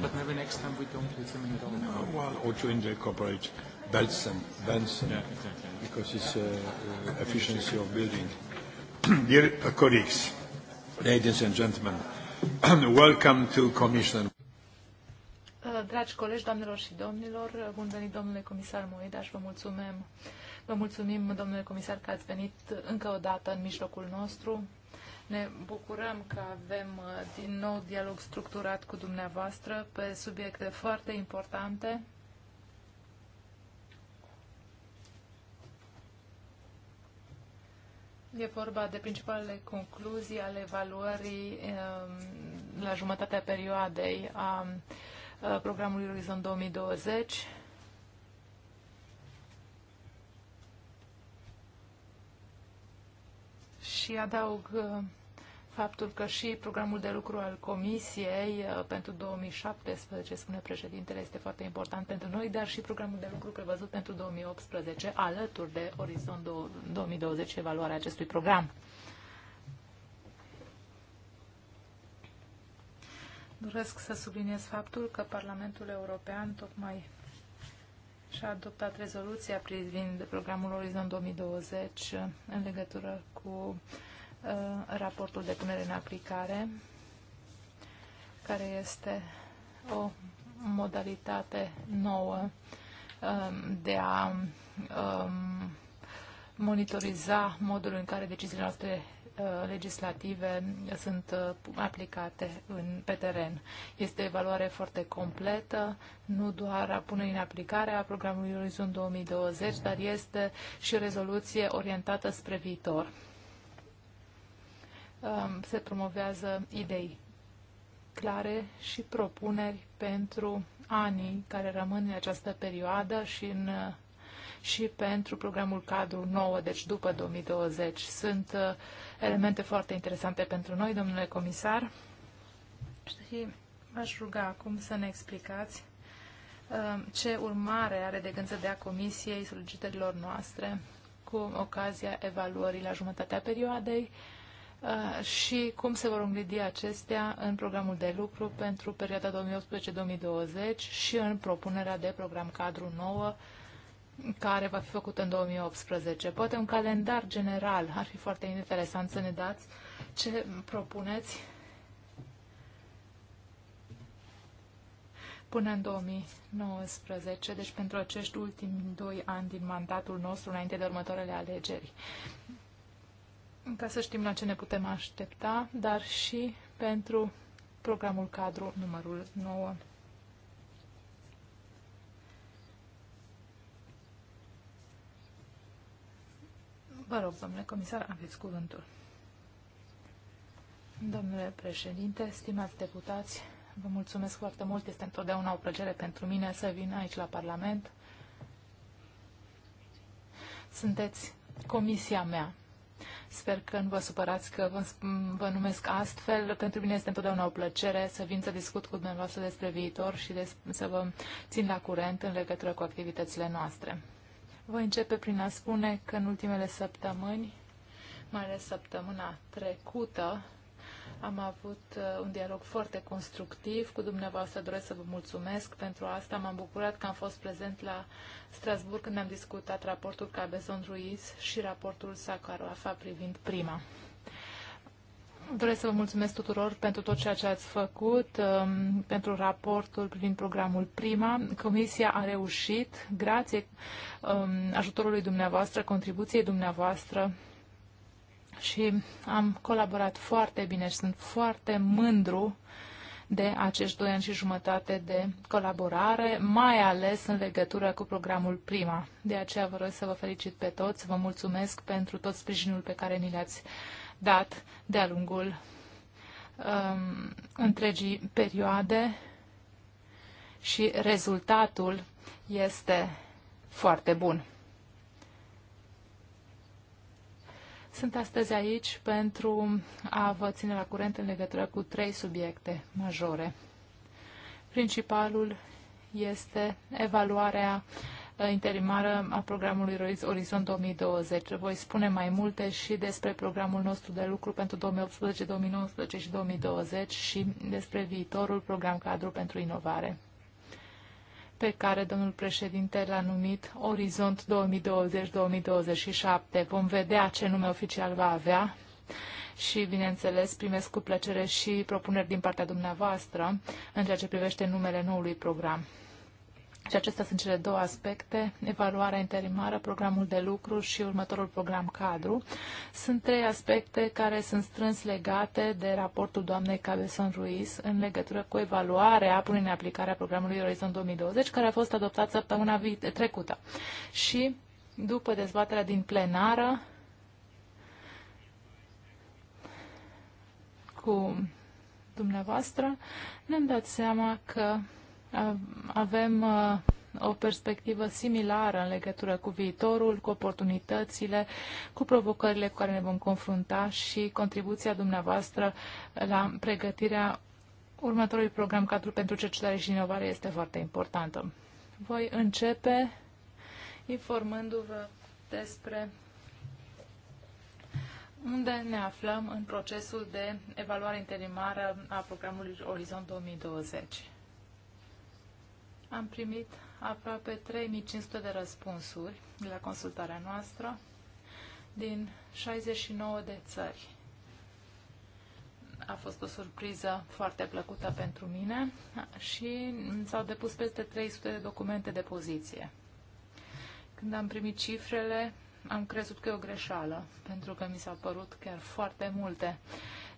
But maybe next time we don't use listen at all. No, well, or to incorporate Benson, Benson yeah, exactly. because it's uh, uh, efficiency of building. Dear uh, colleagues, ladies and gentlemen, welcome to Commission. Uh, dragi colegi, doamnelor și domnilor, bun venit domnule comisar Moedaș, vă mulțumim. Vă mulțumim, domnule comisar, că ați venit încă o dată în mijlocul nostru ne bucurăm că avem uh, din nou dialog structurat cu dumneavoastră pe subiecte foarte importante. E vorba de principalele concluzii ale evaluării um, la jumătatea perioadei a uh, programului Orizont 2020 și adaug uh, faptul că și programul de lucru al Comisiei uh, pentru 2017, spune președintele, este foarte important pentru noi, dar și programul de lucru prevăzut pentru 2018, alături de Orizont 2020, evaluarea acestui program. Doresc să subliniez faptul că Parlamentul European tocmai și-a adoptat rezoluția privind programul Orizont 2020 în legătură cu uh, raportul de punere în aplicare, care este o modalitate nouă um, de a um, monitoriza modul în care deciziile noastre Uh, legislative sunt uh, aplicate în, pe teren. Este o evaluare foarte completă, nu doar a pune în aplicare a programului Orizont 2020, dar este și o rezoluție orientată spre viitor. Um, se promovează idei clare și propuneri pentru anii care rămân în această perioadă și în uh, și pentru programul cadru nouă, deci după 2020. Sunt elemente foarte interesante pentru noi, domnule comisar. Și aș ruga acum să ne explicați uh, ce urmare are de gând să dea Comisiei solicitărilor noastre cu ocazia evaluării la jumătatea perioadei uh, și cum se vor îngridi acestea în programul de lucru pentru perioada 2018-2020 și în propunerea de program cadru nouă care va fi făcută în 2018. Poate un calendar general ar fi foarte interesant să ne dați ce propuneți până în 2019, deci pentru acești ultimi doi ani din mandatul nostru înainte de următoarele alegeri. Ca să știm la ce ne putem aștepta, dar și pentru programul cadru numărul 9. Vă rog, domnule comisar, aveți cuvântul. Domnule președinte, stimați deputați, vă mulțumesc foarte mult. Este întotdeauna o plăcere pentru mine să vin aici la Parlament. Sunteți comisia mea. Sper că nu vă supărați că vă, vă numesc astfel. Pentru mine este întotdeauna o plăcere să vin să discut cu dumneavoastră despre viitor și des, să vă țin la curent în legătură cu activitățile noastre. Voi începe prin a spune că în ultimele săptămâni, mai ales săptămâna trecută, am avut uh, un dialog foarte constructiv cu dumneavoastră. Doresc să vă mulțumesc pentru asta. M-am bucurat că am fost prezent la Strasburg când am discutat raportul Cabezon Ruiz și raportul Sakharova privind prima. Doresc să vă mulțumesc tuturor pentru tot ceea ce ați făcut, um, pentru raportul privind programul Prima. Comisia a reușit, grație um, ajutorului dumneavoastră, contribuției dumneavoastră și am colaborat foarte bine și sunt foarte mândru de acești doi ani și jumătate de colaborare, mai ales în legătură cu programul Prima. De aceea vă rog să vă felicit pe toți, vă mulțumesc pentru tot sprijinul pe care ni l-ați dat de-a lungul um, întregii perioade și rezultatul este foarte bun. Sunt astăzi aici pentru a vă ține la curent în legătură cu trei subiecte majore. Principalul este evaluarea uh, Uh, interimară a programului Orizont 2020. Voi spune mai multe și despre programul nostru de lucru pentru 2018, 2019 și 2020 și despre viitorul program cadru pentru inovare pe care domnul președinte l-a numit Orizont 2020-2027. Vom vedea ce nume oficial va avea și, bineînțeles, primesc cu plăcere și propuneri din partea dumneavoastră în ceea ce privește numele noului program. Și acestea sunt cele două aspecte, evaluarea interimară, programul de lucru și următorul program cadru. Sunt trei aspecte care sunt strâns legate de raportul doamnei Cabeson Ruiz în legătură cu evaluarea până în aplicarea programului Orizont 2020, care a fost adoptat săptămâna trecută. Și după dezbaterea din plenară cu dumneavoastră, ne-am dat seama că avem uh, o perspectivă similară în legătură cu viitorul, cu oportunitățile, cu provocările cu care ne vom confrunta și contribuția dumneavoastră la pregătirea următorului program cadru pentru cercetare și inovare este foarte importantă. Voi începe informându-vă despre unde ne aflăm în procesul de evaluare interimară a programului Orizont 2020. Am primit aproape 3500 de răspunsuri la consultarea noastră din 69 de țări. A fost o surpriză foarte plăcută pentru mine și s-au depus peste 300 de documente de poziție. Când am primit cifrele, am crezut că e o greșeală, pentru că mi s-au părut chiar foarte multe,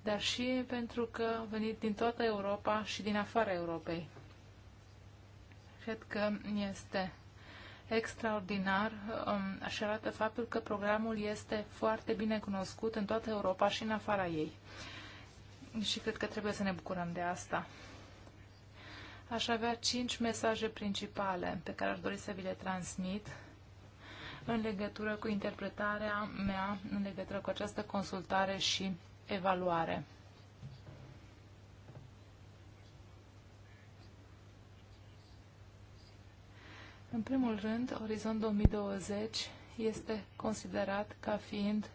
dar și pentru că au venit din toată Europa și din afara Europei. Cred că este extraordinar um, și arată faptul că programul este foarte bine cunoscut în toată Europa și în afara ei. Și cred că trebuie să ne bucurăm de asta. Aș avea cinci mesaje principale pe care aș dori să vi le transmit în legătură cu interpretarea mea, în legătură cu această consultare și evaluare. În primul rând, Orizont 2020 este considerat ca fiind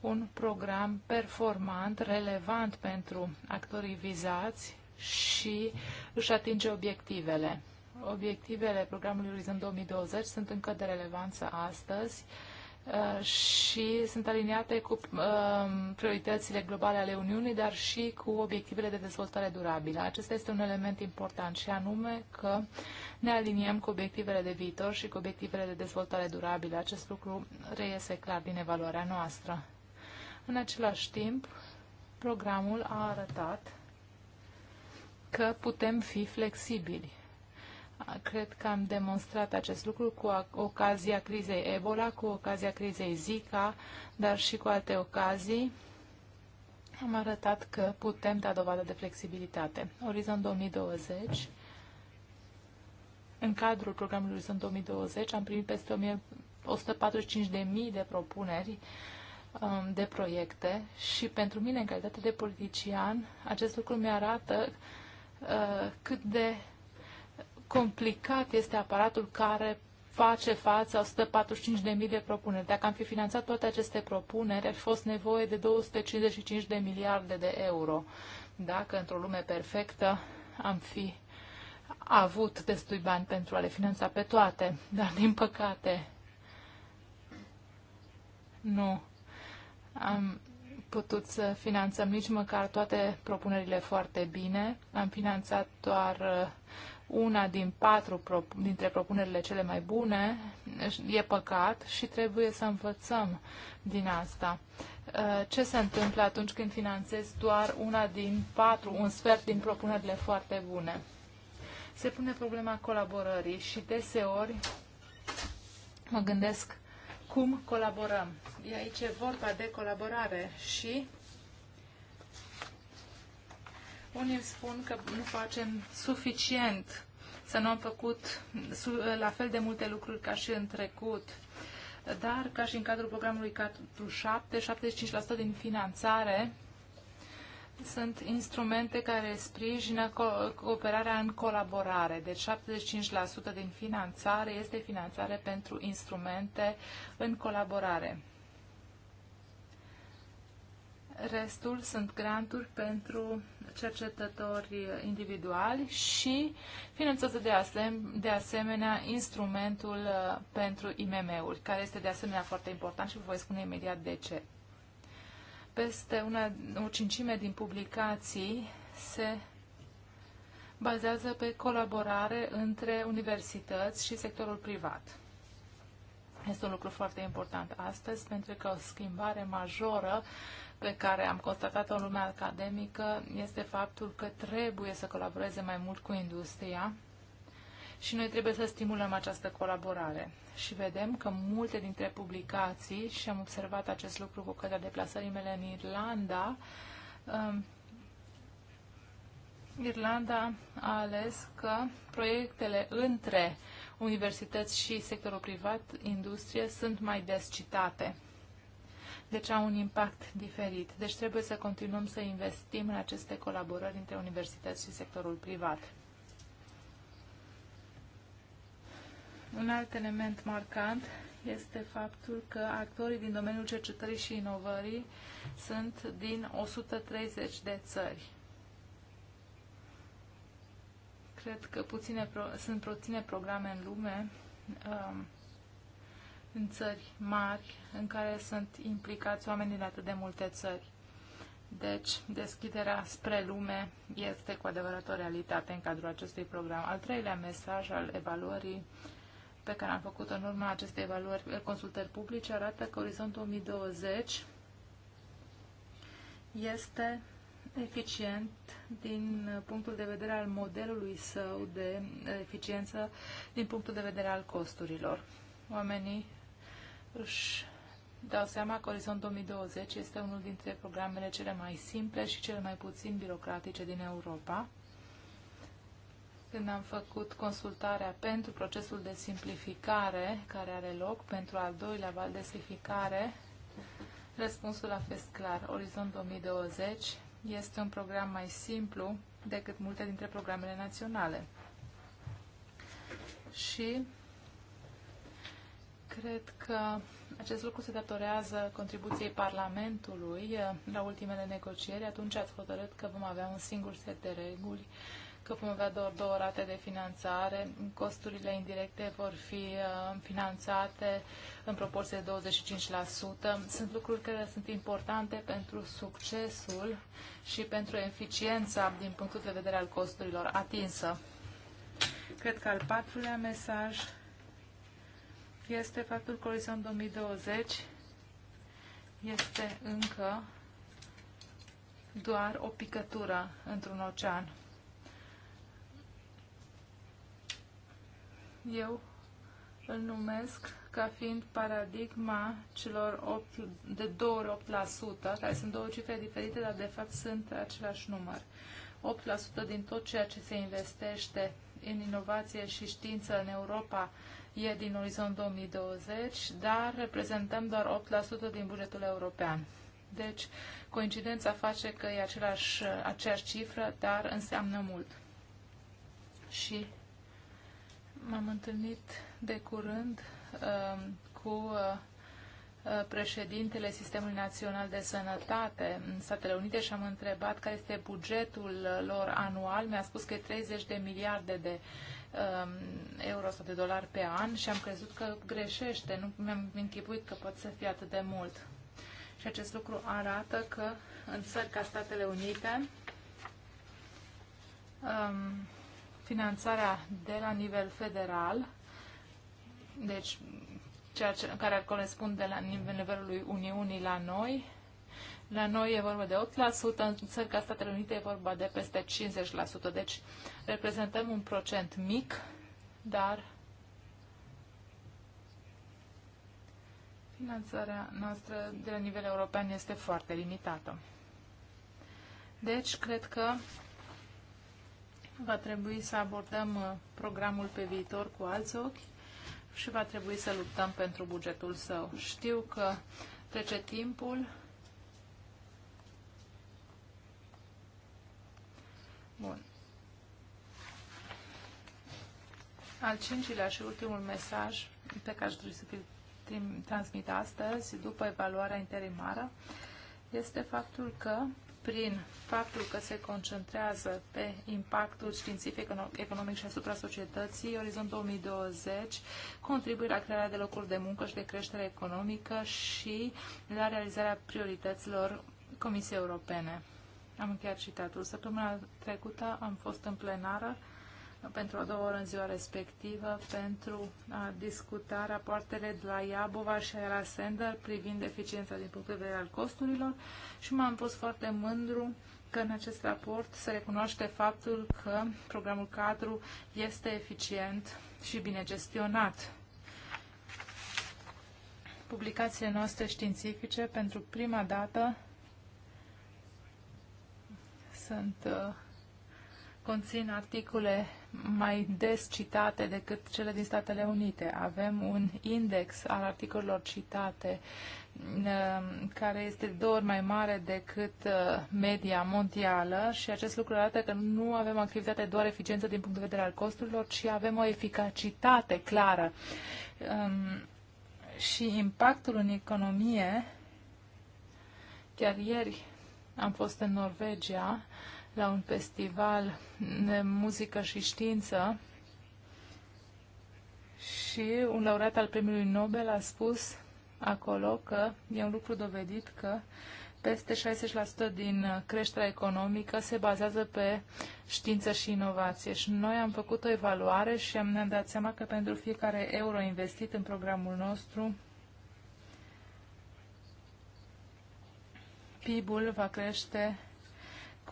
un program performant, relevant pentru actorii vizați și își atinge obiectivele. Obiectivele programului Orizont 2020 sunt încă de relevanță astăzi uh, și sunt aliniate cu uh, prioritățile globale ale Uniunii, dar și cu obiectivele de dezvoltare durabilă. Acesta este un element important și anume că uh, ne aliniem cu obiectivele de viitor și cu obiectivele de dezvoltare durabilă. Acest lucru reiese clar din evaluarea noastră. În același timp, programul a arătat că putem fi flexibili. Cred că am demonstrat acest lucru cu ocazia crizei Ebola, cu ocazia crizei Zika, dar și cu alte ocazii. Am arătat că putem da dovadă de flexibilitate. Orizont 2020 în cadrul programului Orizont 2020 am primit peste 145.000 de propuneri um, de proiecte și pentru mine, în calitate de politician, acest lucru mi-arată uh, cât de complicat este aparatul care face față 145.000 de propuneri. Dacă am fi finanțat toate aceste propuneri, ar fi fost nevoie de 255 de miliarde de euro. Dacă într-o lume perfectă am fi a avut destui bani pentru a le finanța pe toate, dar din păcate nu am putut să finanțăm nici măcar toate propunerile foarte bine. Am finanțat doar uh, una din patru dintre propunerile cele mai bune. E păcat și trebuie să învățăm din asta. Uh, ce se întâmplă atunci când finanțezi doar una din patru, un sfert din propunerile foarte bune? se pune problema colaborării și deseori mă gândesc cum colaborăm. E aici vorba de colaborare și unii îmi spun că nu facem suficient, să nu am făcut la fel de multe lucruri ca și în trecut. Dar, ca și în cadrul programului 4-7, 75% din finanțare sunt instrumente care sprijină cooperarea în colaborare. Deci 75% din finanțare este finanțare pentru instrumente în colaborare. Restul sunt granturi pentru cercetători individuali și finanțează de, asem- de asemenea instrumentul uh, pentru IMM-uri, care este de asemenea foarte important și vă voi spune imediat de ce peste una, o cincime din publicații se bazează pe colaborare între universități și sectorul privat. Este un lucru foarte important astăzi, pentru că o schimbare majoră pe care am constatat-o în lumea academică este faptul că trebuie să colaboreze mai mult cu industria și noi trebuie să stimulăm această colaborare. Și vedem că multe dintre publicații, și am observat acest lucru cu ocazia deplasării mele în Irlanda, um, Irlanda a ales că proiectele între universități și sectorul privat, industrie, sunt mai des citate. Deci au un impact diferit. Deci trebuie să continuăm să investim în aceste colaborări între universități și sectorul privat. Un alt element marcant este faptul că actorii din domeniul cercetării și inovării sunt din 130 de țări. Cred că puține pro sunt puține programe în lume, um, în țări mari, în care sunt implicați oameni din atât de multe țări. Deci, deschiderea spre lume este cu adevărat o realitate în cadrul acestui program. Al treilea mesaj al evaluării uh, pe care am făcut-o în urma acestei evaluări, consultări publice arată că orizontul 2020 este eficient din punctul de vedere al modelului său de eficiență din punctul de vedere al costurilor. Oamenii își dau seama că Orizont 2020 este unul dintre programele cele mai simple și cele mai puțin birocratice din Europa când am făcut consultarea pentru procesul de simplificare care are loc, pentru al doilea val de simplificare, răspunsul a fost clar. Orizont 2020 este un program mai simplu decât multe dintre programele naționale. Și cred că acest lucru se datorează contribuției Parlamentului eh, la ultimele negocieri. Atunci ați hotărât că vom avea un singur set de reguli că vom avea doar două rate de finanțare. Costurile indirecte vor fi uh, finanțate în proporție de 25%. Sunt lucruri care sunt importante pentru succesul și pentru eficiența din punctul de vedere al costurilor atinsă. Cred că al patrulea mesaj este faptul că Orizont 2020 este încă doar o picătură într-un ocean. eu îl numesc ca fiind paradigma celor 8, de 2 ori 8%, care sunt două cifre diferite, dar de fapt sunt același număr. 8% din tot ceea ce se investește în inovație și știință în Europa e din orizont 2020, dar reprezentăm doar 8% din bugetul european. Deci, coincidența face că e același, aceeași cifră, dar înseamnă mult. Și M-am întâlnit de curând um, uh, cu uh, președintele Sistemului Național de Sănătate în Statele Unite și am întrebat care este bugetul lor anual. Mi-a spus că e 30 de miliarde de uh, euro sau de dolari pe an și am crezut că greșește. Nu mi-am închipuit că pot să fie atât de mult. Și acest lucru arată că în țări ca Statele Unite um, finanțarea de la nivel federal, deci ceea ce, care ar corespunde la nivelul Uniunii la noi. La noi e vorba de 8%, în țări ca Statele Unite e vorba de peste 50%. Deci reprezentăm un procent mic, dar finanțarea noastră de la nivel european este foarte limitată. Deci, cred că Va trebui să abordăm uh, programul pe viitor cu alți ochi și va trebui să luptăm pentru bugetul său. Știu că trece timpul. Bun. Al cincilea și ultimul mesaj pe care aș dori să vi transmit astăzi, după evaluarea interimară, este faptul că prin faptul că se concentrează pe impactul științific, economic și asupra societății, Orizont 2020 contribuie la crearea de locuri de muncă și de creștere economică și la realizarea priorităților Comisiei Europene. Am încheiat citatul. Săptămâna trecută am fost în plenară pentru a doua oră în ziua respectivă pentru a discuta rapoartele de la Iabova și la Sender privind eficiența din punct de vedere al costurilor și m-am pus foarte mândru că în acest raport se recunoaște faptul că programul cadru este eficient și bine gestionat. Publicațiile noastre științifice pentru prima dată sunt uh, conțin articole mai des citate decât cele din Statele Unite. Avem un index al articolelor citate um, care este de două ori mai mare decât uh, media mondială și acest lucru arată că nu avem activitate doar eficiență din punct de vedere al costurilor, ci avem o eficacitate clară. Um, și impactul în economie, chiar ieri am fost în Norvegia, la un festival de muzică și știință și un laureat al premiului Nobel a spus acolo că e un lucru dovedit că peste 60% din creșterea economică se bazează pe știință și inovație. Și noi am făcut o evaluare și am ne-am dat seama că pentru fiecare euro investit în programul nostru, PIB-ul va crește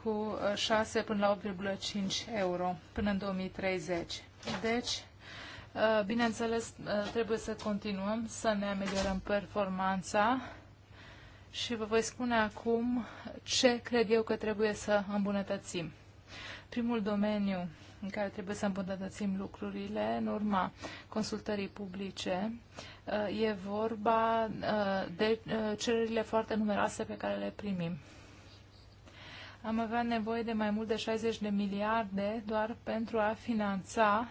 cu 6 uh, până la 8,5 euro până în 2030. Deci, uh, bineînțeles, uh, trebuie să continuăm să ne ameliorăm performanța și vă voi spune acum ce cred eu că trebuie să îmbunătățim. Primul domeniu în care trebuie să îmbunătățim lucrurile în urma consultării publice. E vorba de cererile foarte numeroase pe care le primim am avea nevoie de mai mult de 60 de miliarde doar pentru a finanța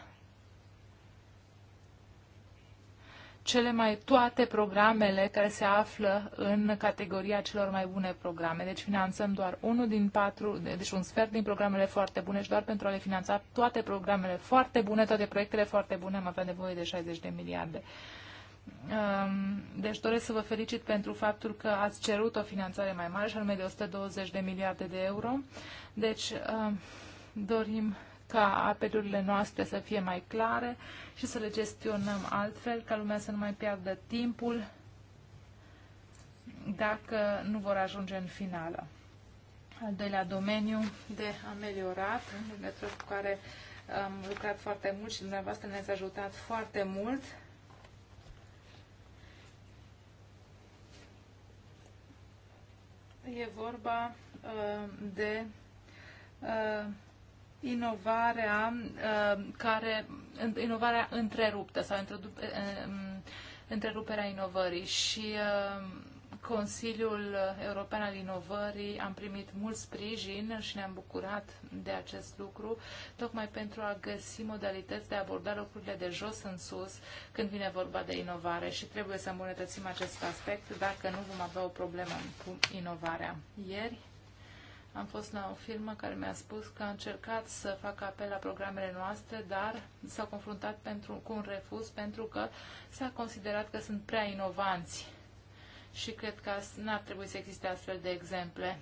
cele mai toate programele care se află în categoria celor mai bune programe. Deci finanțăm doar unul din patru, deci un sfert din programele foarte bune și doar pentru a le finanța toate programele foarte bune, toate proiectele foarte bune, am avea nevoie de 60 de miliarde. Deci doresc să vă felicit pentru faptul că ați cerut o finanțare mai mare, și anume de 120 de miliarde de euro. Deci dorim ca apelurile noastre să fie mai clare și să le gestionăm altfel, ca lumea să nu mai piardă timpul dacă nu vor ajunge în finală. Al doilea domeniu de ameliorat, în legătură cu care am lucrat foarte mult și dumneavoastră ne-ați ajutat foarte mult, E vorba uh, de uh, inovarea uh, care inovarea întreruptă sau um, întreruperea inovării și Consiliul European al Inovării am primit mult sprijin și ne-am bucurat de acest lucru, tocmai pentru a găsi modalități de a aborda lucrurile de jos în sus când vine vorba de inovare și trebuie să îmbunătățim acest aspect dacă nu vom avea o problemă cu inovarea. Ieri am fost la o firmă care mi-a spus că a încercat să facă apel la programele noastre, dar s-a confruntat pentru, cu un refuz pentru că s-a considerat că sunt prea inovanți și cred că n-ar trebui să existe astfel de exemple.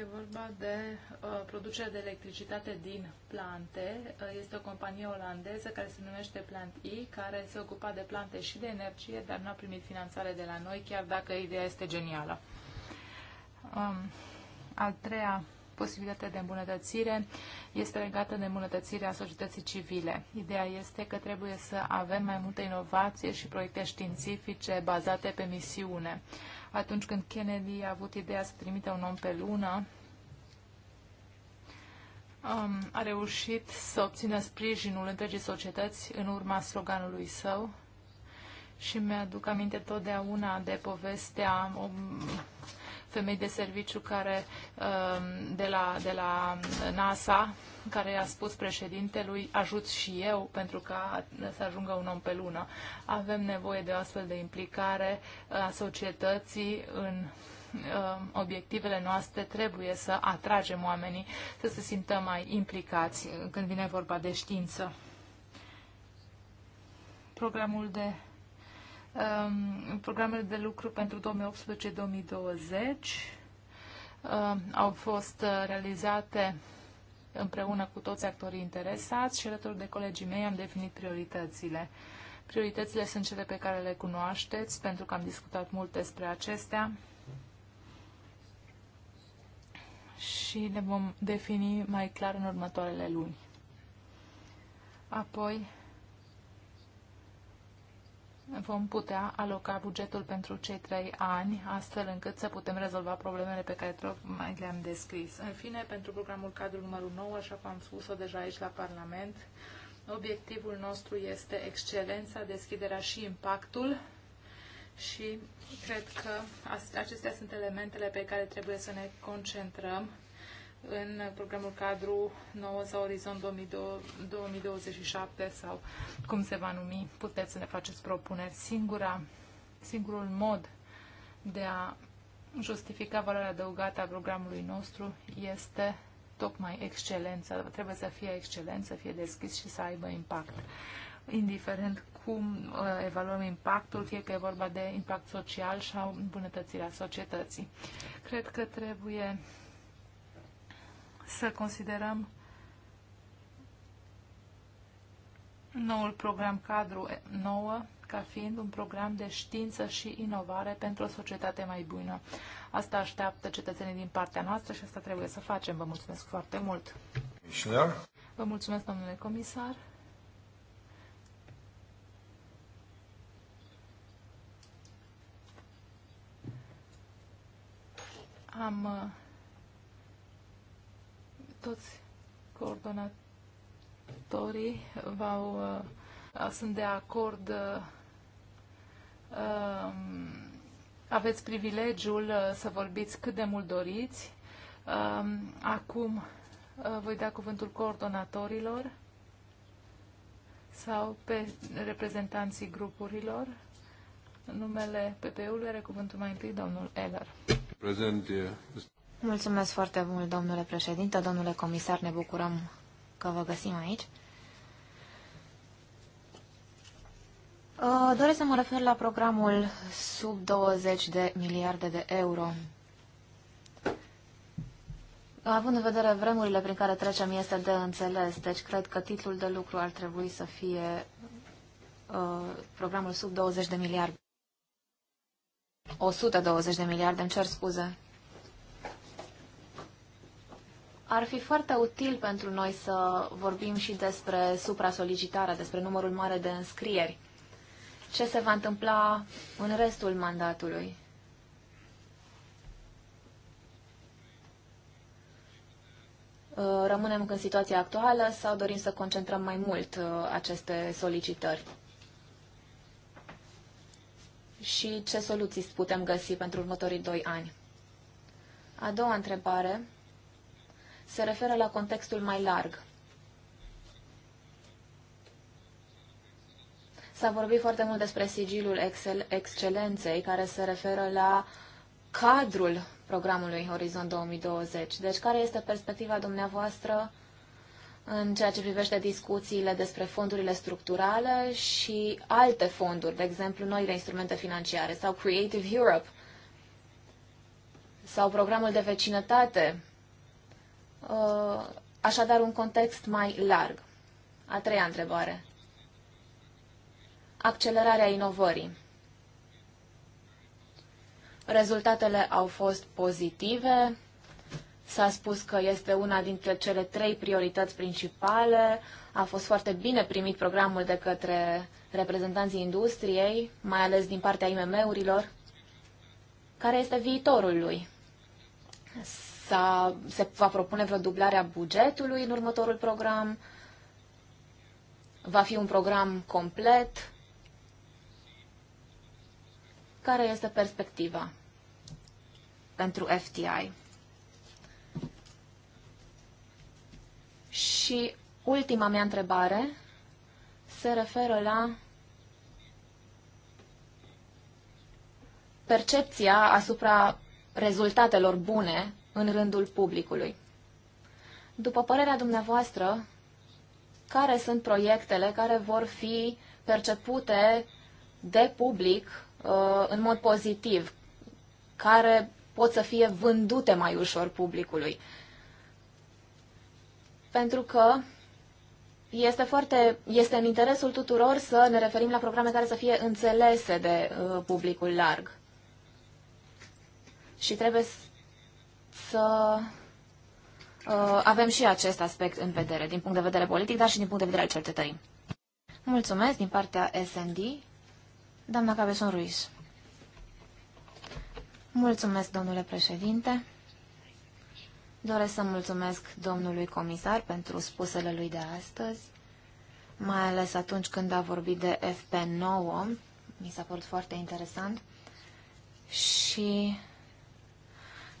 E vorba de uh, producerea de electricitate din plante. Uh, este o companie olandeză care se numește Plant E, care se ocupa de plante și de energie, dar nu a primit finanțare de la noi, chiar dacă ideea este genială. Um, al treia posibilitatea de îmbunătățire este legată de îmbunătățirea societății civile. Ideea este că trebuie să avem mai multă inovație și proiecte științifice bazate pe misiune. Atunci când Kennedy a avut ideea să trimite un om pe lună, um, a reușit să obțină sprijinul întregii societăți în urma sloganului său și mi-aduc aminte totdeauna de povestea um, femei de serviciu care, um, de, la, de la NASA care a spus președintelui ajut și eu pentru ca să ajungă un om pe lună. Avem nevoie de o astfel de implicare a societății în um, obiectivele noastre, trebuie să atragem oamenii să se simtă mai implicați când vine vorba de știință. Programul de um, programele de lucru pentru 2018-2020 um, au fost uh, realizate împreună cu toți actorii interesați și alături de colegii mei am definit prioritățile. Prioritățile sunt cele pe care le cunoașteți, pentru că am discutat mult despre acestea și le vom defini mai clar în următoarele luni. Apoi, vom putea aloca bugetul pentru cei trei ani, astfel încât să putem rezolva problemele pe care mai le-am descris. În fine, pentru programul cadru numărul 9, așa cum am spus-o deja aici la Parlament, obiectivul nostru este excelența, deschiderea și impactul și cred că acestea sunt elementele pe care trebuie să ne concentrăm în programul cadru nou sau Orizont 2027 sau cum se va numi, puteți să ne faceți propuneri. Singura, singurul mod de a justifica valoarea adăugată a programului nostru este tocmai excelența. Trebuie să fie excelent, să fie deschis și să aibă impact. Indiferent cum uh, evaluăm impactul, fie că e vorba de impact social sau îmbunătățirea societății. Cred că trebuie să considerăm noul program cadru nouă ca fiind un program de știință și inovare pentru o societate mai bună. Asta așteaptă cetățenii din partea noastră și asta trebuie să facem. Vă mulțumesc foarte mult! Vă mulțumesc, domnule comisar! Am uh, toți coordonatorii v-au, uh, sunt de acord uh, um, aveți privilegiul uh, să vorbiți cât de mult doriți. Um, acum voi da cuvântul coordonatorilor sau pe reprezentanții grupurilor. În numele ppu ului are cuvântul mai întâi domnul Eller. Prezent Mulțumesc foarte mult, domnule președinte, domnule comisar, ne bucurăm că vă găsim aici. Uh, doresc să mă refer la programul sub 20 de miliarde de euro. Având în vedere vremurile prin care trecem, este de înțeles. Deci cred că titlul de lucru ar trebui să fie uh, programul sub 20 de miliarde. 120 de miliarde, îmi cer scuze. Ar fi foarte util pentru noi să vorbim și despre supra-solicitarea, despre numărul mare de înscrieri. Ce se va întâmpla în restul mandatului? Uh, rămânem în situația actuală sau dorim să concentrăm mai mult uh, aceste solicitări? Și ce soluții putem găsi pentru următorii doi ani? A doua întrebare se referă la contextul mai larg. S-a vorbit foarte mult despre sigilul excel- excelenței, care se referă la cadrul programului Horizon 2020. Deci, care este perspectiva dumneavoastră în ceea ce privește discuțiile despre fondurile structurale și alte fonduri, de exemplu, noile instrumente financiare sau Creative Europe sau programul de vecinătate Uh, așadar un context mai larg. A treia întrebare. Accelerarea inovării. Rezultatele au fost pozitive. S-a spus că este una dintre cele trei priorități principale. A fost foarte bine primit programul de către reprezentanții industriei, mai ales din partea IMM-urilor. Care este viitorul lui? se va propune vreo dublare a bugetului în următorul program? Va fi un program complet? Care este perspectiva pentru FTI? Și ultima mea întrebare se referă la percepția asupra rezultatelor bune în rândul publicului. După părerea dumneavoastră, care sunt proiectele care vor fi percepute de public uh, în mod pozitiv, care pot să fie vândute mai ușor publicului. Pentru că este, foarte, este în interesul tuturor să ne referim la programe care să fie înțelese de uh, publicul larg. Și trebuie să uh, avem și acest aspect în vedere, din punct de vedere politic, dar și din punct de vedere al cercetării. Mulțumesc din partea SND, doamna Cabezon Ruiz. Mulțumesc, domnule președinte. Doresc să mulțumesc domnului comisar pentru spusele lui de astăzi, mai ales atunci când a vorbit de FP9, mi s-a părut foarte interesant, și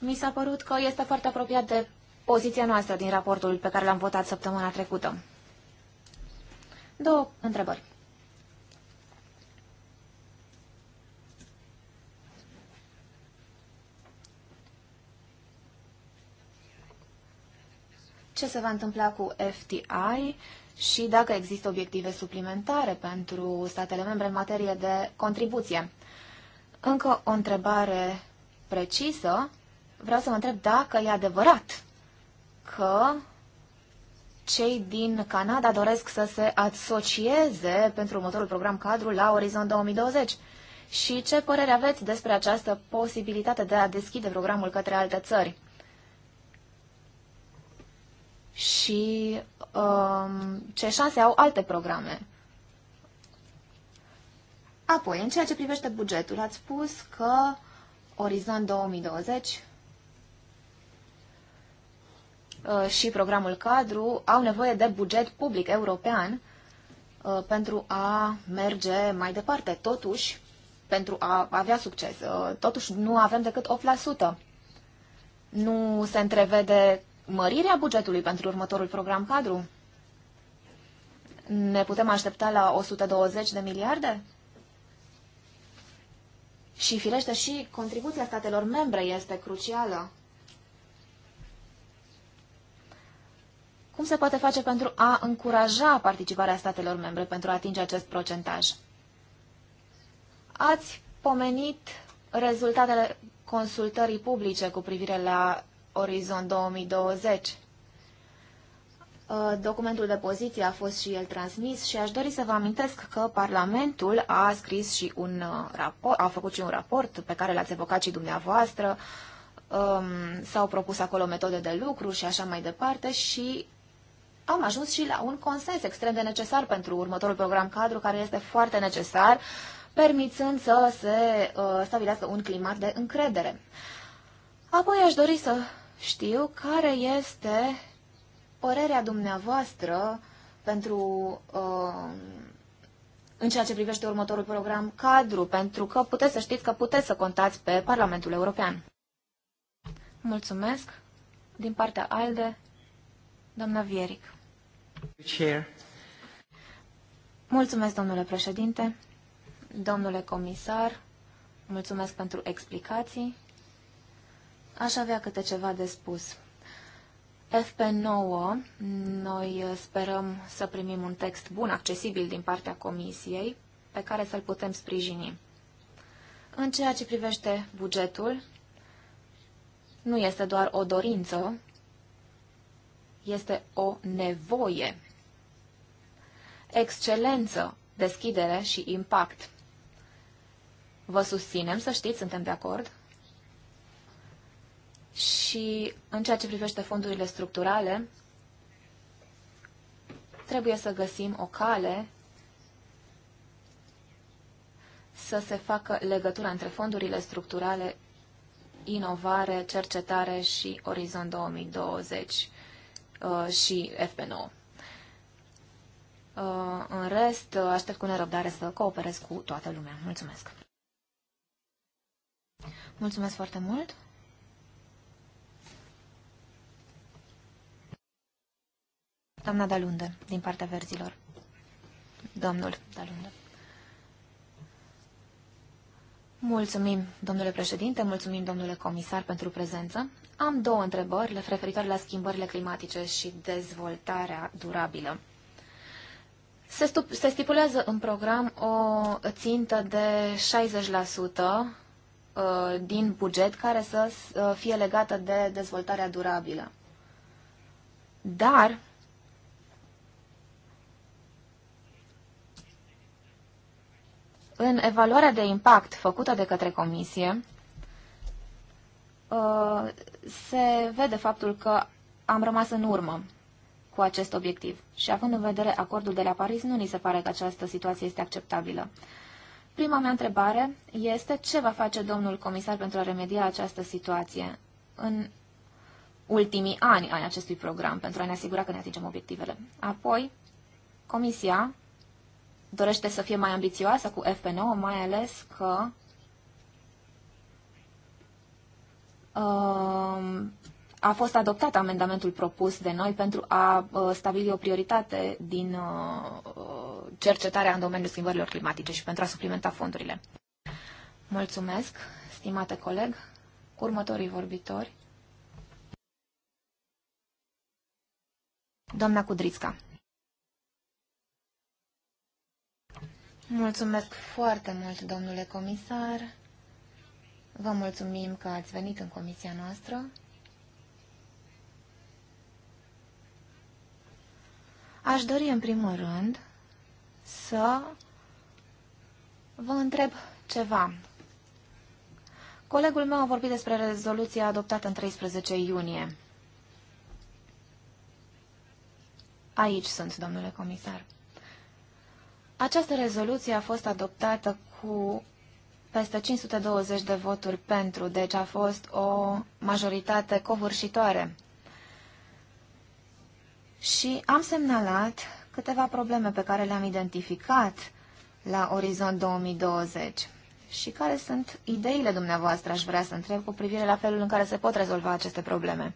mi s-a părut că este foarte apropiat de poziția noastră din raportul pe care l-am votat săptămâna trecută. Două întrebări. Ce se va întâmpla cu FTI și dacă există obiective suplimentare pentru statele membre în materie de contribuție? Încă o întrebare precisă vreau să mă întreb dacă e adevărat că cei din Canada doresc să se asocieze pentru următorul program cadru la Orizont 2020. Și ce părere aveți despre această posibilitate de a deschide programul către alte țări? Și um, ce șanse au alte programe? Apoi, în ceea ce privește bugetul, ați spus că Orizont 2020 Uh, și programul cadru au nevoie de buget public european uh, pentru a merge mai departe. Totuși, pentru a avea succes, uh, totuși nu avem decât 8%. Nu se întrevede mărirea bugetului pentru următorul program cadru? Ne putem aștepta la 120 de miliarde? Și firește și contribuția statelor membre este crucială. Cum se poate face pentru a încuraja participarea statelor membre pentru a atinge acest procentaj? Ați pomenit rezultatele consultării publice cu privire la Orizont 2020. Uh, documentul de poziție a fost și el transmis și aș dori să vă amintesc că Parlamentul a scris și un uh, raport, a făcut și un raport pe care l-ați evocat și dumneavoastră. Um, s-au propus acolo metode de lucru și așa mai departe și am ajuns și la un consens extrem de necesar pentru următorul program cadru, care este foarte necesar, permițând să se uh, stabilească un climat de încredere. Apoi aș dori să știu care este părerea dumneavoastră pentru uh, în ceea ce privește următorul program cadru, pentru că puteți să știți că puteți să contați pe Parlamentul European. Mulțumesc. Din partea ALDE, doamna Vieric. Mulțumesc, domnule președinte, domnule comisar, mulțumesc pentru explicații. Aș avea câte ceva de spus. FP9, noi sperăm să primim un text bun, accesibil din partea Comisiei, pe care să-l putem sprijini. În ceea ce privește bugetul, nu este doar o dorință, este o nevoie. Excelență, deschidere și impact. Vă susținem, să știți, suntem de acord. Și în ceea ce privește fondurile structurale, trebuie să găsim o cale să se facă legătura între fondurile structurale, inovare, cercetare și Orizont 2020. Uh, și FP9. Uh, în rest, uh, aștept cu nerăbdare să cooperez cu toată lumea. Mulțumesc! Mulțumesc foarte mult! Doamna Dalunde, din partea verzilor. Domnul Dalunde. Mulțumim, domnule președinte, mulțumim, domnule comisar, pentru prezență. Am două întrebări referitoare la schimbările climatice și dezvoltarea durabilă. Se, se stipulează în program o țintă de 60% uh, din buget care să uh, fie legată de dezvoltarea durabilă. Dar în evaluarea de impact făcută de către comisie, uh, se vede faptul că am rămas în urmă cu acest obiectiv și având în vedere acordul de la Paris, nu ni se pare că această situație este acceptabilă. Prima mea întrebare este ce va face domnul comisar pentru a remedia această situație în ultimii ani ai acestui program pentru a ne asigura că ne atingem obiectivele. Apoi, Comisia dorește să fie mai ambițioasă cu FP9, mai ales că Ehm, a fost adoptat amendamentul propus de noi pentru a uh, stabili o prioritate din uh, uh, cercetarea în domeniul schimbărilor climatice și pentru a suplimenta fondurile. Mulțumesc, stimate coleg. Următorii vorbitori. Doamna Cudrițca. Mulțumesc foarte mult, domnule comisar. Vă mulțumim că ați venit în comisia noastră. Aș dori, în primul rând, să vă întreb ceva. Colegul meu a vorbit despre rezoluția adoptată în 13 iunie. Aici sunt, domnule comisar. Această rezoluție a fost adoptată cu peste 520 de voturi pentru, deci a fost o majoritate covârșitoare. Și am semnalat câteva probleme pe care le-am identificat la Orizont 2020 și care sunt ideile dumneavoastră, aș vrea să întreb, cu privire la felul în care se pot rezolva aceste probleme.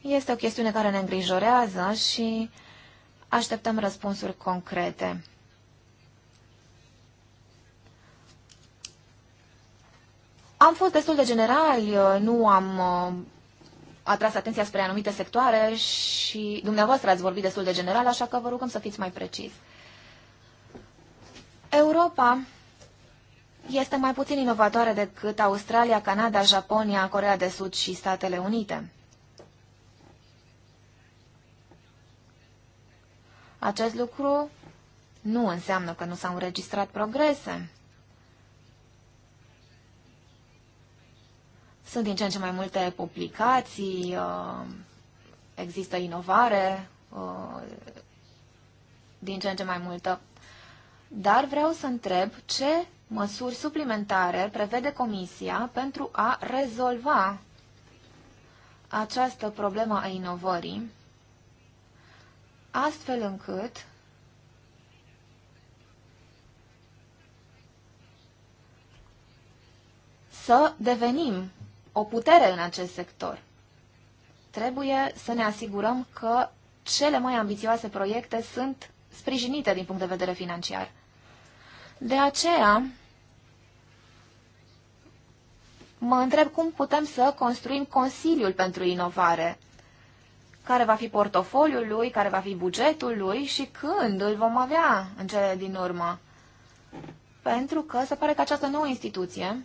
Este o chestiune care ne îngrijorează și așteptăm răspunsuri concrete. Am fost destul de generali, uh, nu am uh, atras atenția spre anumite sectoare și dumneavoastră ați vorbit destul de general, așa că vă rugăm să fiți mai precis. Europa este mai puțin inovatoare decât Australia, Canada, Japonia, Corea de Sud și Statele Unite. Acest lucru nu înseamnă că nu s-au înregistrat progrese. Sunt din ce în ce mai multe publicații, uh, există inovare uh, din ce în ce mai multă. Dar vreau să întreb ce măsuri suplimentare prevede Comisia pentru a rezolva această problemă a inovării, astfel încât să devenim o putere în acest sector. Trebuie să ne asigurăm că cele mai ambițioase proiecte sunt sprijinite din punct de vedere financiar. De aceea, mă întreb cum putem să construim Consiliul pentru Inovare, care va fi portofoliul lui, care va fi bugetul lui și când îl vom avea în cele din urmă. Pentru că se pare că această nouă instituție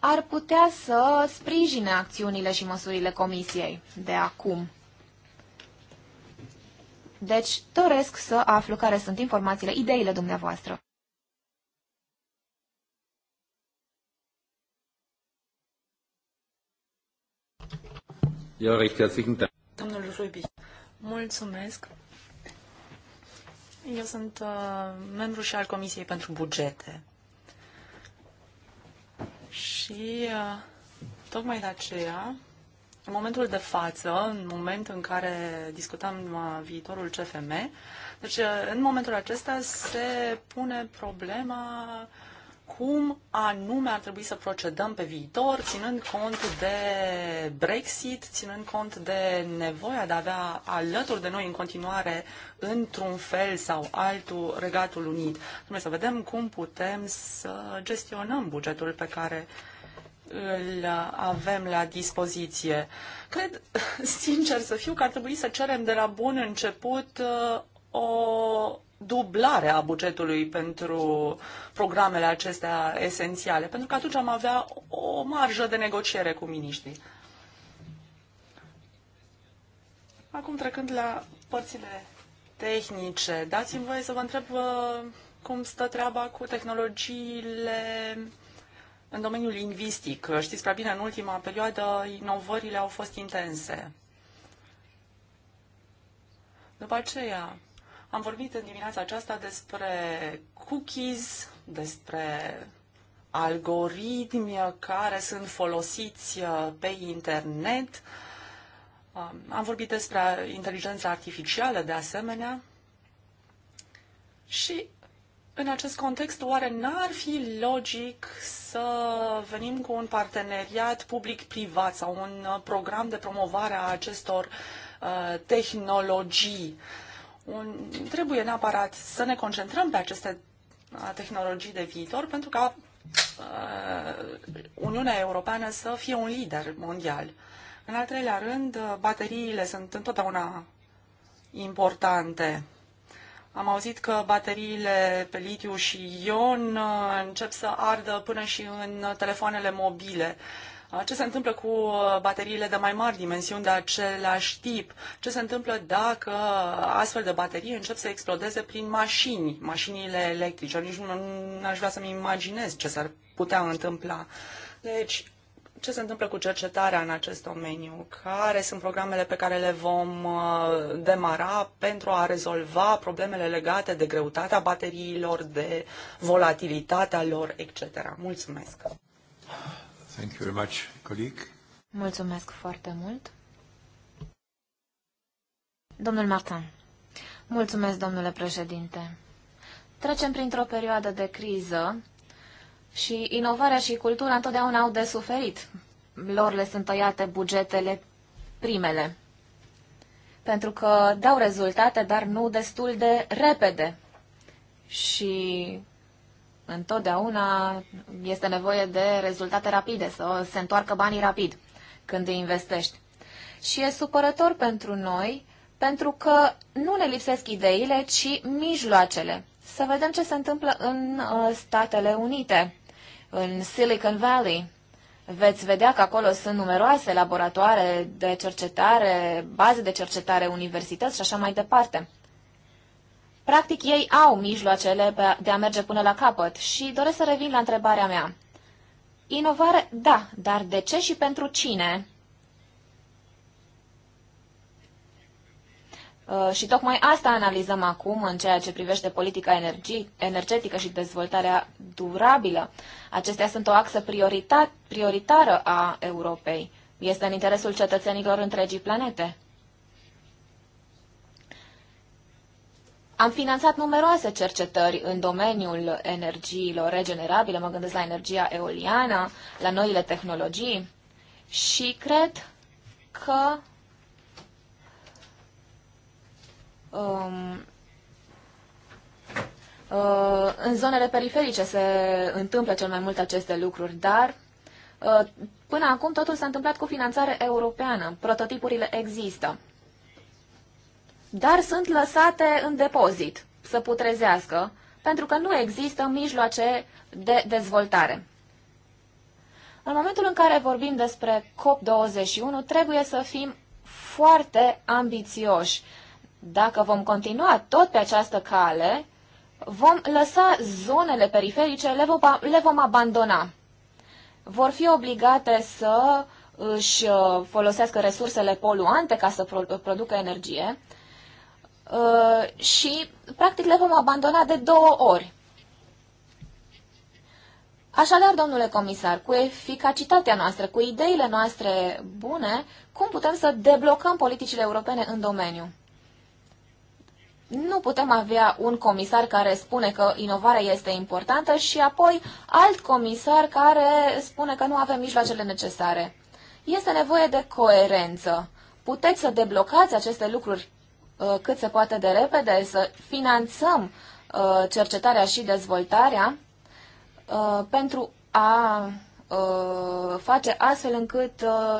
ar putea să sprijine acțiunile și măsurile Comisiei de acum. Deci, doresc să aflu care sunt informațiile, ideile dumneavoastră. Domnul Rubi, mulțumesc. Eu sunt uh, membru și al Comisiei pentru Bugete. Și uh, tocmai de aceea, în momentul de față, în momentul în care discutăm uh, viitorul CFM, deci uh, în momentul acesta se pune problema uh, cum anume ar trebui să procedăm pe viitor, ținând cont de Brexit, ținând cont de nevoia de a avea alături de noi în continuare, într-un fel sau altul, Regatul Unit. Trebuie să vedem cum putem să gestionăm bugetul pe care îl avem la dispoziție. Cred, sincer să fiu, că ar trebui să cerem de la bun început uh, o dublare a bugetului pentru programele acestea esențiale, pentru că atunci am avea o marjă de negociere cu miniștrii. Acum trecând la părțile tehnice, dați-mi voie să vă întreb uh, cum stă treaba cu tehnologiile în domeniul lingvistic. Știți prea bine, în ultima perioadă inovările au fost intense. După aceea, am vorbit în dimineața aceasta despre cookies, despre algoritmi care sunt folosiți uh, pe internet. Um, am vorbit despre inteligența artificială de asemenea. Și în acest context, oare n-ar fi logic să venim cu un parteneriat public-privat sau un uh, program de promovare a acestor uh, tehnologii? Uh, un, trebuie neapărat să ne concentrăm pe aceste tehnologii de viitor pentru ca uh, Uniunea Europeană să fie un lider mondial. În al treilea rând, bateriile sunt întotdeauna importante. Am auzit că bateriile pe litiu și ion uh, încep să ardă până și în telefoanele mobile. Uh, Ah, ce se întâmplă cu uh, bateriile de mai mari dimensiuni de același tip? Ce se întâmplă dacă astfel de baterii încep să explodeze prin mașini, mașinile electrice? Nici nu aș vrea să-mi imaginez ce s-ar putea întâmpla. Deci, ce se întâmplă cu cercetarea în acest domeniu, care sunt programele pe care le vom uh, demara pentru a rezolva problemele legate de greutatea bateriilor, de volatilitatea lor, etc. Mulțumesc! Thank you very much, colleague. Mulțumesc foarte mult. Domnul Martin. Mulțumesc, domnule președinte. Trecem printr-o perioadă de criză și inovarea și cultura întotdeauna au de suferit. Lor le sunt tăiate bugetele primele. Pentru că dau rezultate, dar nu destul de repede. Și Întotdeauna este nevoie de rezultate rapide, să se întoarcă banii rapid când îi investești. Și e supărător pentru noi, pentru că nu ne lipsesc ideile, ci mijloacele. Să vedem ce se întâmplă în uh, Statele Unite, în Silicon Valley. Veți vedea că acolo sunt numeroase laboratoare de cercetare, baze de cercetare, universități și așa mai departe. Practic, ei au mijloacele de a merge până la capăt și doresc să revin la întrebarea mea. Inovare, da, dar de ce și pentru cine? Uh, și tocmai asta analizăm acum în ceea ce privește politica energie, energetică și dezvoltarea durabilă. Acestea sunt o axă prioritară a Europei. Este în interesul cetățenilor întregii planete. Am finanțat numeroase cercetări în domeniul energiilor regenerabile, mă gândesc la energia eoliană, la noile tehnologii și cred că um, uh, în zonele periferice se întâmplă cel mai mult aceste lucruri, dar uh, până acum totul s-a întâmplat cu finanțare europeană. Prototipurile există dar sunt lăsate în depozit să putrezească, pentru că nu există mijloace de dezvoltare. În momentul în care vorbim despre COP21, trebuie să fim foarte ambițioși. Dacă vom continua tot pe această cale, vom lăsa zonele periferice, le vom, le vom abandona. Vor fi obligate să își uh, folosească resursele poluante ca să producă energie Uh, și practic le vom abandona de două ori. Așadar, domnule comisar, cu eficacitatea noastră, cu ideile noastre bune, cum putem să deblocăm politicile europene în domeniu? Nu putem avea un comisar care spune că inovarea este importantă și apoi alt comisar care spune că nu avem mijloacele necesare. Este nevoie de coerență. Puteți să deblocați aceste lucruri Uh, cât se poate de repede, să finanțăm uh, cercetarea și dezvoltarea uh, pentru a face astfel încât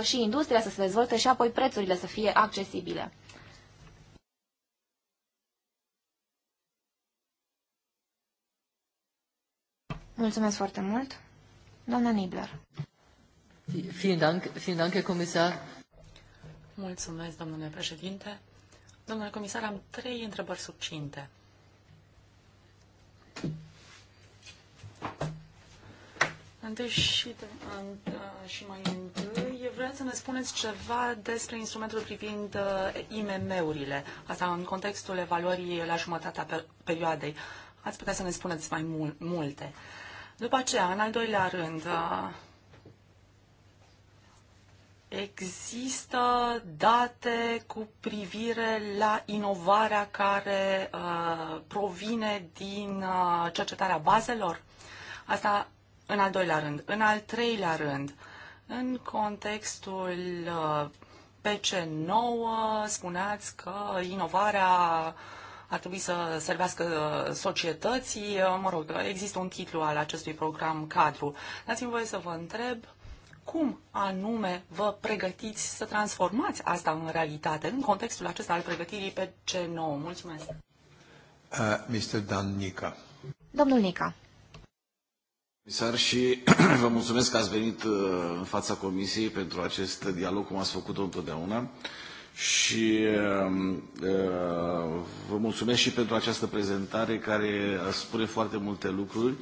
și industria să se dezvolte și apoi prețurile să fie accesibile. Mulțumesc foarte mult. Doamna Nibler. Vielen Dank, vielen Dank, Herr Kommissar. Mulțumesc, domnule președinte. Domnule comisar, am trei întrebări subcinte. Întâi și, și mai întâi, vreau să ne spuneți ceva despre instrumentul privind IMM-urile, asta în contextul evaluării la jumătatea perioadei. Ați putea să ne spuneți mai mul- multe. După aceea, în al doilea rând, Există date cu privire la inovarea care uh, provine din uh, cercetarea bazelor? Asta în al doilea rând. În al treilea rând, în contextul uh, PC9, spuneați că inovarea ar trebui să servească societății. Uh, mă rog, există un titlu al acestui program cadru. Dați-mi voie să vă întreb cum anume vă pregătiți să transformați asta în realitate, în contextul acesta al pregătirii pe C9. Mulțumesc. Uh, Mr. Dan Nica. Domnul Nica. Comisar, și vă mulțumesc că ați venit uh, în fața Comisiei pentru acest dialog, cum ați făcut-o întotdeauna. Și um, uh, vă mulțumesc și pentru această prezentare care spune foarte multe lucruri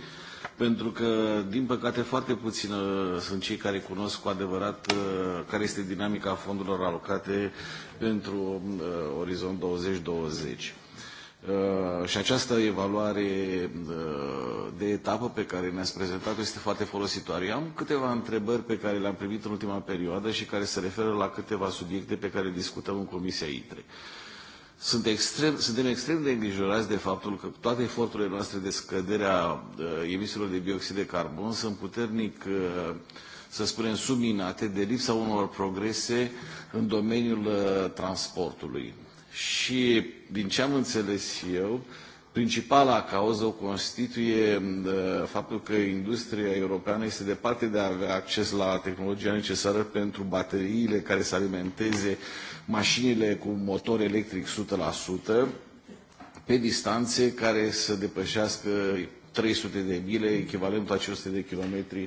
pentru că, din păcate, foarte puțin uh, sunt cei care cunosc cu adevărat uh, care este dinamica fondurilor alocate pentru uh, Orizont 2020. Uh, și această evaluare uh, de etapă pe care ne-ați prezentat-o este foarte folositoare. Eu am câteva întrebări pe care le-am primit în ultima perioadă și care se referă la câteva subiecte pe care discutăm în Comisia ITRE. Sunt extrem, suntem extrem de îngrijorați de faptul că toate eforturile noastre de scădere a uh, emisiilor de bioxid de carbon sunt puternic, uh, să spunem, subminate de lipsa unor progrese în domeniul uh, transportului. Și din ce am înțeles eu, Principala cauză o constituie uh, faptul că industria europeană este departe de a avea acces la tehnologia necesară pentru bateriile care să alimenteze mașinile cu motor electric 100% pe distanțe care să depășească 300 de mile, echivalentul a 500 de kilometri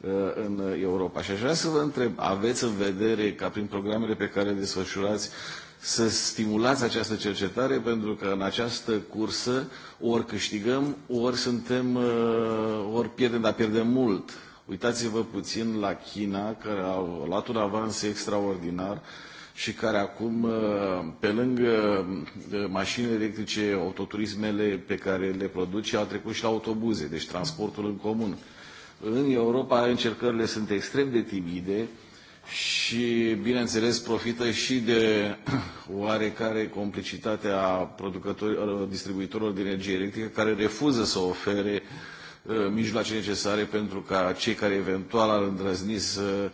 uh, în Europa. Și aș vrea să vă întreb, aveți în vedere ca prin programele pe care le desfășurați să stimulați această cercetare, pentru că în această cursă ori câștigăm, ori suntem, uh, ori pierdem, dar pierdem mult. Uitați-vă puțin la China, care a luat un avans extraordinar și care acum, uh, pe lângă uh, mașinile electrice, autoturismele pe care le produce, au trecut și la autobuze, deci transportul în comun. În Europa încercările sunt extrem de timide, și, bineînțeles, profită și de oarecare complicitate a distribuitorilor de energie electrică care refuză să ofere uh, mijloace necesare pentru ca cei care eventual ar îndrăzni să,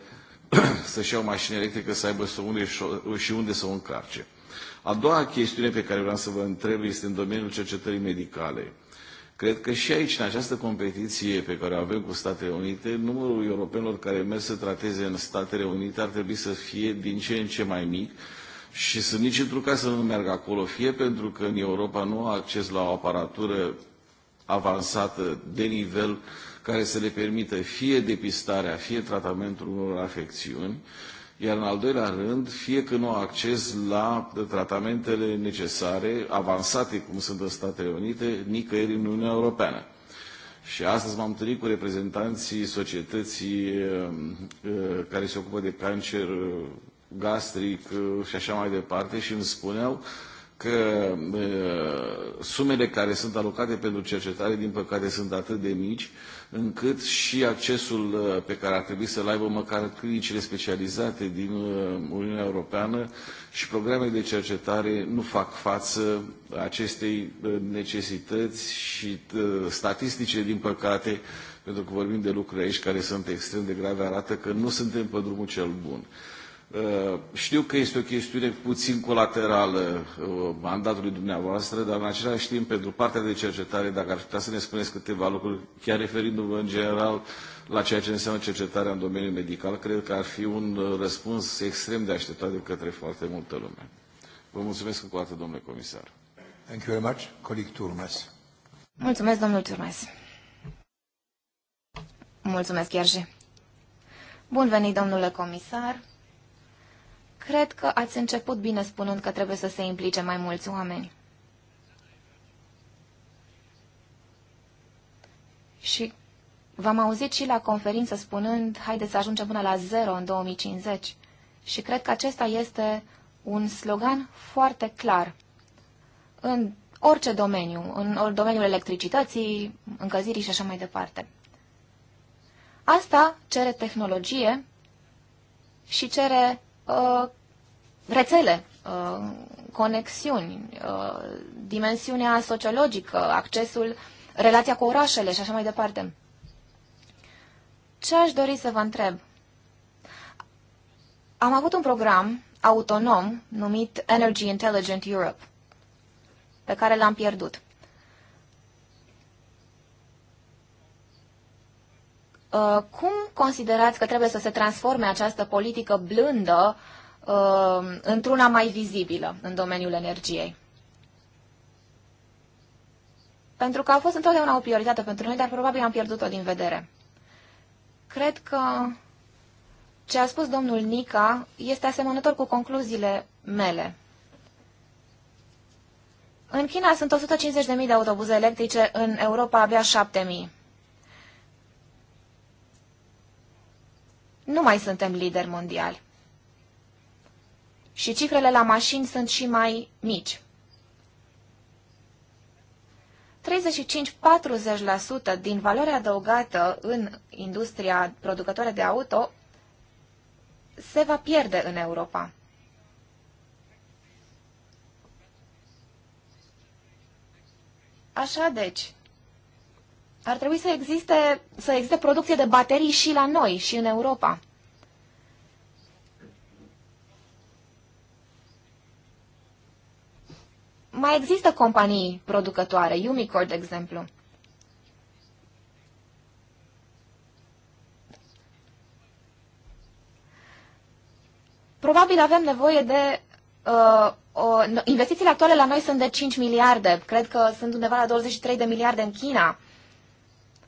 să-și iau mașină electrică să aibă să unde și unde să o încarce. A doua chestiune pe care vreau să vă întreb este în domeniul cercetării medicale. Cred că și aici, în această competiție pe care o avem cu Statele Unite, numărul europenilor care merg să trateze în Statele Unite ar trebui să fie din ce în ce mai mic și sunt nici caz să nu meargă acolo, fie pentru că în Europa nu au acces la o aparatură avansată de nivel care să le permită fie depistarea, fie tratamentul unor afecțiuni, iar în al doilea rând, fie că nu au acces la tratamentele necesare, avansate, cum sunt în Statele Unite, nicăieri în Uniunea Europeană. Și astăzi m-am întâlnit cu reprezentanții societății eh, eh, care se ocupă de cancer eh, gastric și așa mai departe și îmi spuneau că sumele care sunt alocate pentru cercetare, din păcate, sunt atât de mici, încât și accesul pe care ar trebui să-l aibă măcar clinicile specializate din Uniunea Europeană și programele de cercetare nu fac față acestei necesități și statisticile, din păcate, pentru că vorbim de lucruri aici care sunt extrem de grave, arată că nu suntem pe drumul cel bun. Eh, știu că este o chestiune puțin colaterală eh, mandatului dumneavoastră, dar în același timp, pentru partea de cercetare, dacă ar putea să ne spuneți câteva lucruri, chiar referindu-vă în general la ceea ce înseamnă cercetarea în domeniul medical, cred că ar fi un eh, răspuns extrem de așteptat de către foarte multă lume. Vă mulțumesc încă o dată, domnule comisar. Thank you very much. Colic Turmes. Mulțumesc, domnul Turmes. Mulțumesc, Ierge. Bun venit, domnule comisar. Cred că ați început bine spunând că trebuie să se implice mai mulți oameni. Și v-am auzit și la conferință spunând, haideți să ajungem până la zero în 2050. Și cred că acesta este un slogan foarte clar. În orice domeniu, în domeniul electricității, încălzirii și așa mai departe. Asta cere tehnologie și cere uh, rețele, uh, conexiuni, uh, dimensiunea sociologică, accesul, relația cu orașele și așa mai departe. Ce aș dori să vă întreb? Am avut un program autonom numit Energy Intelligent Europe, pe care l-am pierdut. Uh, cum considerați că trebuie să se transforme această politică blândă uh, Uh, într-una mai vizibilă în domeniul energiei. Pentru că a fost întotdeauna o prioritate pentru noi, dar probabil am pierdut-o din vedere. Cred că ce a spus domnul Nica este asemănător cu concluziile mele. În China sunt 150.000 de autobuze electrice, în Europa abia 7.000. Nu mai suntem lideri mondiali și cifrele la mașini sunt și mai mici. 35-40% din valoarea adăugată în industria producătoare de auto se va pierde în Europa. Așa deci, ar trebui să existe, să existe producție de baterii și la noi, și în Europa. mai există companii producătoare, Umicore, de exemplu. Probabil avem nevoie de... Uh, uh, investițiile actuale la noi sunt de 5 miliarde. Cred că sunt undeva la 23 de miliarde în China.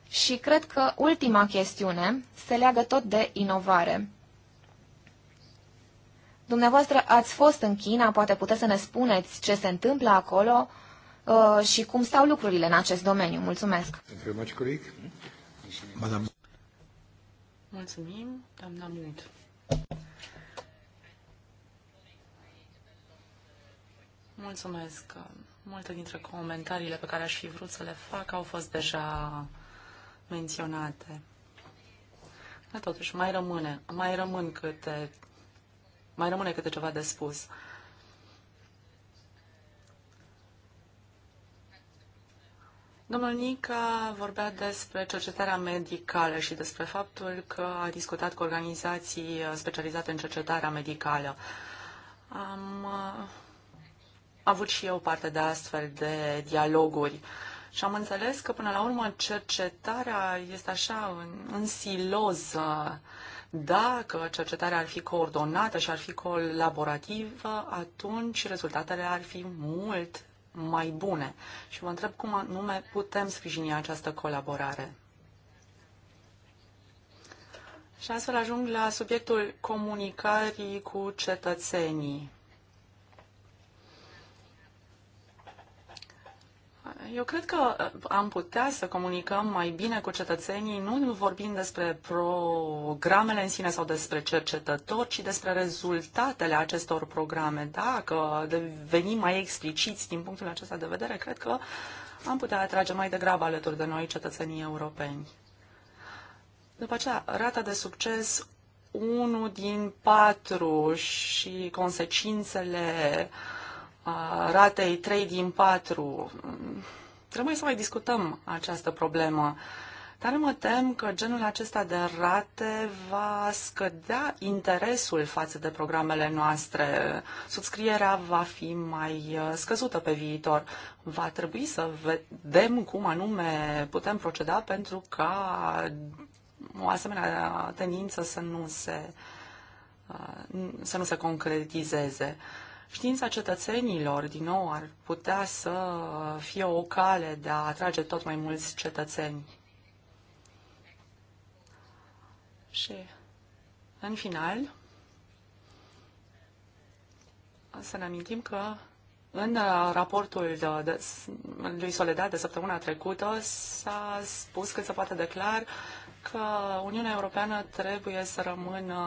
Și cred că ultima chestiune se leagă tot de inovare. Dumneavoastră ați fost în China, poate puteți să ne spuneți ce se întâmplă acolo uh, și cum stau lucrurile în acest domeniu. Mulțumesc! Mulțumim, doamna Mund. Mulțumesc. Multe dintre comentariile pe care aș fi vrut să le fac au fost deja menționate. Dar totuși, mai rămâne, mai rămân câte mai rămâne câte ceva de spus. Domnul Nica vorbea despre cercetarea medicală și despre faptul că a discutat cu organizații specializate în cercetarea medicală. Am uh, avut și eu parte de astfel de dialoguri și am înțeles că până la urmă cercetarea este așa în, în siloză uh, dacă cercetarea ar fi coordonată și ar fi colaborativă, atunci rezultatele ar fi mult mai bune. Și vă întreb cum anume putem sprijini această colaborare. Și astfel ajung la subiectul comunicării cu cetățenii. Eu cred că uh, am putea să comunicăm mai bine cu cetățenii, nu vorbind despre programele în sine sau despre cercetători, ci despre rezultatele acestor programe. Dacă devenim mai expliciți din punctul acesta de vedere, cred că am putea atrage mai degrabă alături de noi cetățenii europeni. După aceea, rata de succes 1 din 4 și consecințele uh, ratei 3 din 4. Trebuie să mai discutăm această problemă. Dar mă tem că genul acesta de rate va scădea interesul față de programele noastre. Subscrierea va fi mai uh, scăzută pe viitor. Va trebui să vedem cum anume putem proceda pentru ca o asemenea tendință să nu se, uh, să nu se concretizeze. Știința cetățenilor, din nou, ar putea să fie o cale de a atrage tot mai mulți cetățeni. Și, în final, să ne amintim că în raportul de, de, lui Soledad de săptămâna trecută s-a spus cât se poate declar că Uniunea Europeană trebuie să rămână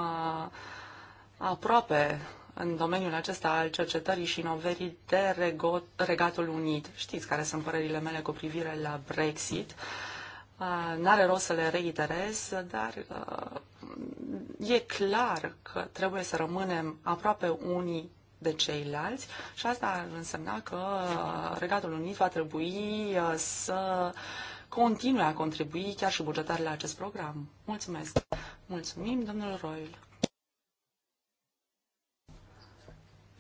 aproape în domeniul acesta al cercetării și inovării de Rego Regatul Unit. Știți care sunt părerile mele cu privire la Brexit. Uh, n-are rost să le reiterez, dar uh, e clar că trebuie să rămânem aproape unii de ceilalți și asta ar însemna că uh, Regatul Unit va trebui să continue a contribui chiar și bugetar la acest program. Mulțumesc! Mulțumim, domnul Royal!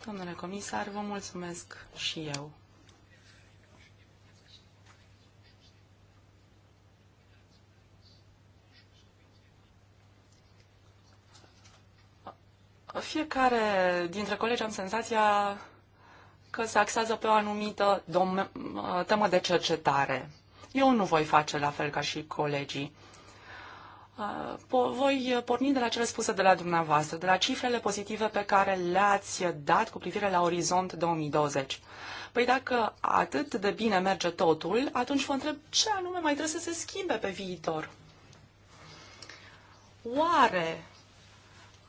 Domnule comisar, vă mulțumesc și eu. Fiecare dintre colegi am senzația că se axează pe o anumită temă de cercetare. Eu nu voi face la fel ca și colegii. Uh, voi uh, porni de la cele spuse de la dumneavoastră, de la cifrele pozitive pe care le-ați dat cu privire la orizont 2020. Păi dacă atât de bine merge totul, atunci vă întreb ce anume mai trebuie să se schimbe pe viitor. Oare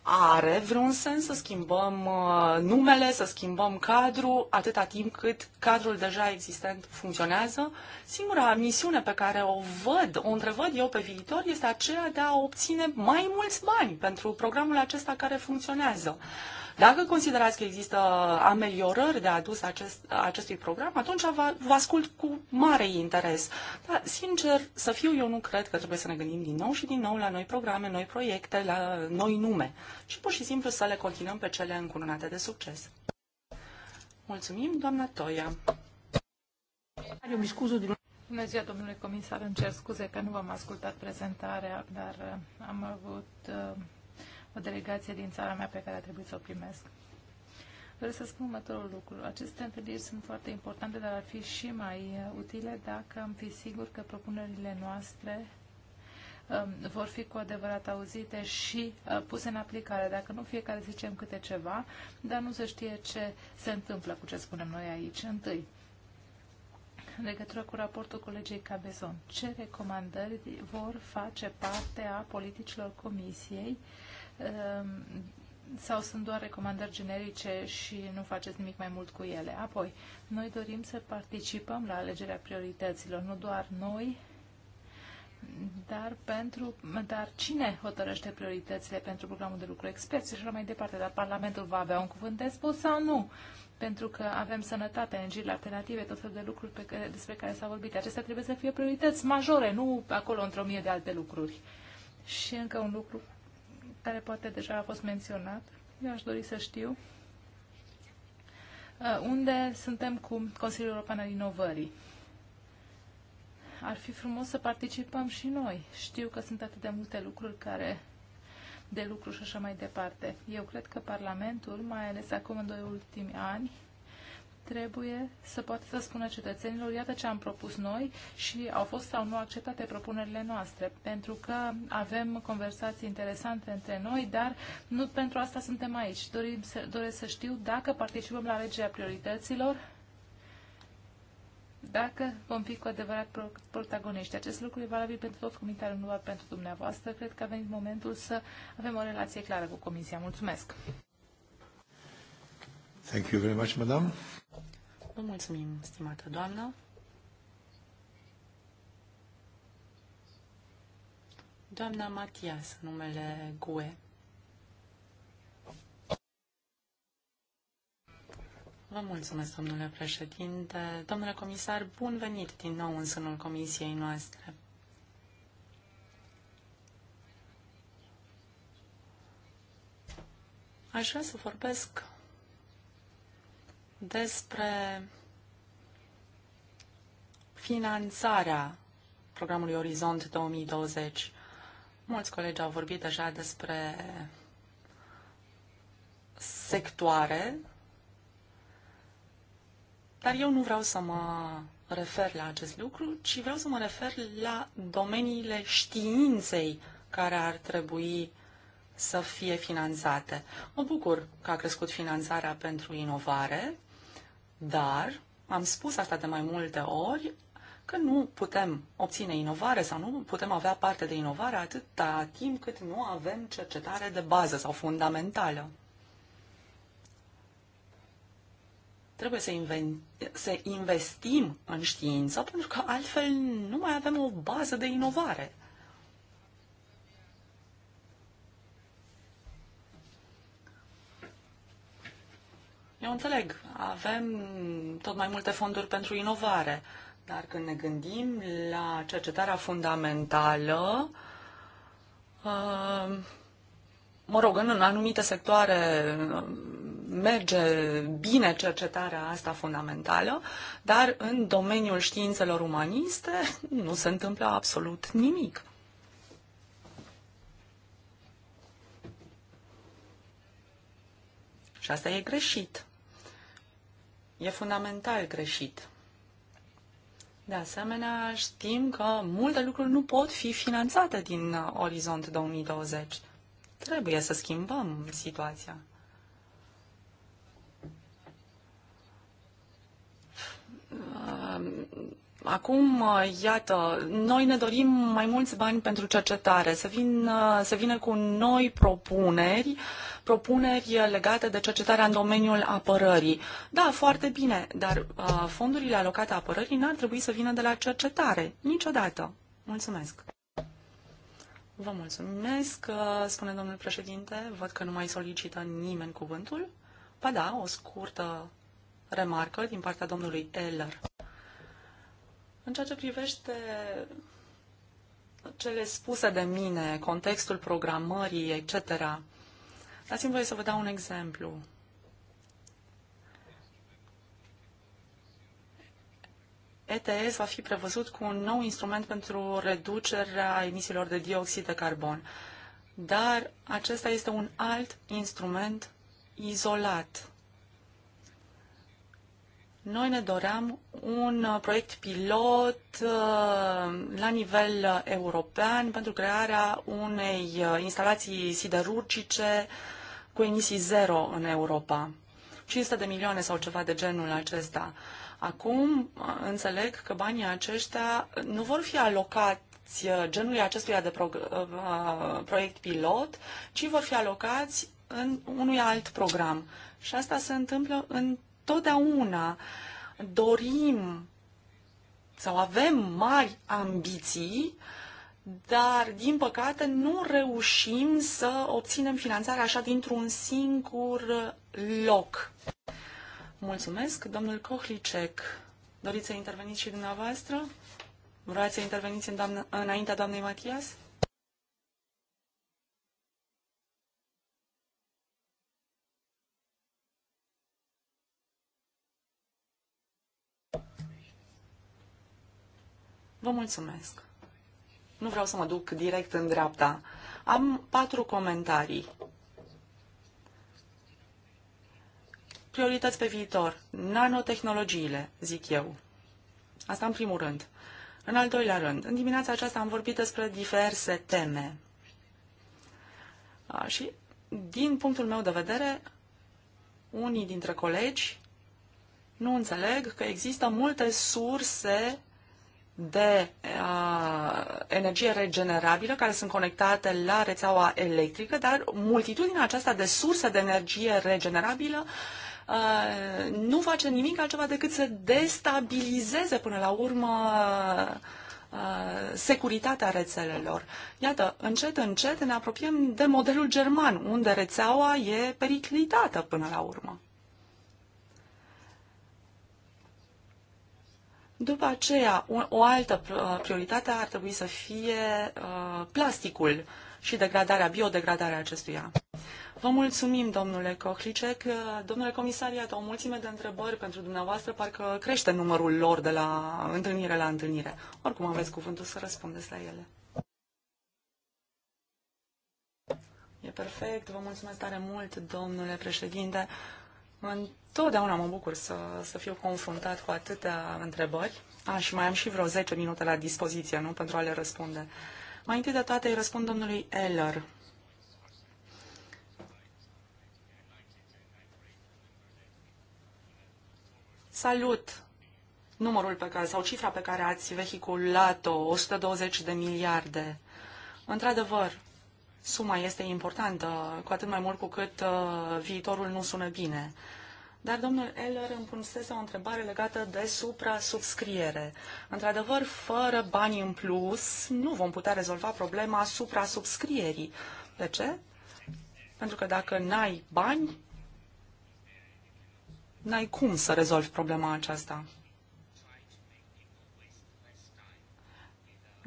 are vreun sens să schimbăm uh, numele, să schimbăm cadrul, atâta timp cât cadrul deja existent funcționează? Singura misiune pe care o văd, o întrevăd eu pe viitor, este aceea de a obține mai mulți bani pentru programul acesta care funcționează. Dacă considerați că există ameliorări de adus acest, acestui program, atunci vă, vă ascult cu mare interes. Dar, sincer, să fiu eu, nu cred că trebuie să ne gândim din nou și din nou la noi programe, noi proiecte, la noi nume, ci pur și simplu să le continuăm pe cele încununate de succes. Mulțumim, doamna Toia. din Bună ziua, domnule comisar. Îmi cer scuze că nu v-am ascultat prezentarea, dar uh, am avut uh, o delegație din țara mea pe care a trebuit să o primesc. Vreau să spun următorul lucru. Aceste întâlniri sunt foarte importante, dar ar fi și mai uh, utile dacă am fi sigur că propunerile noastre um, vor fi cu adevărat auzite și uh, puse în aplicare. Dacă nu, fiecare zicem câte ceva, dar nu se știe ce se întâmplă cu ce spunem noi aici. Întâi, în legătură cu raportul colegei Cabezon, ce recomandări vor face parte a politicilor comisiei uh, Ehm, sau sunt doar recomandări generice și nu faceți nimic mai mult cu ele. Apoi, noi dorim să participăm la alegerea priorităților, nu doar noi, dar, pentru, dar cine hotărăște prioritățile pentru programul de lucru? Experți și așa mai departe, dar Parlamentul va avea un cuvânt de spus sau nu? Pentru că avem sănătate, energii alternative, tot felul de lucruri pe care, despre care s-a vorbit. Acestea trebuie să fie priorități majore, nu acolo într-o mie de alte lucruri. Și încă un lucru care poate deja a fost menționat. Eu aș dori să știu uh, unde suntem cu Consiliul European al Inovării. Ar fi frumos să participăm și noi. Știu că sunt atât de multe lucruri care de lucru și așa mai departe. Eu cred că Parlamentul, mai ales acum în doi ultimi ani, trebuie să poată să spună cetățenilor, iată ce am propus noi și au fost sau nu acceptate propunerile noastre, pentru că avem conversații interesante între noi, dar nu pentru asta suntem aici. Dorim să, doresc să știu dacă participăm la alegerea priorităților, dacă vom fi cu adevărat protagoniști. Acest lucru e valabil pentru toți comentariul, nu doar pentru dumneavoastră. Cred că a venit momentul să avem o relație clară cu Comisia. Mulțumesc! Thank you very much, madam. Vă mulțumim, stimată doamnă. Doamna Matias, numele GUE. Vă mulțumesc, domnule președinte. Domnule comisar, bun venit din nou în sânul comisiei noastre. Aș vrea să vorbesc despre finanțarea programului Orizont 2020. Mulți colegi au vorbit deja despre sectoare, dar eu nu vreau să mă refer la acest lucru, ci vreau să mă refer la domeniile științei care ar trebui să fie finanțate. Mă bucur că a crescut finanțarea pentru inovare, dar am spus asta de mai multe ori, că nu putem obține inovare sau nu putem avea parte de inovare atâta timp cât nu avem cercetare de bază sau fundamentală. Trebuie să, inven- să investim în știință pentru că altfel nu mai avem o bază de inovare. Eu înțeleg, avem tot mai multe fonduri pentru inovare, dar când ne gândim la cercetarea fundamentală, uh, mă rog, în anumite sectoare uh, merge bine cercetarea asta fundamentală, dar în domeniul științelor umaniste nu se întâmplă absolut nimic. Și asta e greșit. E fundamental greșit. De asemenea, știm că multe lucruri nu pot fi finanțate din uh, Orizont 2020. Trebuie să schimbăm situația. Acum, uh, iată, noi ne dorim mai mulți bani pentru cercetare, să, vin, uh, să vină cu noi propuneri, propuneri legate de cercetarea în domeniul apărării. Da, foarte bine, dar uh, fondurile alocate apărării n-ar trebui să vină de la cercetare, niciodată. Mulțumesc! Vă mulțumesc, spune domnul președinte. Văd că nu mai solicită nimeni cuvântul. Pa da, o scurtă remarcă din partea domnului Eller. În ceea ce privește cele spuse de mine, contextul programării, etc., dați-mi voie să vă dau un exemplu. ETS va fi prevăzut cu un nou instrument pentru reducerea emisiilor de dioxid de carbon. Dar acesta este un alt instrument izolat. Noi ne doream un uh, proiect pilot uh, la nivel uh, european pentru crearea unei instalații siderurgice cu emisii zero în Europa. 500 de milioane sau ceva de genul acesta. Acum înțeleg că banii aceștia nu vor fi alocați genului acestuia de proiect pilot, ci vor fi alocați în unui alt program. Și asta se întâmplă în totdeauna dorim sau avem mari ambiții, dar, din păcate, nu reușim să obținem finanțarea așa dintr-un singur loc. Mulțumesc, domnul Kohlicek. Doriți să interveniți și dumneavoastră? Vreați să interveniți în doamnă, înaintea doamnei Matias? Vă mulțumesc. Nu vreau să mă duc direct în dreapta. Am patru comentarii. Priorități pe viitor. Nanotehnologiile, zic eu. Asta în primul rând. În al doilea rând, în dimineața aceasta am vorbit despre diverse teme. A, și, din punctul meu de vedere, unii dintre colegi nu înțeleg că există multe surse de uh, energie regenerabilă care sunt conectate la rețeaua electrică, dar multitudinea aceasta de surse de energie regenerabilă uh, nu face nimic altceva decât să destabilizeze până la urmă uh, securitatea rețelelor. Iată, încet, încet ne apropiem de modelul german, unde rețeaua e periclitată până la urmă. După aceea, o altă uh, prioritate ar trebui să fie uh, plasticul și degradarea, biodegradarea acestuia. Vă mulțumim, domnule Cohlicek. Uh, domnule comisar, iată o mulțime de întrebări pentru dumneavoastră, parcă crește numărul lor de la întâlnire la întâlnire. Oricum aveți cuvântul să răspundeți la ele. E perfect, vă mulțumesc tare mult, domnule președinte. Totdeauna mă bucur să, să fiu confruntat cu atâtea întrebări. A, și mai am și vreo 10 minute la dispoziție, nu? Pentru a le răspunde. Mai întâi de toate îi răspund domnului Eller. Salut! Numărul pe care, sau cifra pe care ați vehiculat-o, 120 de miliarde. Într-adevăr, suma este importantă, cu atât mai mult cu cât uh, viitorul nu sună bine. Uh, dar domnul Eller îmi punsese o întrebare legată de supra-subscriere. Într-adevăr, fără bani în plus, nu vom putea rezolva problema supra-subscrierii. De ce? Pentru că dacă n-ai bani, n-ai cum să rezolvi problema aceasta.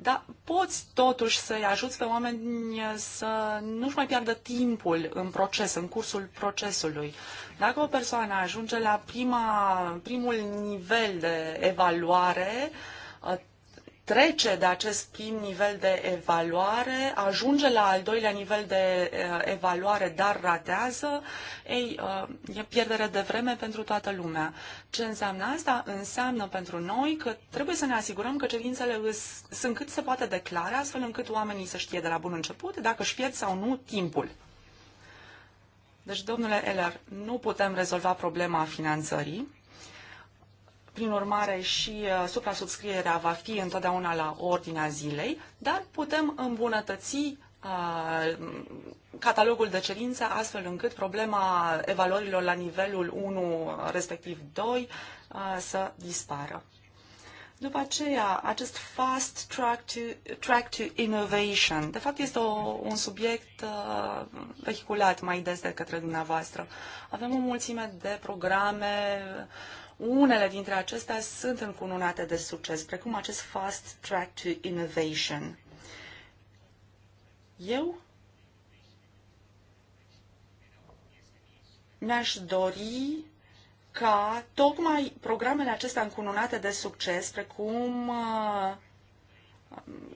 da, poți totuși să-i ajuți pe oameni eh, să nu-și mai piardă timpul în proces, în cursul procesului. Dacă o persoană ajunge la prima, primul nivel de evaluare, eh, trece de acest prim nivel de evaluare, ajunge la al doilea nivel de eh, evaluare, dar ratează, ei, eh, e pierdere de vreme pentru toată lumea. Ce înseamnă asta? Înseamnă pentru noi că trebuie să ne asigurăm că cerințele sunt cât se poate declara, astfel încât oamenii să știe de la bun început dacă își pierd sau nu timpul. Deci, domnule Eller, nu putem rezolva problema finanțării, prin urmare și uh, suprasubscrierea va fi întotdeauna la ordinea zilei, dar putem îmbunătăți uh, catalogul de cerințe astfel încât problema evaluărilor la nivelul 1 respectiv 2 uh, să dispară. După aceea, acest fast track to, track to innovation, de fapt este o, un subiect uh, vehiculat mai des de către dumneavoastră. Avem o mulțime de programe uh, unele dintre acestea sunt încununate de succes, precum acest Fast Track to Innovation. Eu mi-aș dori ca tocmai programele acestea încununate de succes, precum uh,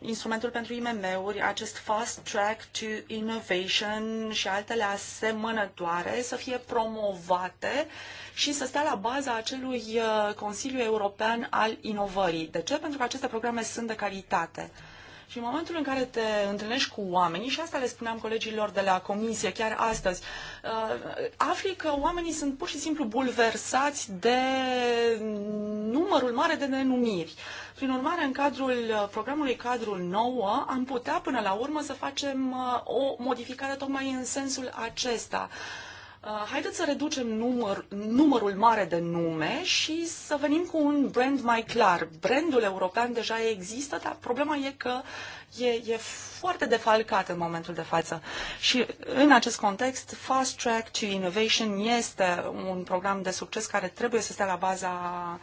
instrumentul pentru IMM-uri, acest fast track to innovation și altele asemănătoare să fie promovate și să stea la baza acelui uh, Consiliu European al Inovării. De ce? Pentru că aceste programe sunt de calitate. Și în momentul în care te întâlnești cu oamenii, și asta le spuneam colegilor de la comisie chiar astăzi, uh, afli că oamenii sunt pur și simplu bulversați de numărul mare de denumiri. Prin urmare, în cadrul uh, programului cadrul Nouă, am putea până la urmă să facem uh, o modificare tocmai în sensul acesta. Uh, Uh, haideți să reducem număr, numărul mare de nume și să venim cu un brand mai clar. Brandul european deja există, dar problema e că e, e foarte defalcat în momentul de față. Și în acest context, Fast Track to Innovation este un program de succes care trebuie să stea la baza uh,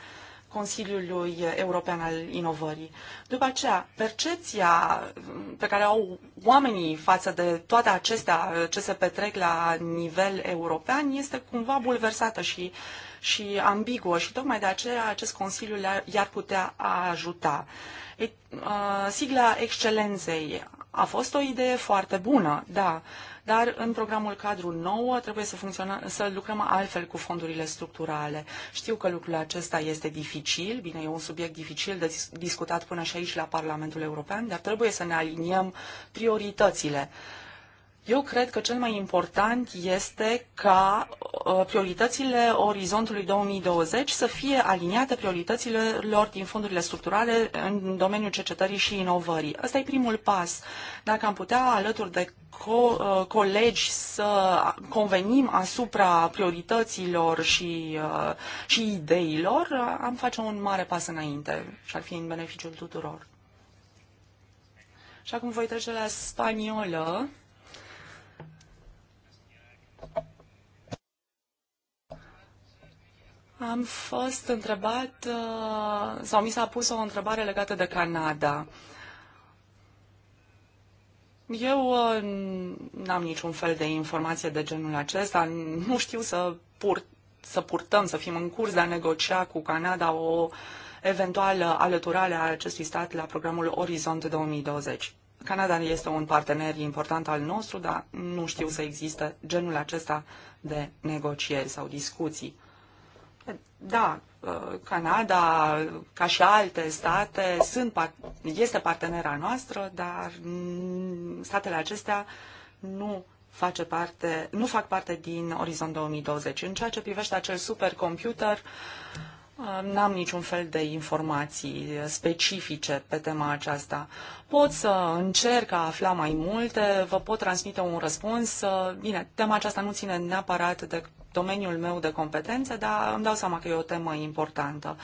Consiliului European al Inovării. După aceea, percepția mm, pe care au oamenii față de toate acestea ce se petrec la nivel european este cumva bulversată și, și ambiguă și tocmai de aceea acest Consiliu i-ar putea ajuta. E, uh, sigla excelenței a fost o idee foarte bună, da, dar în programul cadru nou trebuie să, să lucrăm altfel cu fondurile structurale. Știu că lucrul acesta este dificil, bine, e un subiect dificil de discutat până și aici la Parlamentul European, dar trebuie să ne aliniem prioritățile. Uh, eu cred că cel mai important este ca uh, prioritățile orizontului 2020 să fie aliniate priorităților din fondurile structurale în domeniul cercetării și inovării. Asta e primul pas. Dacă am putea alături de co- uh, colegi să convenim asupra priorităților și, uh, și ideilor, am face un mare pas înainte și ar fi în beneficiul tuturor. Și acum voi trece la spaniolă. Am fost întrebat uh, sau mi s-a pus o întrebare legată de Canada. Eu uh, n-am niciun fel de informație de genul acesta. Nu știu să, pur, să purtăm, să fim în curs de a negocia cu Canada o eventuală alăturare a acestui stat la programul Orizont 2020. Canada este un partener important al nostru, dar nu știu să existe genul acesta de negocieri sau discuții. Da, uh, Canada, ca și alte state, sunt, este partenera noastră, dar statele acestea nu face parte, nu fac parte din Orizont 2020. În ceea ce privește acel supercomputer, uh, Uh, n-am niciun fel de informații specifice pe tema aceasta. Pot să încerc a afla mai multe, vă pot transmite un răspuns. Uh, bine, tema aceasta nu ține neapărat de domeniul meu de competențe, dar îmi dau seama că e o temă importantă.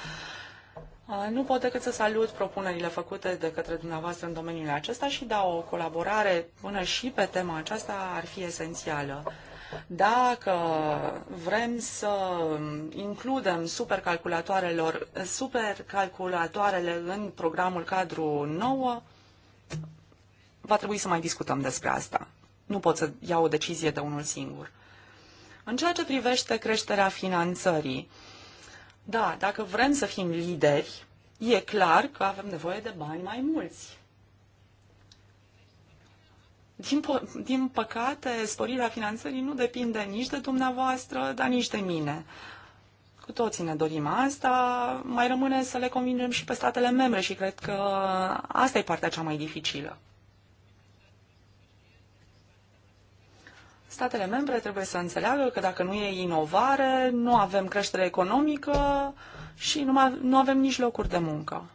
Uh, nu pot decât să salut propunerile făcute de către dumneavoastră în domeniul acesta și da, o colaborare până și pe tema aceasta ar fi esențială. Dacă vrem să includem supercalculatoarelor, supercalculatoarele în programul cadru nouă, va trebui să mai discutăm despre asta. Nu pot să iau o decizie de unul singur. În ceea ce privește creșterea finanțării, da, dacă vrem să fim lideri, e clar că avem nevoie de bani mai mulți. Din, po- din păcate, sporirea finanțării nu depinde nici de dumneavoastră, dar nici de mine. Cu toții ne dorim asta, mai rămâne să le convingem și pe statele membre și cred că asta e partea cea mai dificilă. Statele membre trebuie să înțeleagă că dacă nu e inovare, nu avem creștere economică și nu, mai, nu avem nici locuri de muncă.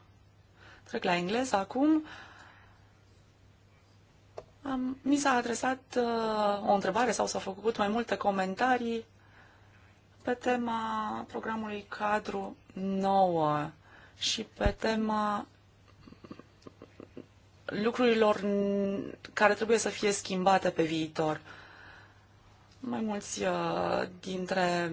Trec la engleză acum. Uh, am, mi s-a adresat uh, o întrebare sau s-au făcut mai multe comentarii pe tema programului cadru nouă și pe tema lucrurilor care trebuie să fie schimbate pe viitor. Mai mulți uh, dintre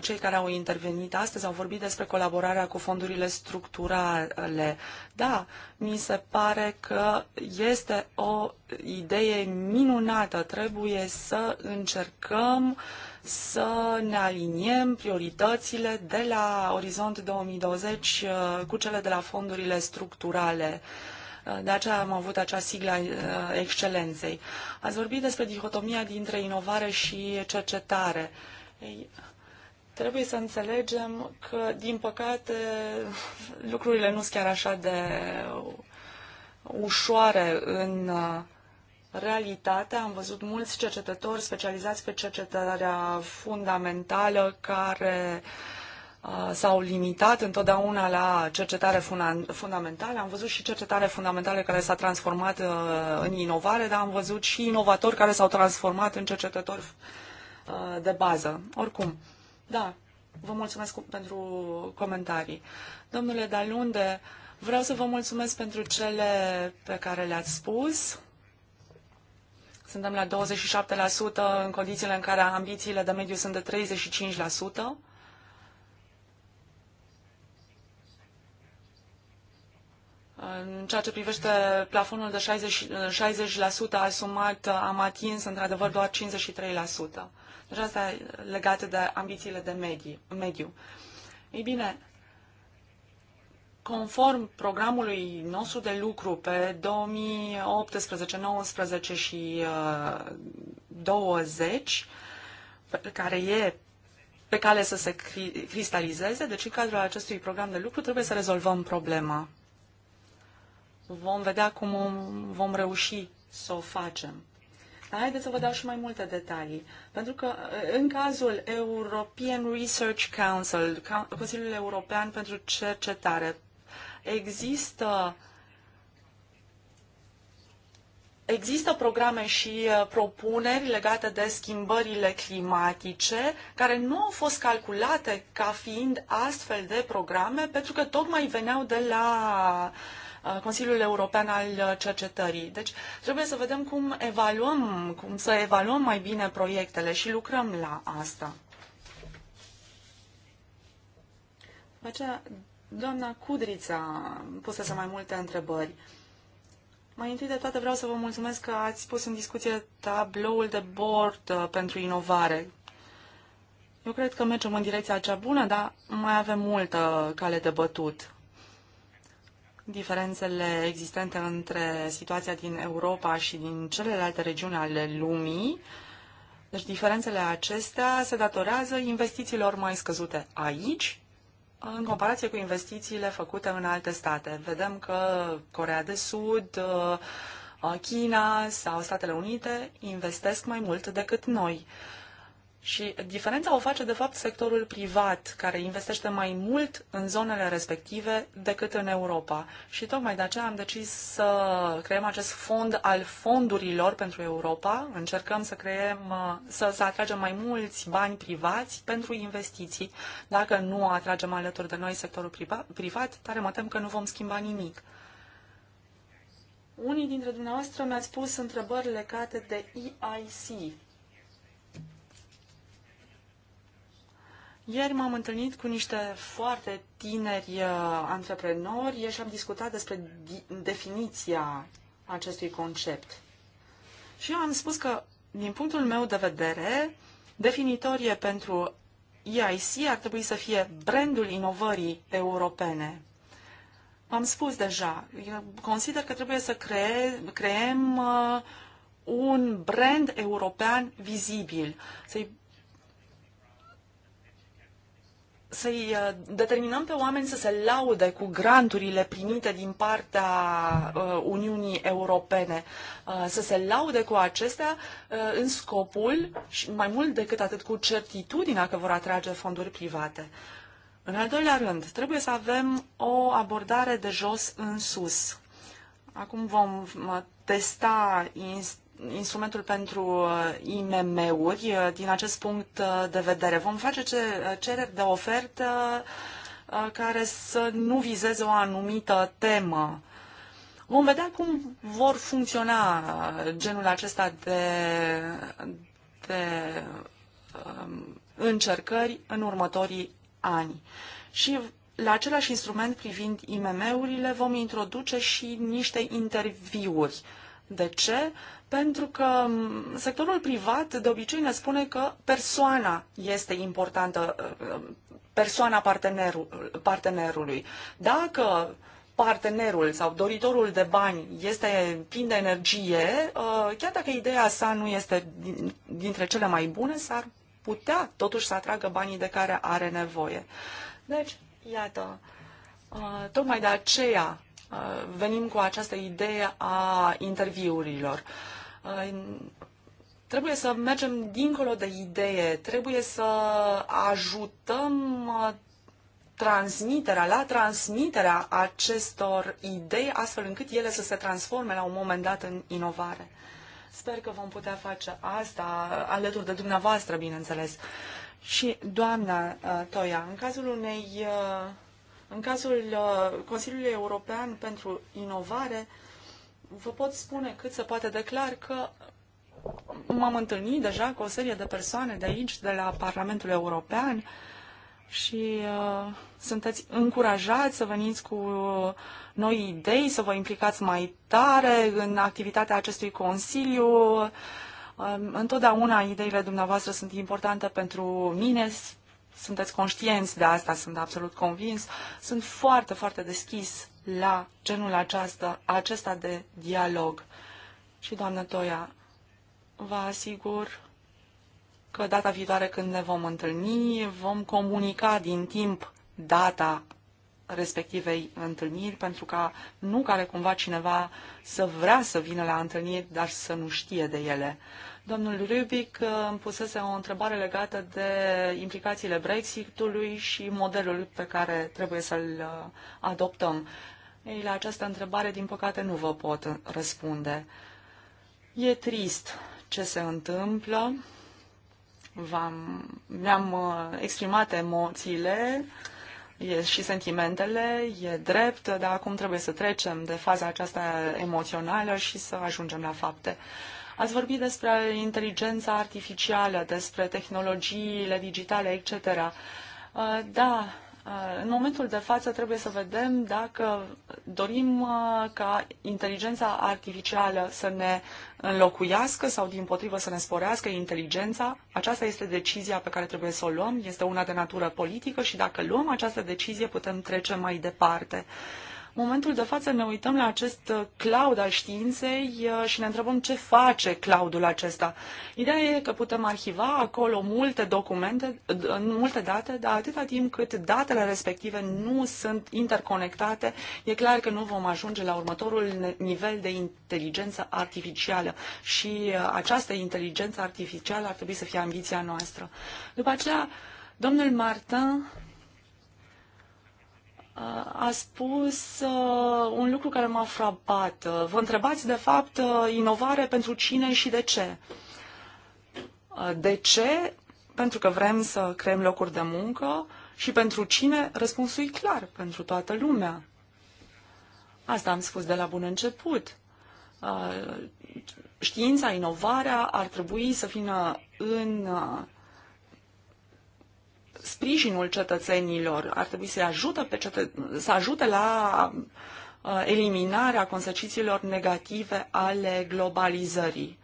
cei care au intervenit astăzi au vorbit despre colaborarea cu fondurile structurale. Da, mi se pare că este o idee minunată. Trebuie să încercăm să ne aliniem prioritățile de la Orizont 2020 uh, cu cele de la fondurile structurale. Uh, de aceea am avut acea sigla uh, excelenței. Ați vorbit despre dihotomia dintre inovare și cercetare. Ei, Trebuie să înțelegem că, din păcate, lucrurile nu sunt chiar așa de ușoare în uh, realitate. Am văzut mulți cercetători specializați pe cercetarea fundamentală care uh, s-au limitat întotdeauna la cercetare fundamentală. Am văzut și cercetare fundamentală care s-a transformat uh, în inovare, dar am văzut și inovatori care s-au transformat în cercetători de bază. Oricum, da, vă mulțumesc pentru comentarii. Domnule Dalunde, vreau să vă mulțumesc pentru cele pe care le-ați spus. Suntem la 27% în condițiile în care ambițiile de mediu sunt de 35%. În ceea ce privește plafonul de 60%, 60 asumat, am atins într-adevăr doar 53%. Și deci asta legată de ambițiile de medii, mediu. Ei bine, conform programului nostru de lucru pe 2018, 19 și uh, 20, care e pe cale să se cristalizeze, deci în cadrul acestui program de lucru trebuie să rezolvăm problema. Vom vedea cum vom reuși să o facem. Dar haideți să vă dau și mai multe detalii. Pentru că în cazul European Research Council, Consiliul European pentru Cercetare, există Există programe și uh, propuneri legate de schimbările climatice care nu au fost calculate ca fiind astfel de programe pentru că tocmai veneau de la uh, Uh, Consiliul European al Cercetării. Deci trebuie să vedem cum evaluăm, cum să evaluăm mai bine proiectele și lucrăm la asta. doamnă aceea, doamna Cudrița pusese mai multe întrebări. Mai întâi de toate vreau să vă mulțumesc că ați pus în discuție tabloul de bord uh, pentru inovare. Eu cred că mergem în direcția cea bună, dar mai avem multă cale de bătut diferențele existente între situația din Europa și din celelalte regiuni ale lumii. Deci diferențele acestea se datorează investițiilor mai scăzute aici în comparație cu investițiile făcute în alte state. Vedem că Corea de Sud, uh, China sau Statele Unite investesc mai mult decât noi. Și diferența o face, de fapt, sectorul privat, care investește mai mult în zonele respective decât în Europa. Și tocmai de aceea am decis să creăm acest fond al fondurilor pentru Europa. Încercăm să creăm, uh, să, să atragem mai mulți bani privați pentru investiții. Dacă nu atragem alături de noi sectorul privat, tare mă tem că nu vom schimba nimic. Unii dintre dumneavoastră mi-ați pus întrebări legate de EIC, Ieri m-am întâlnit cu niște foarte tineri uh, antreprenori și am discutat despre definiția acestui concept. Și eu am spus că, din punctul meu de vedere, definitorie pentru EIC ar trebui să fie brandul inovării europene. Am spus deja, eu consider că trebuie să creăm creem uh, un brand european vizibil, să-i să-i uh, determinăm pe oameni să se laude cu granturile primite din partea uh, Uniunii Europene, uh, să se laude cu acestea în scopul, și mai mult decât atât, cu certitudinea că vor atrage fonduri private. În al doilea rând, trebuie să avem o abordare de jos în sus. Acum vom testa inst- instrumentul pentru uh, IMM-uri uh, din acest punct uh, de vedere. Vom face ce, cereri de ofertă care să nu vizeze o anumită temă. Vom vedea cum vor funcționa genul acesta de, de um, încercări în următorii ani. Și la același instrument privind IMM-urile vom introduce și niște interviuri. De ce? pentru că sectorul privat de obicei ne spune că persoana este importantă, uh, uh, persoana partenerul, partenerului. Dacă partenerul sau doritorul de bani este plin de energie, uh, chiar dacă ideea sa nu este dintre cele mai bune, s-ar putea totuși să atragă banii de care are nevoie. Deci, iată, tocmai de aceea venim cu această idee a interviurilor. Trebuie să mergem dincolo de idee, trebuie să ajutăm uh, transmiterea, la transmiterea acestor idei, astfel încât ele să se transforme la un moment dat în inovare. Sper că vom putea face asta uh, alături de dumneavoastră, bineînțeles. Și, doamna uh, Toia, în cazul unei, în cazul Consiliului European pentru Inovare, vă pot spune cât se poate declar că m-am întâlnit deja cu o serie de persoane de aici, de la Parlamentul European și uh, sunteți încurajați să veniți cu noi idei, să vă implicați mai tare în activitatea acestui Consiliu. Uh, întotdeauna ideile dumneavoastră sunt importante pentru mine, sunteți conștienți de asta, sunt absolut convins. Sunt foarte, foarte deschis la genul aceasta, acesta de dialog. Și, doamnă Toia, vă asigur că data viitoare când ne vom întâlni, vom comunica din timp data respectivei întâlniri, pentru ca nu care cumva cineva să vrea să vină la întâlniri, dar să nu știe de ele. Domnul Rubic uh, îmi pusese o întrebare legată de implicațiile Brexitului și modelul pe care trebuie să-l uh, adoptăm. Ei, la această întrebare, din păcate, nu vă pot răspunde. E trist ce se întâmplă. V-am, mi-am uh, exprimat emoțiile e și sentimentele, e drept, dar acum trebuie să trecem de faza aceasta emoțională și să ajungem la fapte. Ați vorbit despre inteligența artificială, despre tehnologiile digitale, etc. Uh, da, Uh, în momentul de față trebuie să vedem dacă dorim uh, ca inteligența artificială să ne înlocuiască sau din potrivă să ne sporească inteligența. Aceasta este decizia pe care trebuie să o luăm, este una de natură politică și dacă luăm această decizie putem trece mai departe. Uh, momentul de față ne uităm la acest uh, cloud al științei uh, și ne întrebăm ce face cloudul acesta. Ideea e că putem arhiva acolo multe documente, uh, multe date, dar atâta timp cât datele respective nu sunt interconectate, e clar că nu vom ajunge la următorul nivel de inteligență artificială și această inteligență artificială ar trebui să fie ambiția noastră. După aceea, domnul Martin a spus uh, un lucru care m-a frapat. Uh, vă întrebați, de fapt, uh, inovare pentru cine și de ce? De ce? Pentru că vrem să creăm locuri de muncă și pentru cine? Răspunsul e clar, pentru toată lumea. Asta am spus de la bun început. Știința, inovarea ar trebui să vină în sprijinul cetățenilor, ar trebui să ajute, pe cetă- să ajute la uh, eliminarea consecințelor negative ale globalizării.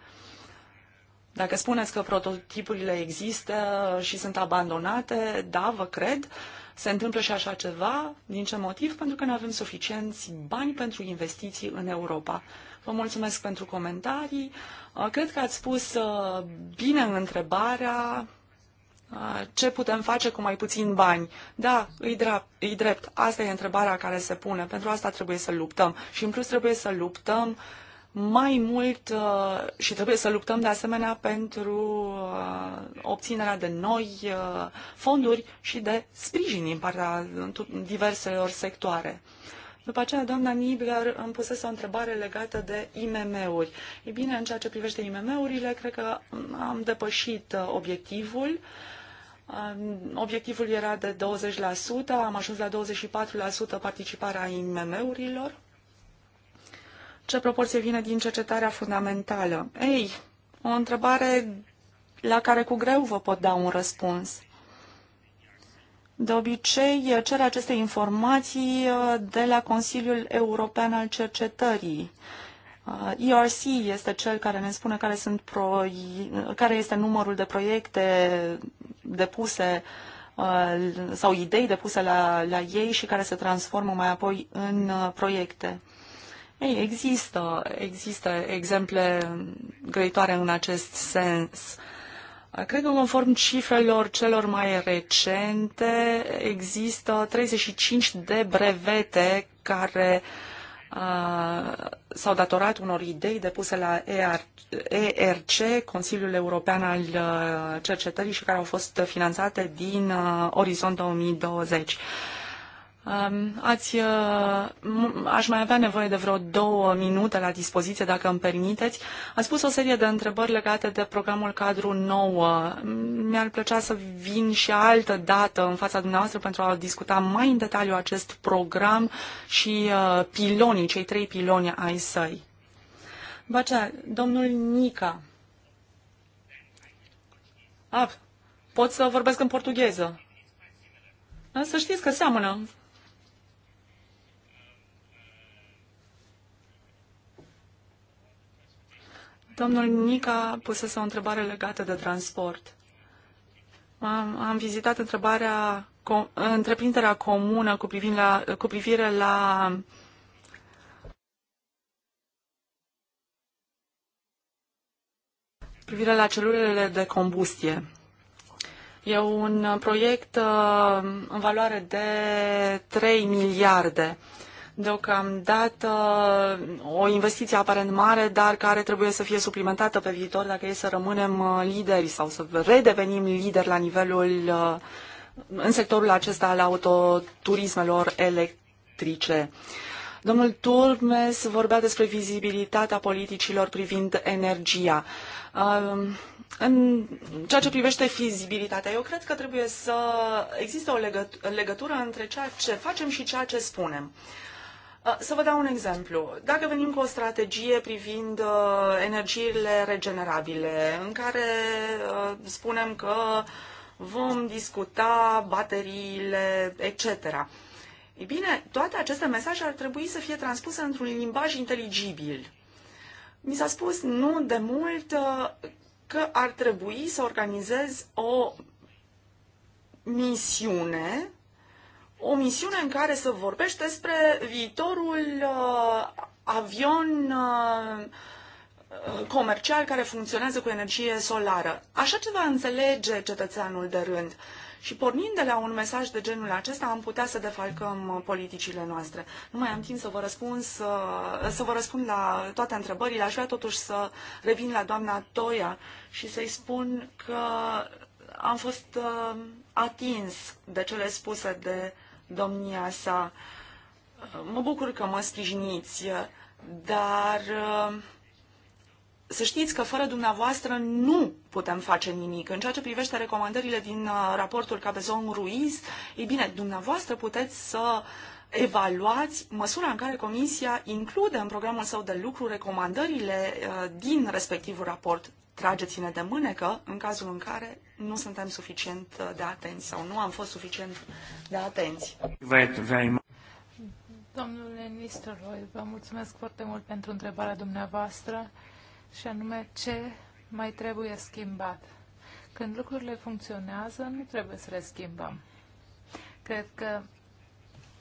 Dacă spuneți că prototipurile există și sunt abandonate, da, vă cred, se întâmplă și așa ceva. Din ce motiv? Pentru că nu avem suficienți bani pentru investiții în Europa. Vă mulțumesc pentru comentarii. Uh, cred că ați spus uh, bine întrebarea ce putem face cu mai puțin bani? Da, îi, drept, îi drept. Asta e întrebarea care se pune. Pentru asta trebuie să luptăm. Și în plus trebuie să luptăm mai mult și trebuie să luptăm de asemenea pentru obținerea de noi fonduri și de sprijin din partea diverselor sectoare. După aceea, doamna Nibler îmi pusese o întrebare legată de IMM-uri. Ei bine, în ceea ce privește IMM-urile, cred că am depășit obiectivul. Uh, Obiectivul era de 20%, am ajuns la 24% participarea IMM-urilor. Ce proporție vine din cercetarea fundamentală? Ei, o întrebare la care cu greu vă pot da un răspuns. De obicei, cer aceste informații uh, de la Consiliul European al Cercetării. Uh, ERC este cel care ne spune care, sunt pro, care este numărul de proiecte depuse uh, sau idei depuse la, la ei și care se transformă mai apoi în uh, proiecte. Ei, există, există exemple grăitoare în acest sens. Cred că conform cifrelor celor mai recente există 35 de brevete care uh, s-au datorat unor idei depuse la ERC, Consiliul European al uh, Cercetării și care au fost finanțate din uh, Orizont 2020. Um, ați, uh, aș mai avea nevoie de vreo două minute la dispoziție, dacă îmi permiteți. Ați pus o serie de întrebări legate de programul cadru nou. Mi-ar plăcea să vin și altă dată în fața dumneavoastră pentru a discuta mai în detaliu acest program și uh, pilonii, cei trei piloni ai săi. Bacea, domnul Nica. A, ah, pot să vorbesc în portugheză. Să știți că seamănă Domnul Nica pusese o întrebare legată de transport. Am, am vizitat întrebarea, com, întreprinderea comună cu la, cu privire la privire la celulele de combustie. E un proiect uh, în valoare de 3 miliarde deocamdată o investiție aparent mare, dar care trebuie să fie suplimentată pe viitor dacă e să rămânem uh, lideri sau să redevenim lideri la nivelul uh, în sectorul acesta al autoturismelor electrice. Domnul Turmes vorbea despre vizibilitatea politicilor privind energia. Um, în ceea ce privește fizibilitatea, eu cred că trebuie să existe o legătură între ceea ce facem și ceea ce spunem. Uh, să vă dau un exemplu. Dacă venim cu o strategie privind uh, energiile regenerabile, în care uh, spunem că vom discuta bateriile, etc. Ei bine, toate aceste mesaje ar trebui să fie transpuse într-un limbaj inteligibil. Mi s-a spus nu de mult uh, că ar trebui să organizez o misiune o misiune în care să vorbești despre viitorul uh, avion uh, comercial care funcționează cu energie solară. Așa ceva înțelege cetățeanul de rând. Și pornind de la un mesaj de genul acesta, am putea să defalcăm politicile noastre. Nu mai am timp să vă răspund, să, să vă răspund la toate întrebările. Aș vrea totuși să revin la doamna Toia și să-i spun că am fost uh, atins de cele spuse de uh, domnia sa. Mă bucur că mă sprijiniți, dar uh, să știți că fără dumneavoastră nu putem face nimic. În ceea ce privește recomandările din uh, raportul Cabezon Ruiz, ei bine, dumneavoastră puteți să evaluați măsura în care Comisia include în programul său de lucru recomandările uh, din respectivul raport trageți-ne de mânecă în cazul în care nu suntem suficient uh, de atenți sau nu am fost suficient de atenți. Domnule Nistoroi, vă mulțumesc foarte mult pentru întrebarea dumneavoastră și anume ce mai trebuie schimbat. Când lucrurile funcționează, nu trebuie să le schimbăm. Cred că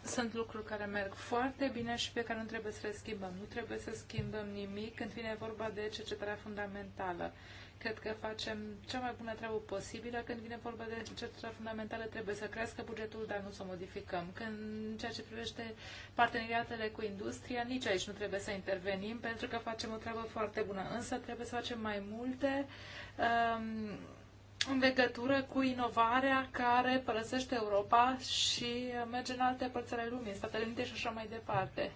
sunt lucruri care merg foarte bine și pe care nu trebuie să le schimbăm. Nu trebuie să schimbăm nimic când vine vorba de cercetarea fundamentală. Cred că facem cea mai bună treabă posibilă când vine vorba de cercetarea fundamentală. Trebuie să crească bugetul, dar nu să o modificăm. Când ceea ce privește parteneriatele cu industria, nici aici nu trebuie să intervenim, pentru că facem o treabă foarte bună. Însă trebuie să facem mai multe. Um, în legătură cu inovarea care părăsește Europa și merge în alte părți ale lumii, Statele Unite și așa mai departe.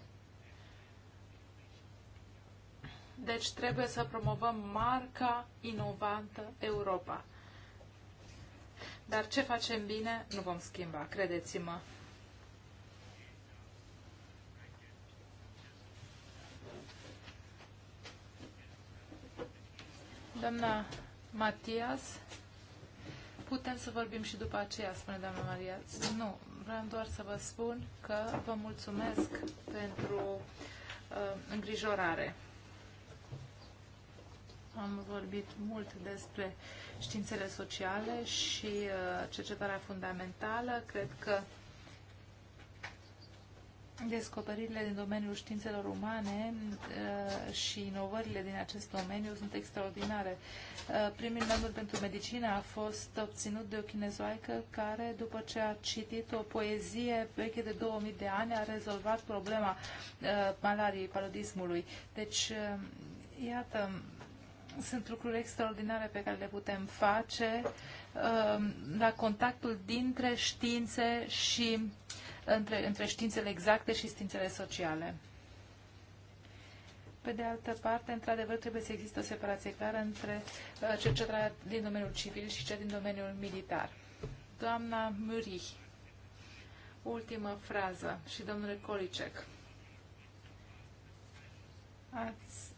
Deci trebuie să promovăm marca inovantă Europa. Dar ce facem bine nu vom schimba, credeți-mă. Doamna Matias. Putem să vorbim și după aceea, spune doamna Maria. Nu, vreau doar să vă spun că vă mulțumesc pentru uh, îngrijorare. Am vorbit mult despre științele sociale și uh, cercetarea fundamentală. Cred că Descoperirile din domeniul științelor umane uh, și inovările din acest domeniu sunt extraordinare. Uh, primul Nobel pentru medicină a fost obținut de o chinezoaică care, după ce a citit o poezie veche de 2000 de ani, a rezolvat problema uh, malariei, paludismului. Deci, uh, iată, sunt lucruri extraordinare pe care le putem face uh, la contactul dintre științe și uh, între, între științele exacte și științele sociale. Pe de altă parte, într-adevăr, trebuie să existe o separație clară între uh, cercetarea din domeniul civil și cea din domeniul militar. Doamna Muri, ultimă frază și domnule Kolicek. Ați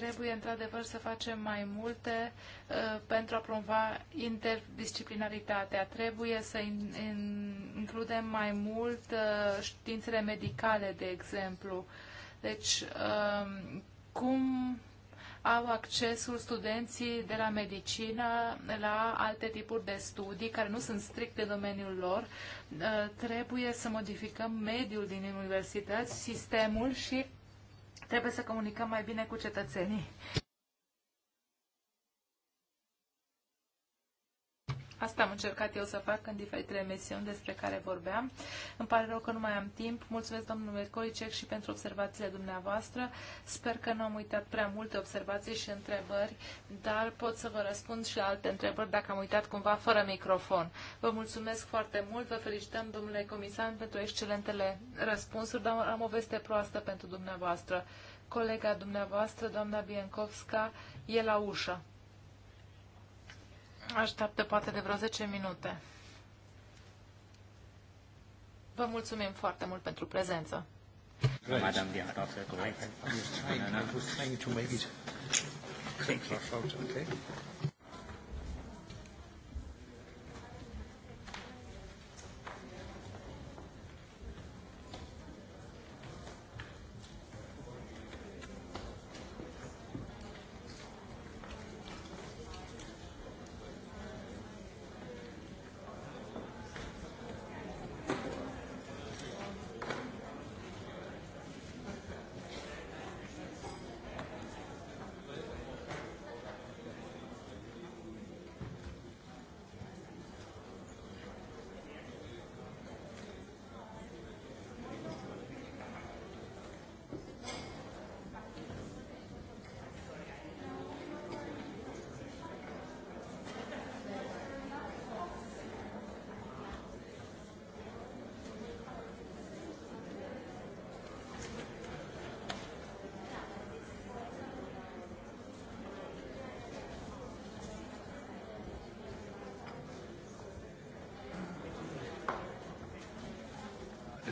trebuie într-adevăr să facem mai multe uh, pentru a promova interdisciplinaritatea. Trebuie să in, in, includem mai mult uh, științele medicale, de exemplu. Deci, uh, cum au accesul studenții de la medicină la alte tipuri de studii care nu sunt strict de domeniul lor. Uh, trebuie să modificăm mediul din universități, sistemul și Trebuie să comunicăm mai bine cu cetățenii. Asta am încercat eu să fac în diferitele emisiuni despre care vorbeam. Îmi pare rău că nu mai am timp. Mulțumesc, domnule Coicec, și pentru observațiile dumneavoastră. Sper că nu am uitat prea multe observații și întrebări, dar pot să vă răspund și la alte întrebări dacă am uitat cumva fără microfon. Vă mulțumesc foarte mult, vă felicităm, domnule comisar, pentru excelentele răspunsuri, dar am o veste proastă pentru dumneavoastră. Colega dumneavoastră, doamna Biencovska, e la ușă. Așteaptă poate de vreo 10 minute. Vă mulțumim foarte mult pentru prezență. Madame the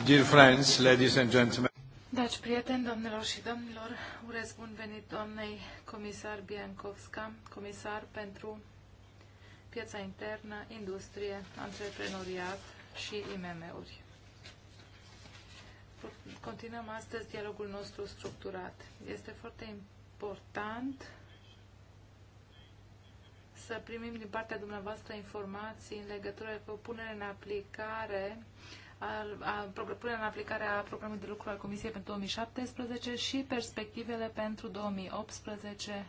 Dear friends, ladies and gentlemen. Dragi prieteni, domnilor și domnilor, urez bun venit doamnei comisar Biancovska, comisar pentru piața internă, industrie, antreprenoriat și IMM-uri. Continuăm astăzi dialogul nostru structurat. Este foarte important să primim din partea dumneavoastră informații în legătură cu punerea în aplicare punerea în aplicare a programului de lucru al Comisiei pentru 2017 și perspectivele pentru 2018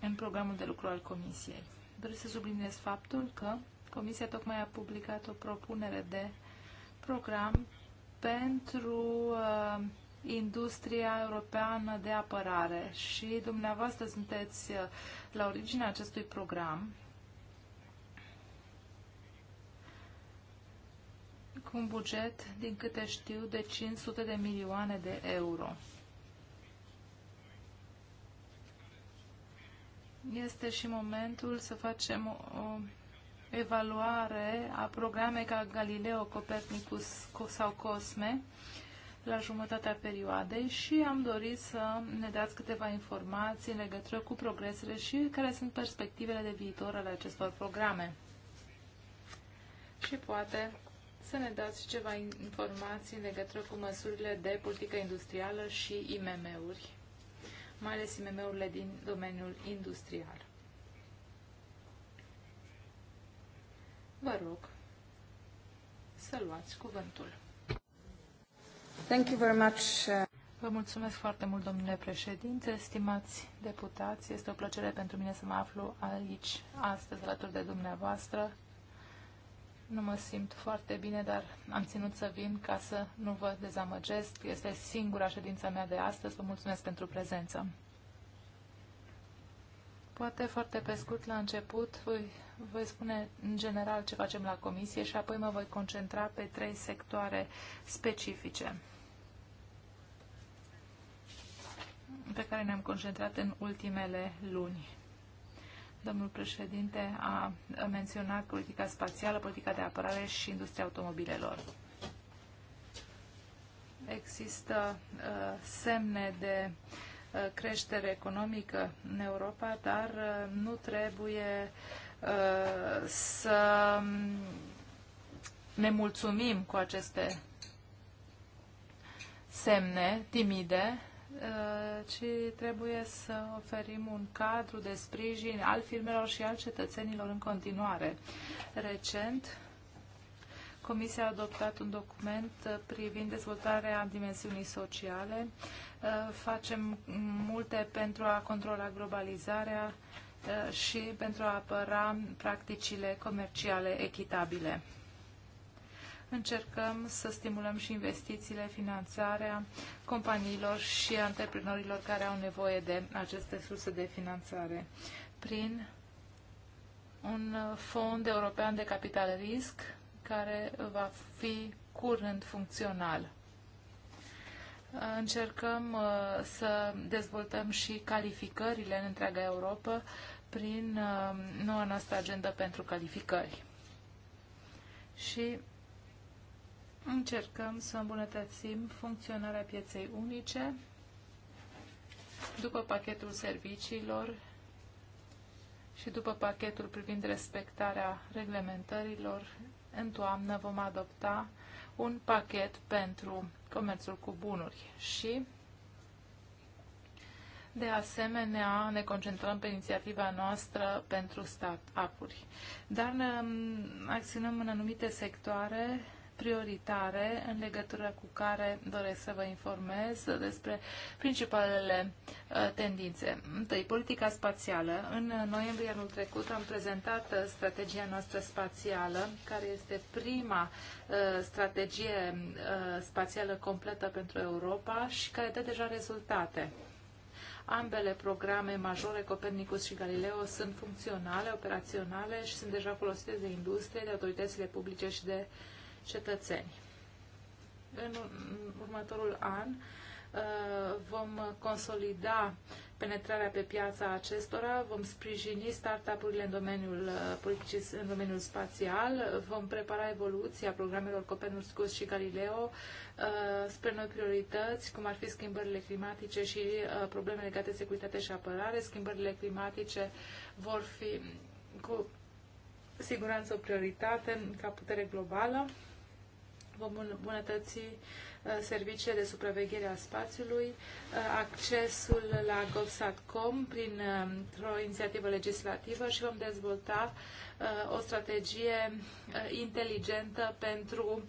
în programul de lucru al Comisiei. Doresc să subliniez faptul că Comisia tocmai a publicat o propunere de program pentru uh, industria europeană de apărare și dumneavoastră sunteți ă, la originea acestui program un buget, din câte știu, de 500 de milioane de euro. Este și momentul să facem o evaluare a programe ca Galileo, Copernicus sau Cosme la jumătatea perioadei și am dorit să ne dați câteva informații în legătură cu progresele și care sunt perspectivele de viitor ale acestor programe. Și poate să ne dați ceva informații în legătură cu măsurile de politică industrială și IMM-uri, mai ales IMM-urile din domeniul industrial. Vă rog să luați cuvântul. Thank you very much. Uh, Vă mulțumesc foarte mult, domnule președinte, stimați deputați. Este o plăcere pentru mine să mă aflu aici astăzi alături de dumneavoastră nu mă simt foarte bine, dar am ținut să vin ca să nu vă dezamăgesc. Este singura ședința mea de astăzi. Vă mulțumesc pentru prezență. Poate foarte pe scurt la început voi, voi spune în general ce facem la comisie și apoi mă voi concentra pe trei sectoare specifice pe care ne-am concentrat în ultimele luni. Domnul președinte a menționat politica spațială, politica de apărare și industria automobilelor. Există uh, semne de uh, creștere economică în Europa, dar uh, nu trebuie uh, să um, ne mulțumim cu aceste semne timide Uh, ci trebuie să oferim un cadru de sprijin al firmelor și al cetățenilor în continuare. Recent, Comisia a adoptat un document privind dezvoltarea dimensiunii sociale. Uh, facem multe pentru a controla globalizarea uh, și pentru a apăra practicile comerciale echitabile încercăm să stimulăm și investițiile, finanțarea companiilor și antreprenorilor care au nevoie de aceste surse de finanțare prin un fond european de capital risc care va fi curând funcțional. Încercăm uh, să dezvoltăm și calificările în întreaga Europa prin uh, noua noastră agendă pentru calificări. Și Încercăm să îmbunătățim funcționarea pieței unice după pachetul serviciilor și după pachetul privind respectarea reglementărilor. În toamnă vom adopta un pachet pentru comerțul cu bunuri și de asemenea, ne concentrăm pe inițiativa noastră pentru start-up-uri. Dar ne mm, acționăm în anumite sectoare prioritare în legătură cu care doresc să vă informez despre principalele uh, tendințe. Întâi, politica spațială. În noiembrie anul trecut am prezentat uh, strategia noastră spațială, care este prima uh, strategie spațială completă pentru Europa și care dă deja rezultate. Ambele programe majore, Copernicus și Galileo, sunt funcționale, operaționale și sunt deja folosite de industrie, de autoritățile publice și de cetățeni. În următorul an uh, vom consolida penetrarea pe piața acestora, vom sprijini startup-urile în domeniul, uh, în domeniul spațial, vom prepara evoluția programelor Copernicus și Galileo uh, spre noi priorități, cum ar fi schimbările climatice și probleme legate de securitate și apărare. Schimbările climatice vor fi cu siguranță o prioritate ca putere globală vom îmbunătăți uh, serviciile de supraveghere a spațiului, uh, accesul la GovSat.com prin uh, o inițiativă legislativă și vom dezvolta o strategie inteligentă pentru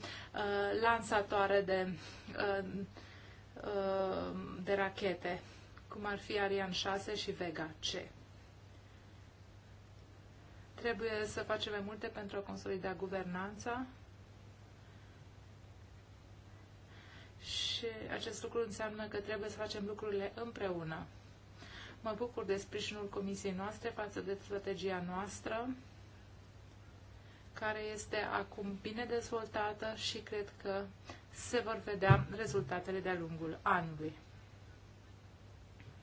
lansatoare de, de rachete, cum ar fi Ariane 6 și Vega C trebuie să facem mai multe pentru a consolida guvernanța și acest lucru înseamnă că trebuie să facem lucrurile împreună. Mă bucur de sprijinul comisiei noastre față de strategia noastră, care este acum bine dezvoltată și cred că se vor vedea rezultatele de-a lungul anului.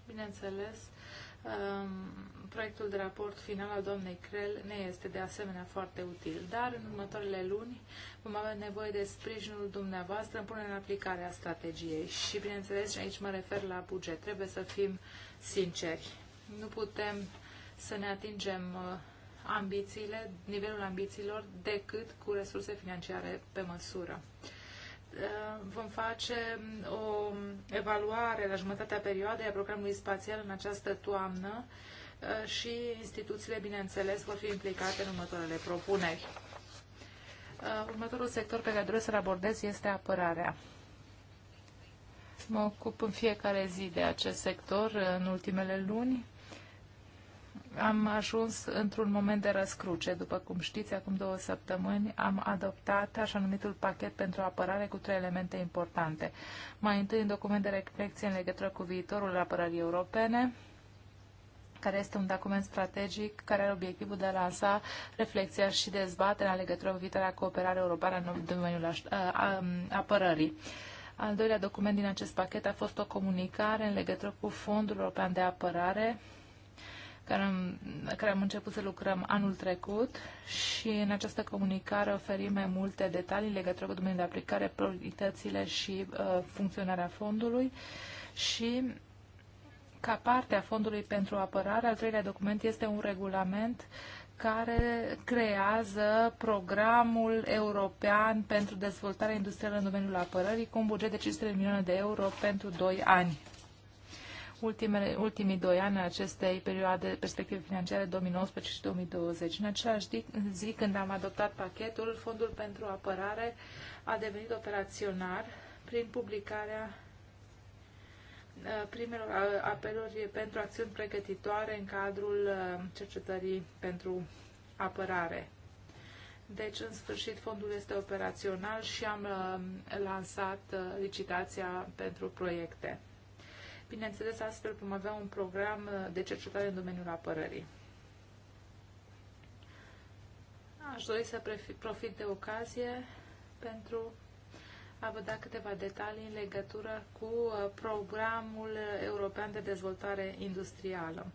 Bineînțeles, um, proiectul de raport final al doamnei Crel ne este de asemenea foarte util, dar în următoarele luni vom avea nevoie de sprijinul dumneavoastră în punerea în aplicare a strategiei și, bineînțeles, și aici mă refer la buget. Trebuie să fim sinceri. Nu putem să ne atingem uh, ambițiile, nivelul ambițiilor, decât cu resurse financiare pe măsură uh, vom face um, o evaluare la jumătatea perioadei a programului spațial în această toamnă Uh, și instituțiile, bineînțeles, vor fi implicate în următoarele propuneri. Uh, următorul sector pe care doresc să-l abordez este apărarea. Mă ocup în fiecare zi de acest sector uh, în ultimele luni. Am ajuns într-un moment de răscruce. După cum știți, acum două săptămâni am adoptat așa numitul pachet pentru apărare cu trei elemente importante. Mai întâi, un document de reflexie în legătură cu viitorul apărării europene, care este un document strategic care are obiectivul de a lansa reflexia și dezbaterea legătură cu viitoarea cooperare europeană în domeniul apărării. Al doilea document din acest pachet a fost o comunicare în legătură cu Fondul European de Apărare, care am, care am început să lucrăm anul trecut și în această comunicare oferim mai multe detalii în legătură cu domeniul de aplicare, prioritățile și uh, funcționarea fondului și ca parte a Fondului pentru Apărare. Al treilea document este un regulament care creează programul european pentru dezvoltarea industrială în domeniul apărării cu un buget de 500 de milioane de euro pentru 2 ani. Ultimele, ultimii doi ani acestei perioade perspective financiare 2019 și 2020. În același zi, zi când am adoptat pachetul, Fondul pentru Apărare a devenit operațional prin publicarea Uh, primelor uh, apeluri pentru acțiuni pregătitoare în cadrul uh, cercetării pentru apărare. Deci, în sfârșit, fondul este operațional și am lansat licitația pentru proiecte. Bineînțeles, astfel vom avea un program de cercetare în domeniul apărării. Aș dori să profit de ocazie pentru a vă da câteva detalii în legătură cu uh, programul european de dezvoltare industrială,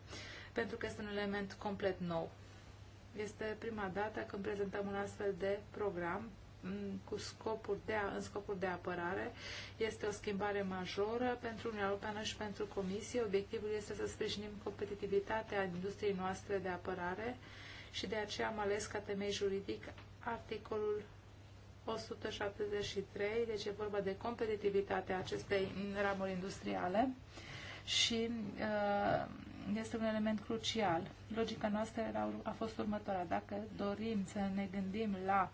pentru că este un element complet nou. Este prima dată când prezentăm un astfel de program mm, cu scopuri de, în scopuri de apărare. Este o schimbare majoră pentru Uniunea Europeană și pentru Comisie. Obiectivul este să sprijinim competitivitatea industriei noastre de apărare și de aceea am ales ca temei juridic articolul 173, deci e vorba de competitivitatea acestei ramuri industriale și uh, este un element crucial. Logica noastră era, a fost următoarea. Dacă dorim să ne gândim la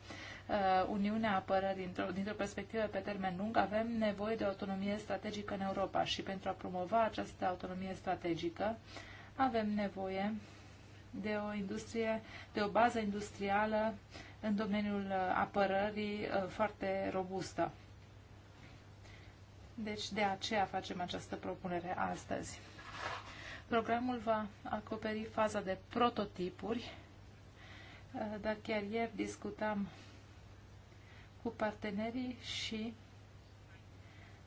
uh, Uniunea Apărării dintr-o, dintr-o perspectivă pe termen lung, avem nevoie de autonomie strategică în Europa și pentru a promova această autonomie strategică avem nevoie de o industrie, de o bază industrială uh, în domeniul uh, apărării uh, foarte robustă. Deci de aceea facem această propunere astăzi. Programul va acoperi faza de prototipuri, uh, dar chiar ieri discutam cu partenerii și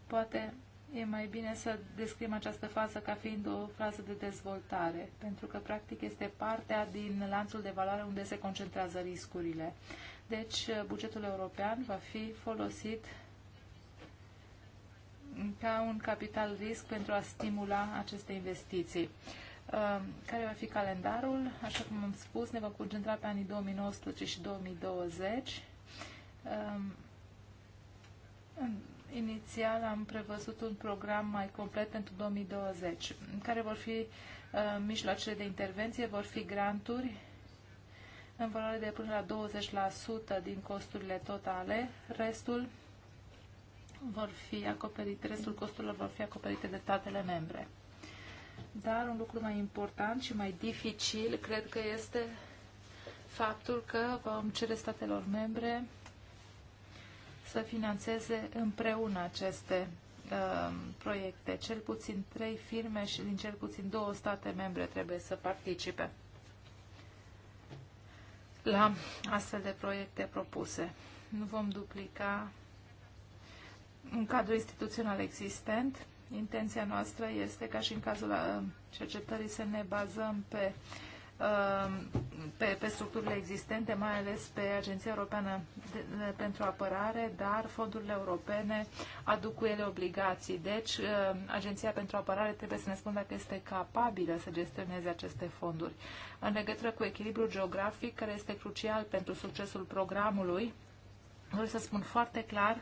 poate e mai bine să descriem această fază ca fiind o fază de dezvoltare, pentru că practic este partea din lanțul de valoare unde se concentrează riscurile. Deci, bugetul european va fi folosit ca un capital risc pentru a stimula aceste investiții. Uh, care va fi calendarul? Așa cum am spus, ne vom concentra pe anii 2019 și 2020 Inițial am prevăzut un program mai complet pentru 2020, în care vor fi uh, mijloacele de intervenție, vor fi granturi în valoare de până la 20% din costurile totale, restul vor fi acoperite, restul costurilor vor fi acoperite de statele membre. Dar un lucru mai important și mai dificil, cred că este faptul că vom cere statelor membre să financeze împreună aceste um, proiecte. Cel puțin trei firme și din cel puțin două state membre trebuie să participe la astfel de proiecte propuse. Nu vom duplica un cadru instituțional existent. Intenția noastră este ca și în cazul uh, cercetării să ne bazăm pe uh, Um, pe, pe structurile existente, mai ales pe Agenția Europeană de, de, pentru Apărare, dar fondurile europene aduc cu ele obligații. Deci, um, Agenția pentru Apărare trebuie să ne spună dacă este capabilă să gestioneze aceste fonduri. În legătură cu echilibrul geografic, care este crucial pentru succesul programului, vreau să spun foarte clar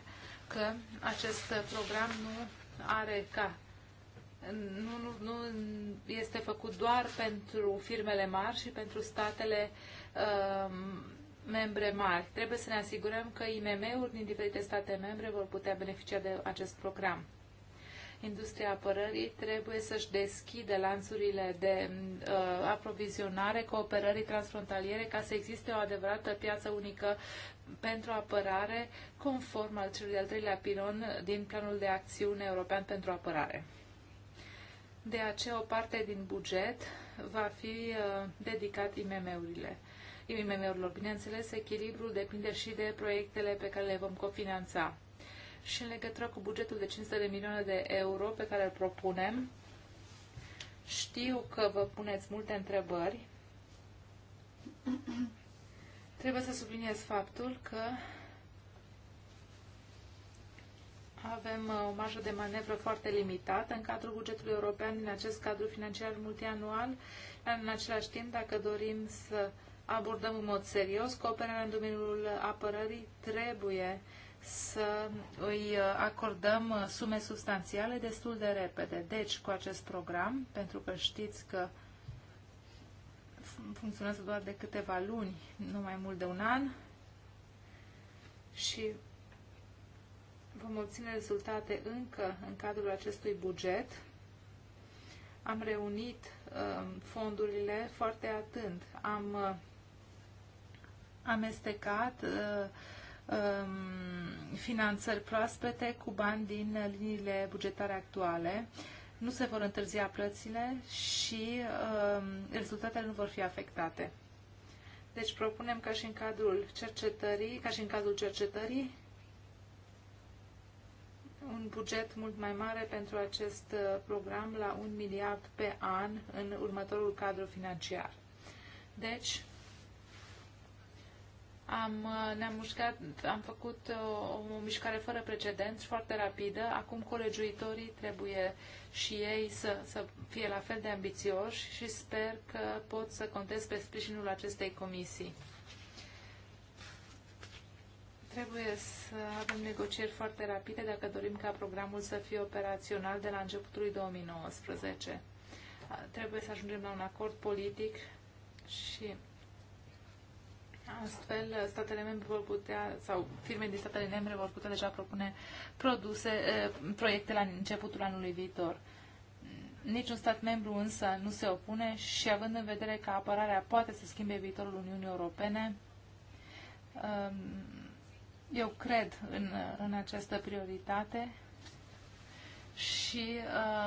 că acest program nu are ca nu, nu, nu este făcut doar pentru firmele mari și pentru statele uh, membre mari. Trebuie să ne asigurăm că IMM-uri din diferite state membre vor putea beneficia de acest program. Industria apărării trebuie să-și deschidă lanțurile de uh, aprovizionare, cooperării transfrontaliere, ca să existe o adevărată piață unică pentru apărare, conform al celui de-al treilea pilon din Planul de Acțiune European pentru Apărare. De aceea, o parte din buget va fi uh, dedicat IMM-urile. IMM-urilor, bineînțeles, echilibrul depinde și de proiectele pe care le vom cofinanța. Și în legătură cu bugetul de 500 de milioane de euro pe care îl propunem, știu că vă puneți multe întrebări. Trebuie să subliniez faptul că avem uh, o marjă de manevră foarte limitată în cadrul bugetului european, în acest cadru financiar multianual. În același timp, dacă dorim să abordăm în mod serios cooperarea în domeniul apărării, trebuie să îi uh, acordăm uh, sume substanțiale destul de repede. Deci, cu acest program, pentru că știți că funcționează doar de câteva luni, nu mai mult de un an, și vom obține rezultate încă în cadrul acestui buget. Am reunit uh, fondurile foarte atent, Am uh, amestecat uh, um, finanțări proaspete cu bani din liniile bugetare actuale. Nu se vor întârzia plățile și uh, rezultatele nu vor fi afectate. Deci propunem ca și în cadrul cercetării, ca și în cadrul cercetării, un buget mult mai mare pentru acest uh, program la un miliard pe an în următorul cadru financiar. Deci, am, uh, ne-am mușcat, am făcut o, uh, o mișcare fără precedent, foarte rapidă. Acum colegiuitorii trebuie și ei să, să fie la fel de ambițioși și sper că pot să contez pe sprijinul acestei comisii. Trebuie să avem negocieri foarte rapide dacă dorim ca programul să fie operațional de la începutul lui 2019. Trebuie să ajungem la un acord politic și astfel statele membre vor putea, sau firme din statele membre vor putea deja propune produse, proiecte la începutul anului viitor. Niciun stat membru însă nu se opune și având în vedere că apărarea poate să schimbe viitorul Uniunii Europene, eu cred în, în această prioritate și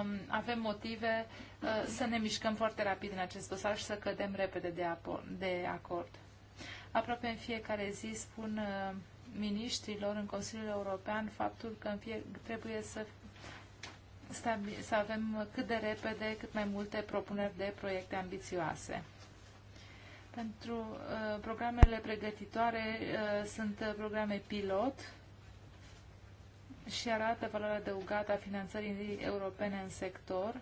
um, avem motive uh, să ne mișcăm foarte rapid în acest dosar și să cădem repede de, de acord. Aproape în fiecare zi spun uh, miniștrilor în Consiliul European faptul că în fie, trebuie să, să avem cât de repede cât mai multe propuneri de proiecte ambițioase. Pentru uh, programele pregătitoare uh, sunt uh, programe pilot și arată valoarea adăugată a finanțării europene în sector.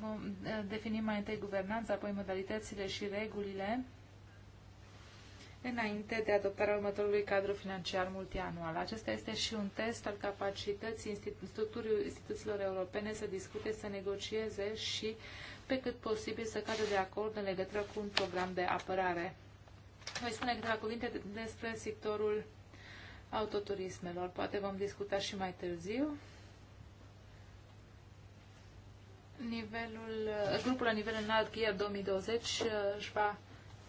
Vom uh, defini mai întâi guvernanța, apoi modalitățile și regulile înainte de adoptarea următorului cadru financiar multianual. Acesta este și un test al capacității institu structurii instituțiilor europene să discute, să negocieze și uh, pe cât posibil să cadă de acord în legătură cu un program de apărare. Voi spune câteva cuvinte despre sectorul autoturismelor. Poate vom discuta și mai târziu. Nivelul, grupul la nivel înalt Gear 2020 își va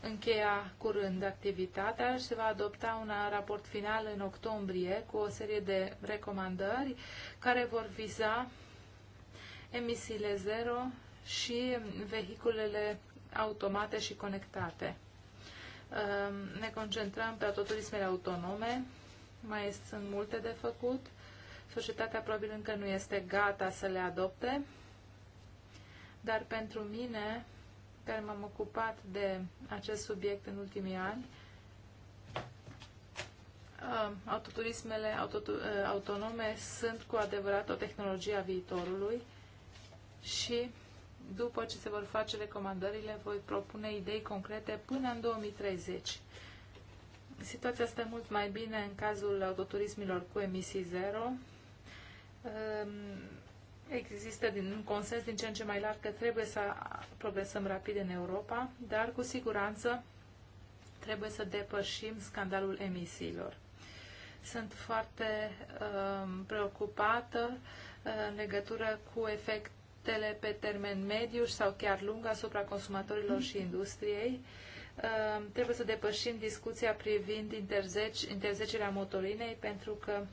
încheia curând activitatea și se va adopta un raport final în octombrie cu o serie de recomandări care vor viza emisiile zero și vehiculele automate și conectate. Ehm, ne concentrăm pe autoturismele autonome, mai sunt multe de făcut. Societatea probabil încă nu este gata să le adopte, dar pentru mine, care m-am ocupat de acest subiect în ultimii ani, ehm, autoturismele ehm, autonome sunt cu adevărat o tehnologie a viitorului și după ce se vor face recomandările, voi propune idei concrete până în 2030. Situația este mult mai bine în cazul autoturismilor cu emisii zero. Ehm, există din, un consens din ce în ce mai larg că trebuie să progresăm rapid în Europa, dar cu siguranță trebuie să depășim scandalul emisiilor. Sunt foarte uh, preocupată ehm, în legătură cu efect efectele pe termen mediu sau chiar lung asupra consumatorilor și industriei. Uh, trebuie să depășim discuția privind interzecerea motorinei pentru că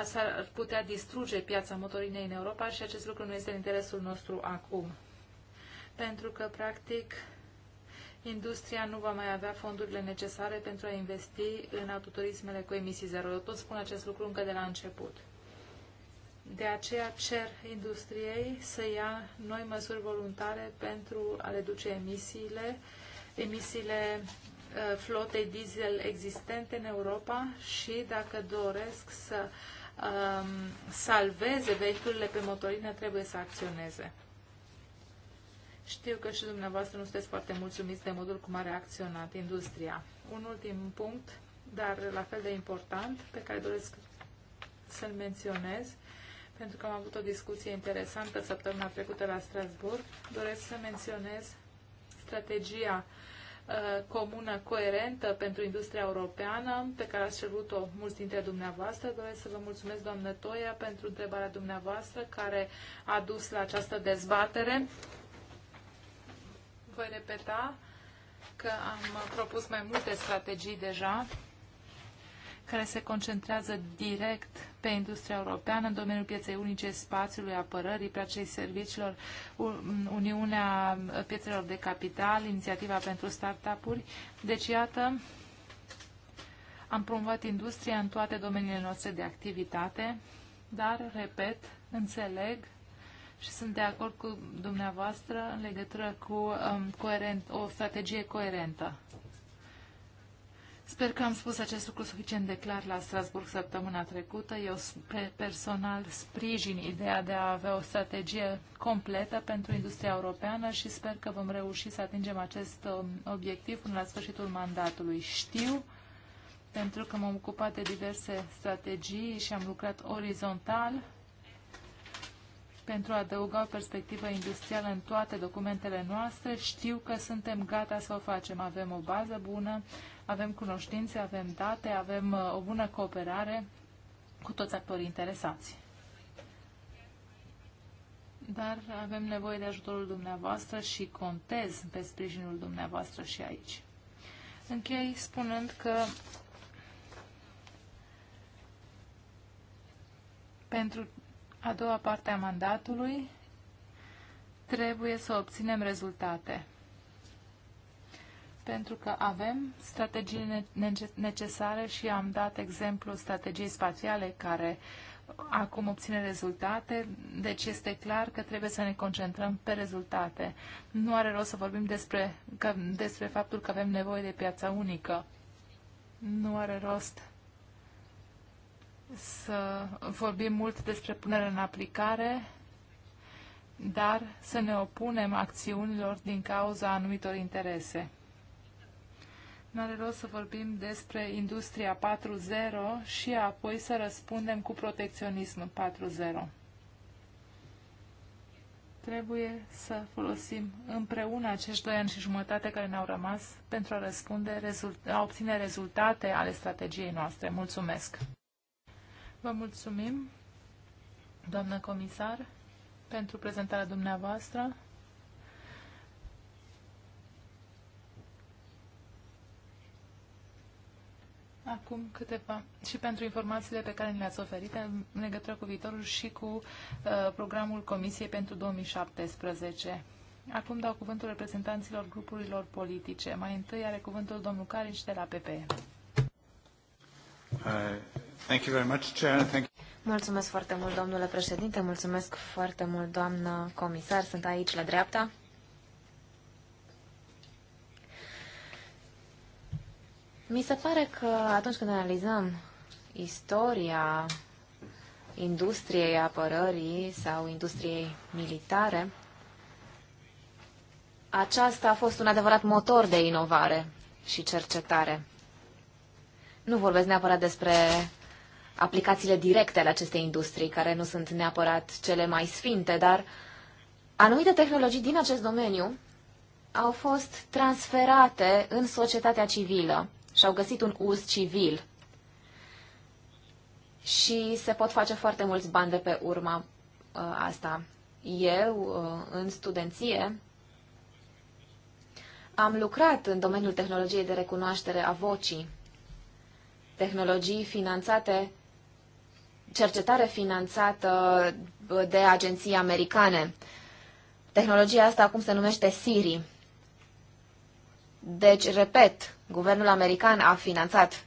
asta ar putea distruge piața motorinei în Europa și acest lucru nu este în interesul nostru acum. Pentru că, practic, industria nu va mai avea fondurile necesare pentru a investi în autoturismele cu emisii zero. Eu tot spun acest lucru încă de la început. De aceea cer industriei să ia noi măsuri voluntare pentru a reduce emisiile, emisiile ă, flotei diesel existente în Europa și dacă doresc să um, salveze vehiculele pe motorină, trebuie să acționeze. Știu că și dumneavoastră nu sunteți foarte mulțumiți de modul cum a reacționat industria. Un ultim punct, dar la fel de important, pe care doresc să-l menționez, pentru că am avut o discuție interesantă săptămâna trecută la Strasburg. Doresc să menționez strategia uh, comună coerentă pentru industria europeană pe care ați cerut-o mulți dintre dumneavoastră. Doresc să vă mulțumesc, doamnă Toia, pentru întrebarea dumneavoastră care a dus la această dezbatere. Voi repeta că am propus mai multe strategii deja care se concentrează direct pe industria europeană în domeniul pieței unice, spațiului, apărării, placei serviciilor, Uniunea Piețelor de Capital, Inițiativa pentru Startup-uri. Deci, iată, am promovat industria în toate domeniile noastre de activitate, dar, repet, înțeleg și sunt de acord cu dumneavoastră în legătură cu um, coerent, o strategie coerentă. Sper că am spus acest lucru suficient de clar la Strasburg săptămâna trecută. Eu personal sprijin ideea de a avea o strategie completă pentru industria europeană și sper că vom reuși să atingem acest um, obiectiv până la sfârșitul mandatului. Știu, pentru că m-am ocupat de diverse strategii și am lucrat orizontal pentru a adăuga o perspectivă industrială în toate documentele noastre. Știu că suntem gata să o facem. Avem o bază bună, avem cunoștințe, avem date, avem uh, o bună cooperare cu toți actorii interesați. Dar avem nevoie de ajutorul dumneavoastră și contez pe sprijinul dumneavoastră și aici. Închei spunând că pentru a doua parte a mandatului trebuie să obținem rezultate pentru că avem strategiile necesare și am dat exemplu strategiei spațiale care acum obține rezultate, deci este clar că trebuie să ne concentrăm pe rezultate. Nu are rost să vorbim despre, că, despre faptul că avem nevoie de piața unică. Nu are rost să vorbim mult despre punerea în aplicare, dar să ne opunem acțiunilor din cauza anumitor interese. Nu are rost să vorbim despre industria 4.0 și apoi să răspundem cu protecționism 4.0. Trebuie să folosim împreună acești doi ani și jumătate care ne-au rămas pentru a, răspunde, a obține rezultate ale strategiei noastre. Mulțumesc! Vă mulțumim, doamnă comisar, pentru prezentarea dumneavoastră. acum câteva și pentru informațiile pe care le-ați oferit în legătură cu viitorul și cu uh, programul Comisiei pentru 2017. Acum dau cuvântul reprezentanților grupurilor politice. Mai întâi are cuvântul domnul Carici de la PPE. Uh, thank you very much, Chair. Thank you. Mulțumesc foarte mult, domnule președinte, mulțumesc foarte mult, doamnă comisar. Sunt aici la dreapta. Mi se pare că atunci când analizăm istoria industriei apărării sau industriei militare, aceasta a fost un adevărat motor de inovare și cercetare. Nu vorbesc neapărat despre aplicațiile directe ale acestei industrii, care nu sunt neapărat cele mai sfinte, dar anumite tehnologii din acest domeniu au fost transferate în societatea civilă și-au găsit un uz civil. Și se pot face foarte mulți bani de pe urma uh, asta. Eu, uh, în studenție, am lucrat în domeniul tehnologiei de recunoaștere a vocii, tehnologii finanțate, cercetare finanțată uh, de agenții americane. Tehnologia asta acum se numește Siri. Deci, repet, Guvernul american a finanțat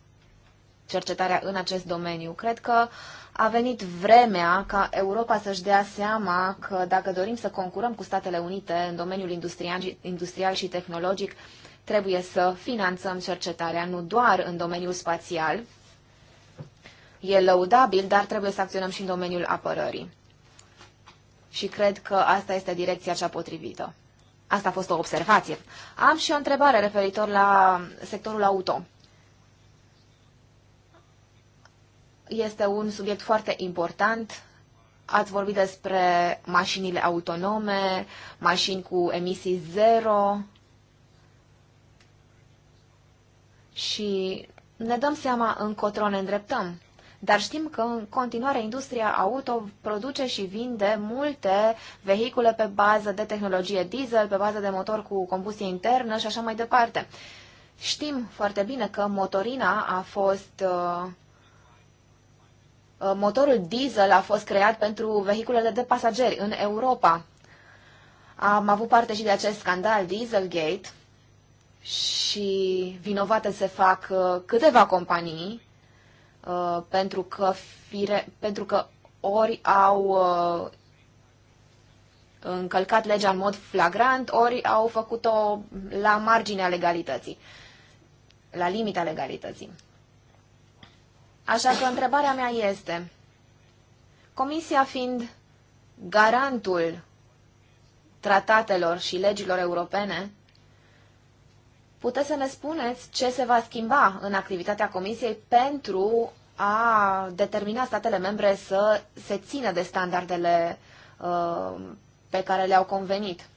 cercetarea în acest domeniu. Cred că a venit vremea ca Europa să-și dea seama că dacă dorim să concurăm cu Statele Unite în domeniul industrial, și tehnologic, trebuie să finanțăm cercetarea nu doar în domeniul spațial, e lăudabil, dar trebuie să acționăm și în domeniul apărării. Și cred că asta este direcția cea potrivită. Asta a fost o observație. Am și o întrebare referitor la sectorul auto. Este un subiect foarte important. Ați vorbit despre mașinile autonome, mașini cu emisii zero și ne dăm seama încotro ne îndreptăm. Dar știm că în continuare industria auto produce și vinde multe vehicule pe bază de tehnologie diesel, pe bază de motor cu combustie internă și așa mai departe. Știm foarte bine că motorina a fost uh, uh, motorul diesel a fost creat pentru vehiculele de pasageri în Europa. Am avut parte și de acest scandal Dieselgate și vinovate se fac uh, câteva companii uh, pentru, că fire, pentru că ori au uh, încălcat legea în mod flagrant, ori au făcut-o la marginea legalității, la limita legalității. Așa că întrebarea mea este, Comisia fiind garantul tratatelor și legilor europene, Puteți să ne spuneți ce se va schimba în activitatea Comisiei pentru a determina statele membre să se țină de standardele uh, pe care le-au convenit.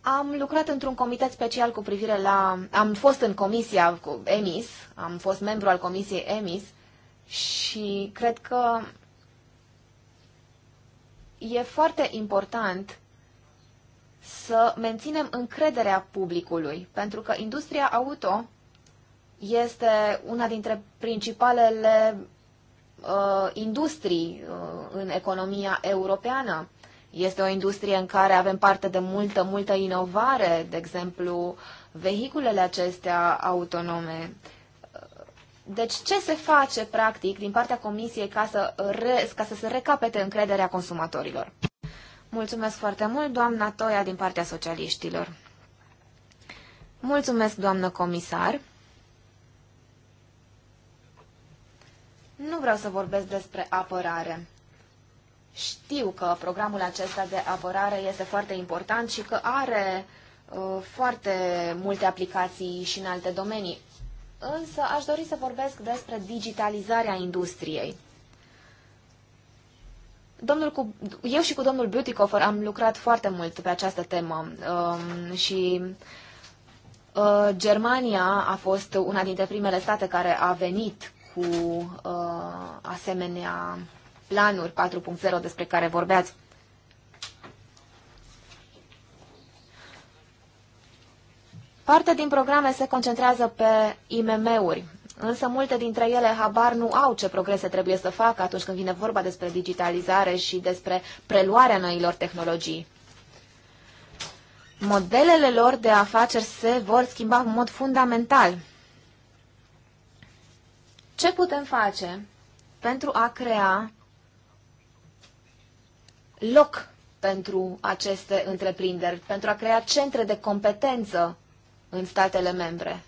Am lucrat într-un comitet special cu privire la... Am fost în comisia cu EMIS, am fost membru al comisiei EMIS și cred că e foarte important să menținem încrederea publicului, pentru că industria auto este una dintre principalele uh, industrii uh, în economia europeană. Este o industrie în care avem parte de multă, multă inovare, de exemplu, vehiculele acestea autonome. Deci ce se face practic din partea Comisiei ca să, re, ca să se recapete încrederea consumatorilor? Mulțumesc foarte mult, doamna Toia, din partea socialiștilor. Mulțumesc, doamnă comisar. Nu vreau să vorbesc despre apărare. Știu că programul acesta de apărare este foarte important și că are uh, foarte multe aplicații și în alte domenii. Însă aș dori să vorbesc despre digitalizarea industriei. Domnul cu, eu și cu domnul Beautycofer am lucrat foarte mult pe această temă um, și uh, Germania a fost una dintre primele state care a venit cu uh, asemenea planuri 4.0 despre care vorbeați. Parte din programe se concentrează pe IMM-uri Însă multe dintre ele habar nu au ce progrese trebuie să facă atunci când vine vorba despre digitalizare și despre preluarea noilor tehnologii. Modelele lor de afaceri se vor schimba în mod fundamental. Ce putem face pentru a crea loc pentru aceste întreprinderi, pentru a crea centre de competență în statele membre?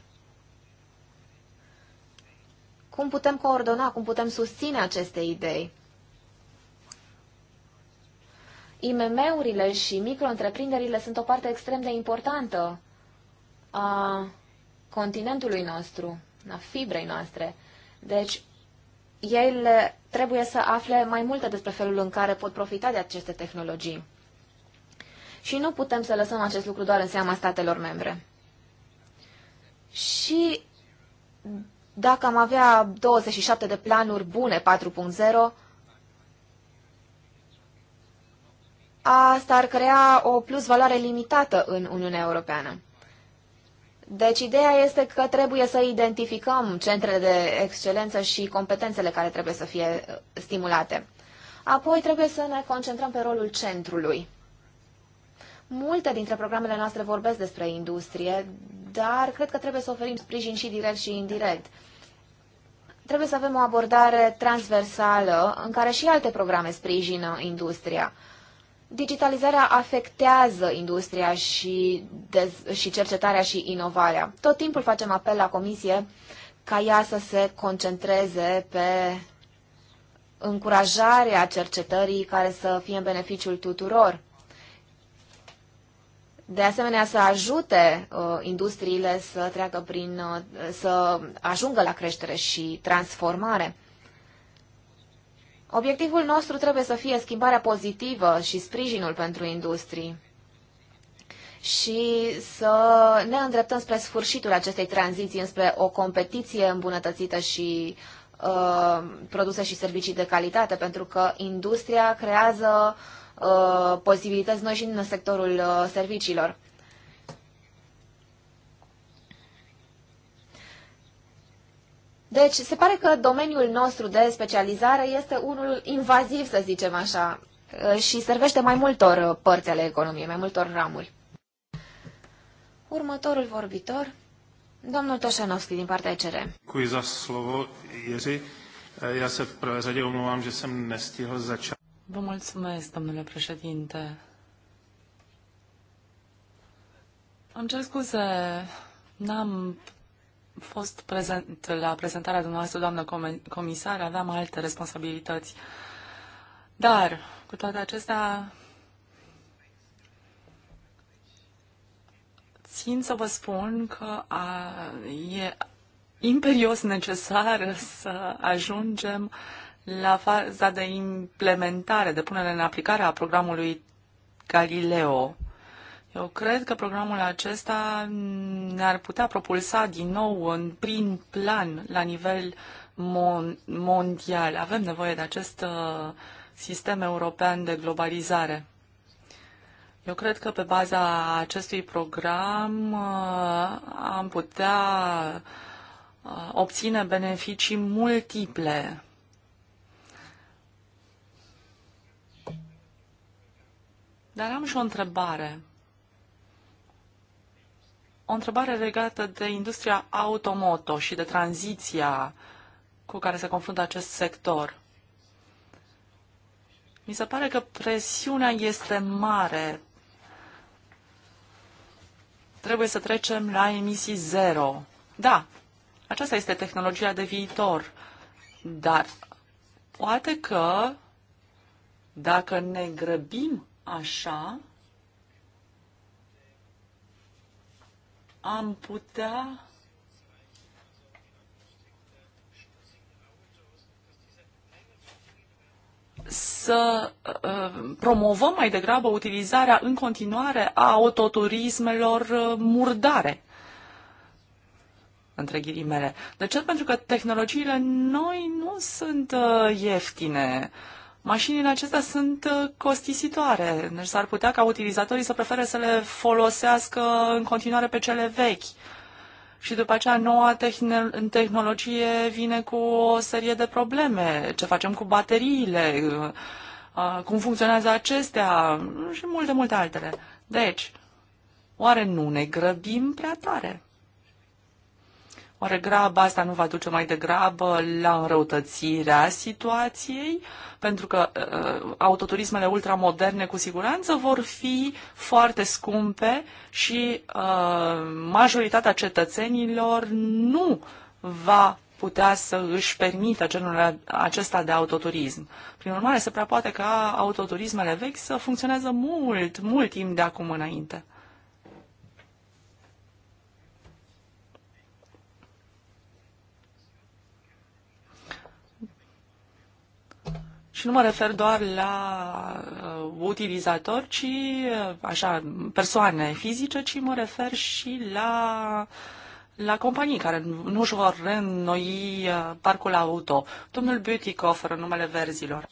Cum putem coordona, cum putem susține aceste idei? IMM-urile și micro-întreprinderile sunt o parte extrem de importantă a continentului nostru, a fibrei noastre. Deci, ele trebuie să afle mai multe despre felul în care pot profita de aceste tehnologii. Și nu putem să lăsăm acest lucru doar în seama statelor membre. Și dacă am avea 27 de planuri bune 4.0, asta ar crea o plus valoare limitată în Uniunea Europeană. Deci ideea este că trebuie să identificăm centrele de excelență și competențele care trebuie să fie uh, stimulate. Apoi trebuie să ne concentrăm pe rolul centrului. Multe dintre programele noastre vorbesc despre industrie, dar cred că trebuie să oferim sprijin și direct și indirect trebuie să avem o abordare transversală în care și alte programe sprijină industria. Digitalizarea afectează industria și, și cercetarea și inovarea. Tot timpul facem apel la Comisie ca ea să se concentreze pe încurajarea cercetării care să fie în beneficiul tuturor de asemenea să ajute uh, industriile să treacă prin, uh, să ajungă la creștere și transformare. Obiectivul nostru trebuie să fie schimbarea pozitivă și sprijinul pentru industrii și să ne îndreptăm spre sfârșitul acestei tranziții, spre o competiție îmbunătățită și uh, produse și servicii de calitate, pentru că industria creează uh, Uh, posibilități noi și în sectorul uh, serviciilor. Deci, se pare că domeniul nostru de specializare este unul invaziv, să zicem așa, uh, și servește mai multor părți ale economiei, mai multor ramuri. Următorul vorbitor, domnul Toșanovski din partea ECR. Cui za slovo, Jiři. Já se v prvé řadě omlouvám, že jsem nestihl začát. Vă mulțumesc, domnule președinte. Îmi cer scuze, n-am fost prezent la prezentarea dumneavoastră, doamnă comisar, aveam alte responsabilități. Dar, cu toate acestea, țin să vă spun că a, e imperios necesar să ajungem la faza de implementare, de punere în aplicare a programului Galileo. Eu cred că programul acesta ne-ar putea propulsa din nou în prim plan la nivel mon- mondial. Avem nevoie de acest uh, sistem european de globalizare. Eu cred că pe baza acestui program uh, am putea uh, obține beneficii multiple Dar am și o întrebare. O întrebare legată de industria automoto și de tranziția cu care se confruntă acest sector. Mi se pare că presiunea este mare. Trebuie să trecem la emisii zero. Da, aceasta este tehnologia de viitor, dar poate că dacă ne grăbim așa, am putea să uh, promovăm mai degrabă utilizarea în continuare a autoturismelor uh, murdare între ghilimele. De ce? Pentru că tehnologiile noi nu sunt uh, ieftine. Uh, Mașinile acestea sunt uh, costisitoare, deci s-ar putea ca utilizatorii să prefere să le folosească în continuare pe cele vechi. Și după aceea noua tehnologie vine cu o serie de probleme. Ce facem cu bateriile? Uh, uh, cum funcționează acestea? Și multe, multe altele. Deci, oare nu ne grăbim prea tare? Oare graba asta nu va duce mai degrabă la înrăutățirea situației? Pentru că uh, uh, autoturismele ultramoderne cu siguranță vor fi foarte scumpe și uh, majoritatea cetățenilor nu va putea să își permită genul acesta de autoturism. Prin urmare, se prea poate ca autoturismele vechi să funcționează mult, mult timp de acum înainte. Și nu mă refer doar la uh, utilizatori, ci uh, așa, persoane fizice, ci mă refer și la la companii care nu își vor reînnoi uh, parcul auto. Domnul Butic oferă numele verzilor.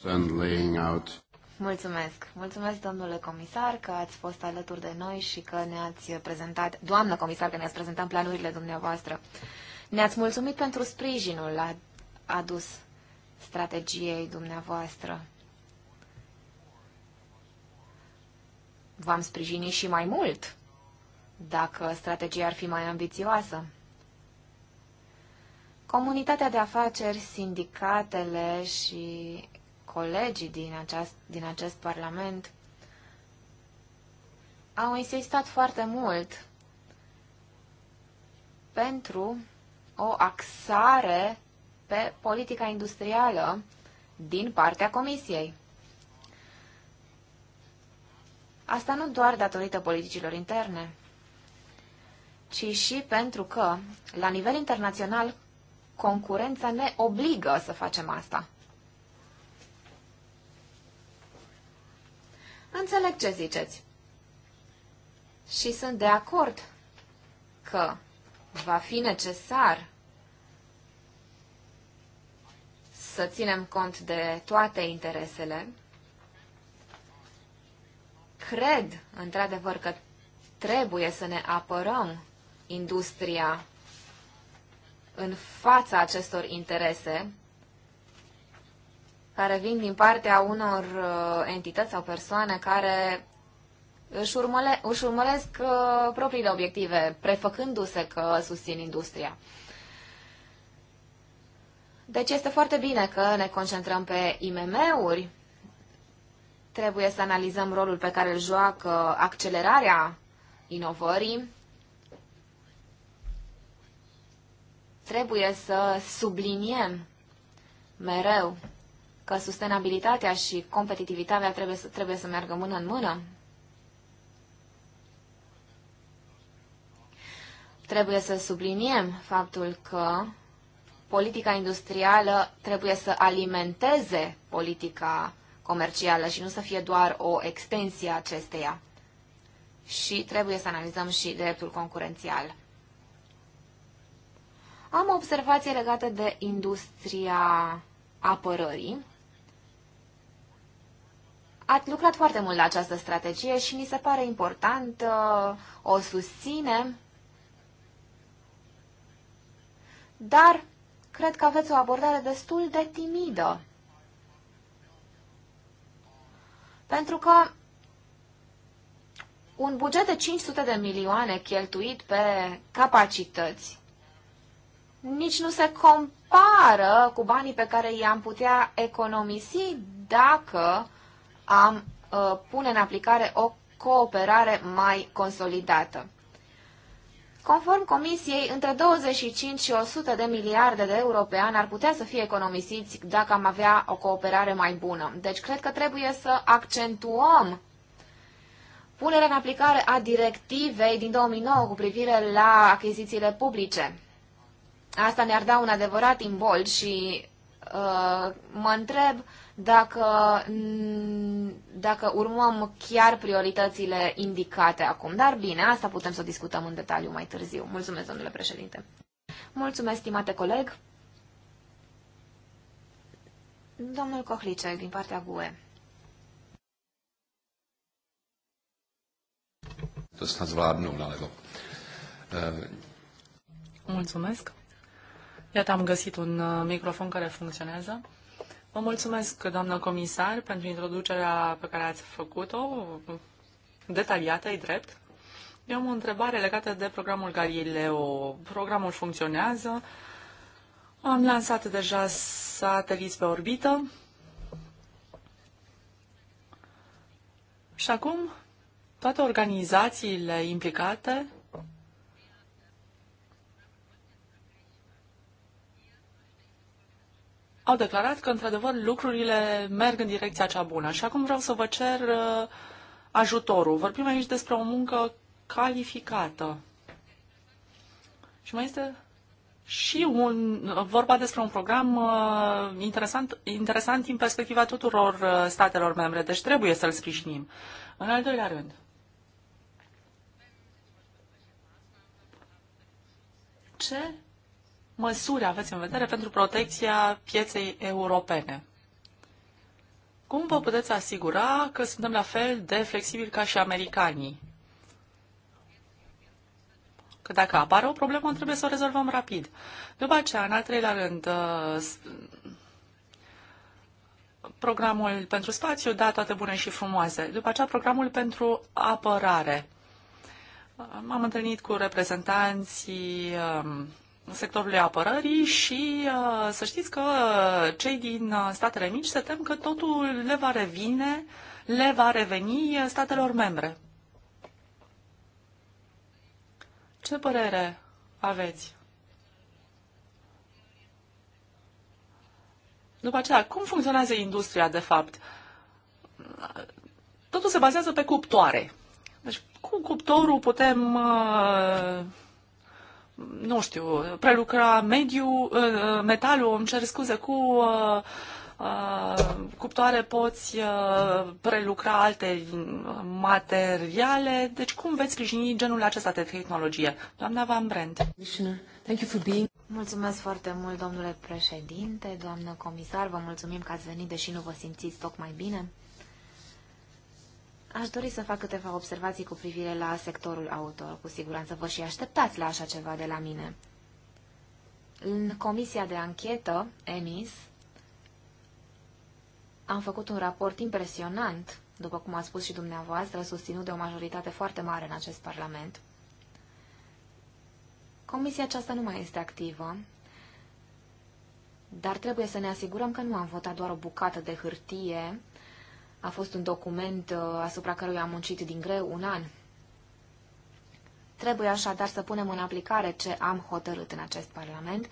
Mulțumesc. Mulțumesc, domnule comisar, că ați fost alături de noi și că ne-ați prezentat, doamnă comisar, că ne-ați prezentat planurile dumneavoastră. Ne-ați mulțumit pentru sprijinul adus strategiei dumneavoastră. V-am sprijini și mai mult dacă strategia ar fi mai ambițioasă. Comunitatea de afaceri, sindicatele și colegii din, aceast, din acest parlament au insistat foarte mult pentru o axare pe politica industrială din partea Comisiei. Asta nu doar datorită politicilor interne, ci și pentru că, la nivel internațional, concurența ne obligă să facem asta. Înțeleg ce ziceți. Și sunt de acord că va fi necesar să ținem cont de toate interesele. Cred, într-adevăr, că trebuie să ne apărăm industria în fața acestor interese care vin din partea unor uh, entități sau persoane care își, urmăle, își urmăresc uh, propriile obiective, prefăcându-se că susțin industria. Deci este foarte bine că ne concentrăm pe IMM-uri. Trebuie să analizăm rolul pe care îl joacă accelerarea inovării. Trebuie să subliniem mereu că sustenabilitatea și competitivitatea trebuie să, trebuie să meargă mână în mână. Trebuie să subliniem faptul că politica industrială trebuie să alimenteze politica comercială și nu să fie doar o extensie a acesteia. Și trebuie să analizăm și dreptul concurențial. Am o observație legată de industria apărării. Ați lucrat foarte mult la această strategie și mi se pare important, uh, o susținem, dar cred că aveți o abordare destul de timidă. Pentru că un buget de 500 de milioane cheltuit pe capacități nici nu se compară cu banii pe care i-am putea economisi dacă am uh, pune în aplicare o cooperare mai consolidată. Conform Comisiei, între 25 și 100 de miliarde de euro pe an ar putea să fie economisiți dacă am avea o cooperare mai bună. Deci cred că trebuie să accentuăm punerea în aplicare a directivei din 2009 cu privire la achizițiile publice. Asta ne-ar da un adevărat imbol și Uh, mă întreb dacă, dacă urmăm chiar prioritățile indicate acum. Dar bine, asta putem să o discutăm în detaliu mai târziu. Mulțumesc, domnule președinte. Mulțumesc, stimate coleg. Domnul Cohlice, din partea GUE. To snad zvládnu, Mulțumesc. Iată, am găsit un uh, microfon care funcționează. Vă mulțumesc, doamnă comisar, pentru introducerea pe care ați făcut-o, detaliată, e drept. Eu am o întrebare legată de programul Galileo. Programul funcționează. Am lansat deja sateliți pe orbită. Și acum toate organizațiile implicate au declarat că, într-adevăr, lucrurile merg în direcția cea bună. Și acum vreau să vă cer uh, ajutorul. Vorbim aici despre o muncă calificată. Și mai este și un, vorba despre un program uh, interesant, interesant din perspectiva tuturor uh, statelor membre, deci trebuie să-l sprijinim. În al doilea rând, ce măsuri aveți în vedere pentru protecția pieței europene? Cum vă puteți asigura că suntem la fel de flexibili ca și americanii? Că dacă apare o problemă, trebuie să o rezolvăm rapid. După aceea, în al treilea rând, uh, programul pentru spațiu, da, toate bune și frumoase. După aceea, programul pentru apărare. M-am întâlnit cu reprezentanții um, sectorului apărării și uh, să știți că cei din uh, statele mici se tem că totul le va revine, le va reveni uh, statelor membre. Ce părere aveți? După aceea, cum funcționează industria, de fapt? Totul se bazează pe cuptoare. Deci, cu cuptorul putem uh, nu știu, prelucra mediu, uh, uh, metalul, îmi cer scuze, cu uh, cuptoare poți prelucra alte materiale. Deci cum veți sprijini genul acesta de tehnologie? Doamna Van Brent. Mulțumesc foarte mult, domnule președinte, doamnă comisar, vă mulțumim că ați venit, deși nu vă simțiți tocmai bine. Aș dori să fac câteva observații cu privire la sectorul auto. Cu siguranță vă și așteptați la așa ceva de la mine. În comisia de anchetă, EMIS, am făcut un raport impresionant, după cum a spus și dumneavoastră, susținut de o majoritate foarte mare în acest Parlament. Comisia aceasta nu mai este activă, dar trebuie să ne asigurăm că nu am votat doar o bucată de hârtie a fost un document uh, asupra căruia am muncit din greu un an. Trebuie așadar să punem în aplicare ce am hotărât în acest Parlament,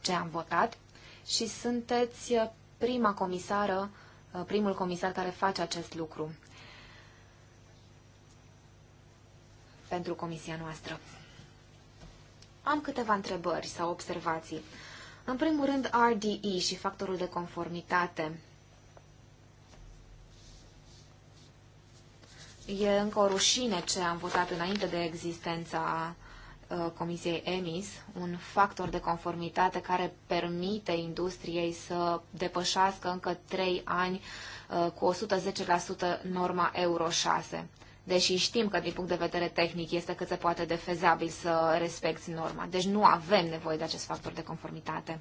ce am votat și sunteți uh, prima comisară, uh, primul comisar care face acest lucru pentru comisia noastră. Am câteva întrebări sau observații. În primul rând, RDE și factorul de conformitate. E încă o rușine ce am votat înainte de existența uh, Comisiei EMIS, un factor de conformitate care permite industriei să depășească încă 3 ani uh, cu 110% norma Euro 6. Deși știm că din punct de vedere tehnic este cât se poate de fezabil să respecti norma. Deci nu avem nevoie de acest factor de conformitate.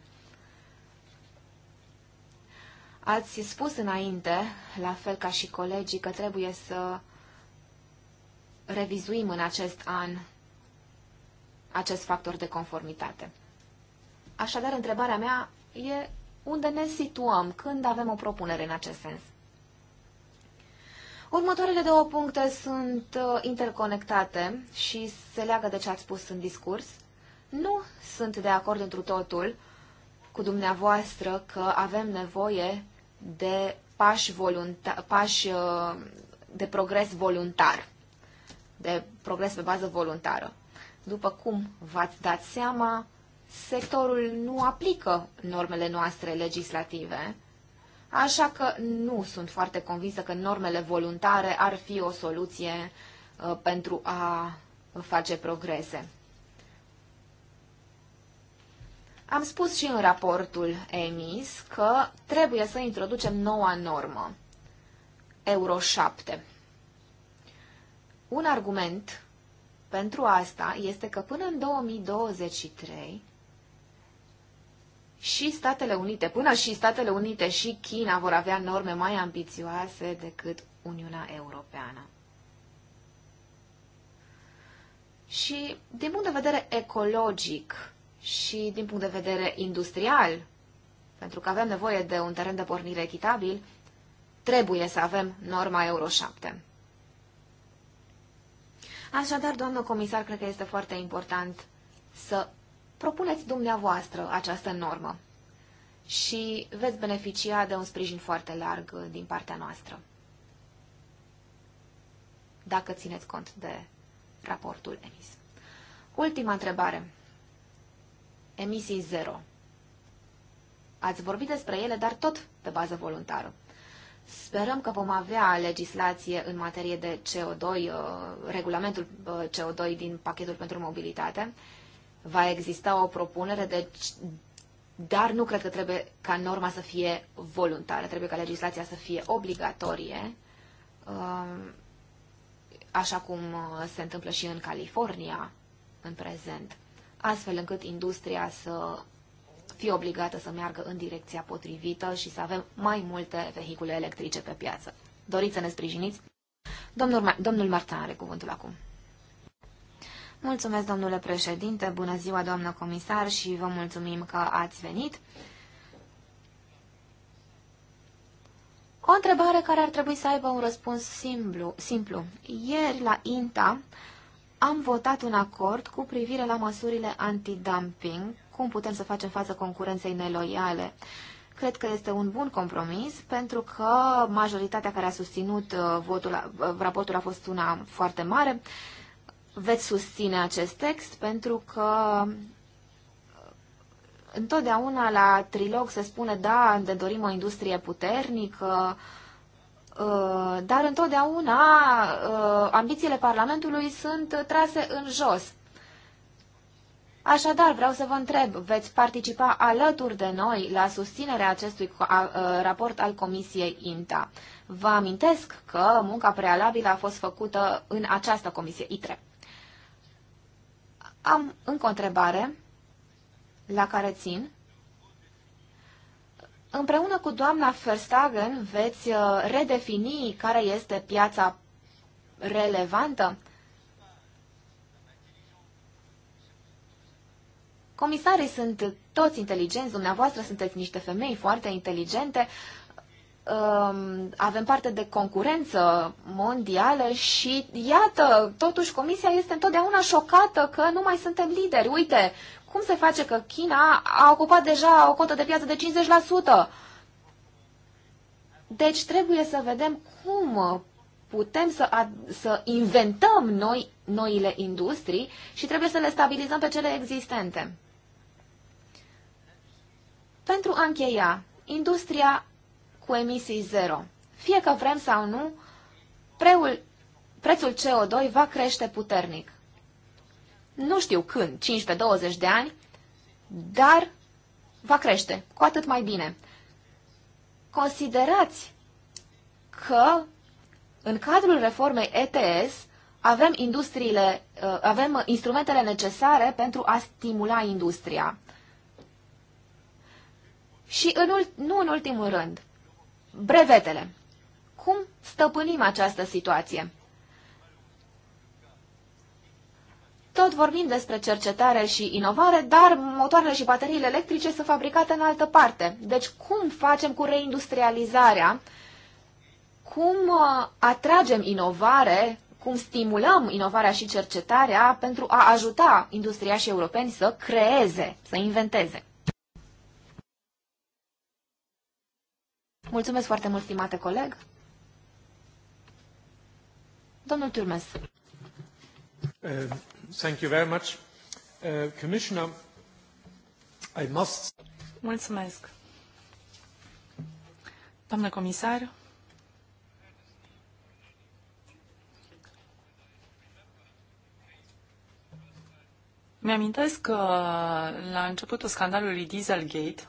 Ați spus înainte, la fel ca și colegii, că trebuie să revizuim în acest an acest factor de conformitate. Așadar, întrebarea mea e unde ne situăm când avem o propunere în acest sens. Următoarele două puncte sunt uh, interconectate și se leagă de ce ați spus în discurs. Nu sunt de acord întru totul cu dumneavoastră că avem nevoie de pași, volunta- pași uh, de progres voluntar de progres pe bază voluntară. După cum v-ați dat seama, sectorul nu aplică normele noastre legislative, așa că nu sunt foarte convinsă că normele voluntare ar fi o soluție uh, pentru a face progrese. Am spus și în raportul emis că trebuie să introducem noua normă, Euro 7. Un argument pentru asta este că până în 2023 și Statele Unite, până și Statele Unite și China vor avea norme mai ambițioase decât Uniunea Europeană. Și din punct de vedere ecologic și din punct de vedere industrial, pentru că avem nevoie de un teren de pornire echitabil, trebuie să avem norma Euro 7. Așadar, doamnă comisar, cred că este foarte important să propuneți dumneavoastră această normă și veți beneficia de un sprijin foarte larg din partea noastră, dacă țineți cont de raportul emis. Ultima întrebare. Emisii zero. Ați vorbit despre ele, dar tot pe bază voluntară. Sperăm că vom avea legislație în materie de CO2, uh, regulamentul uh, CO2 din pachetul pentru mobilitate. Va exista o propunere, de deci, dar nu cred că trebuie ca norma să fie voluntară, trebuie ca legislația să fie obligatorie, um, așa cum uh, se întâmplă și în California în prezent, astfel încât industria să fi obligată să meargă în direcția potrivită și să avem mai multe vehicule electrice pe piață. Doriți să ne sprijiniți? Domnul, Ma- domnul Martin are cuvântul acum. Mulțumesc, domnule președinte, bună ziua, doamnă comisar, și vă mulțumim că ați venit. O întrebare care ar trebui să aibă un răspuns simplu. simplu. Ieri, la INTA, am votat un acord cu privire la măsurile antidumping cum putem să facem față concurenței neloiale. Cred că este un bun compromis, pentru că majoritatea care a susținut uh, votul, uh, raportul a fost una foarte mare. Veți susține acest text, pentru că uh, întotdeauna la trilog se spune, da, ne dorim o industrie puternică, dar întotdeauna ambițiile Parlamentului sunt trase în jos. Așadar, vreau să vă întreb, veți participa alături de noi la susținerea acestui raport al Comisiei INTA? Vă amintesc că munca prealabilă a fost făcută în această comisie ITRE. Am încă o întrebare la care țin. Împreună cu doamna Verstagen veți uh, redefini care este piața relevantă? Comisarii sunt toți inteligenți, dumneavoastră sunteți niște femei foarte inteligente, um, avem parte de concurență mondială și iată, totuși Comisia este întotdeauna șocată că nu mai suntem lideri. Uite, cum se face că China a ocupat deja o cotă de piață de 50%? Deci trebuie să vedem cum putem să, ad- să inventăm noi noile industrii și trebuie să le stabilizăm pe cele existente. Pentru a încheia, industria cu emisii zero. Fie că vrem sau nu, preul, prețul CO2 va crește puternic. Nu știu când, 15-20 de ani, dar va crește, cu atât mai bine. Considerați că în cadrul reformei ETS avem, industriile, uh, avem instrumentele necesare pentru a stimula industria. Și în, nu în ultimul rând, brevetele. Cum stăpânim această situație? Tot vorbim despre cercetare și inovare, dar motoarele și bateriile electrice sunt fabricate în altă parte. Deci cum facem cu reindustrializarea? Cum uh, atragem inovare? Cum stimulăm inovarea și cercetarea pentru a ajuta industria și europeni să creeze, să inventeze? Mulțumesc foarte mult, stimate coleg. Domnul Turmes. Uh, thank you very much. Uh, Commissioner, I must... Mulțumesc. Doamnă comisar, Mi-amintesc că la începutul scandalului Dieselgate,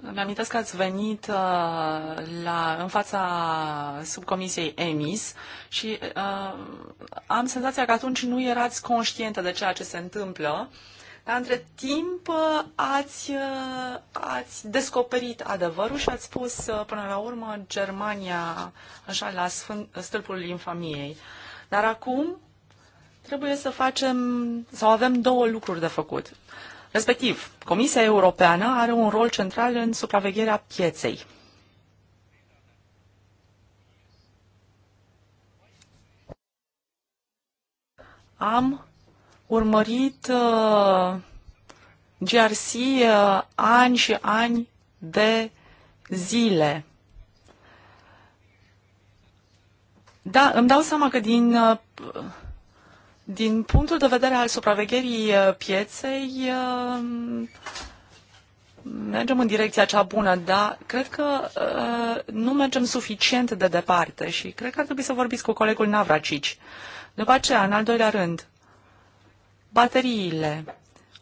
Îmi amintesc că ați venit uh, la, în fața subcomisiei EMIS și uh, am senzația că atunci nu erați conștientă de ceea ce se întâmplă, dar între timp uh, ați, uh, ați descoperit adevărul și ați pus uh, până la urmă Germania așa la sfânt, stâlpul infamiei. Dar acum trebuie să facem sau avem două lucruri de făcut. Respectiv, Comisia Europeană are un rol central în supravegherea pieței. Am urmărit uh, GRC uh, ani și ani de zile. Da, îmi dau seama că din uh, din punctul de vedere al supravegherii uh, pieței, uh, mergem în direcția cea bună, dar cred că uh, nu mergem suficient de departe și cred că ar trebui să vorbiți cu colegul Navracici. După aceea, în al doilea rând, bateriile.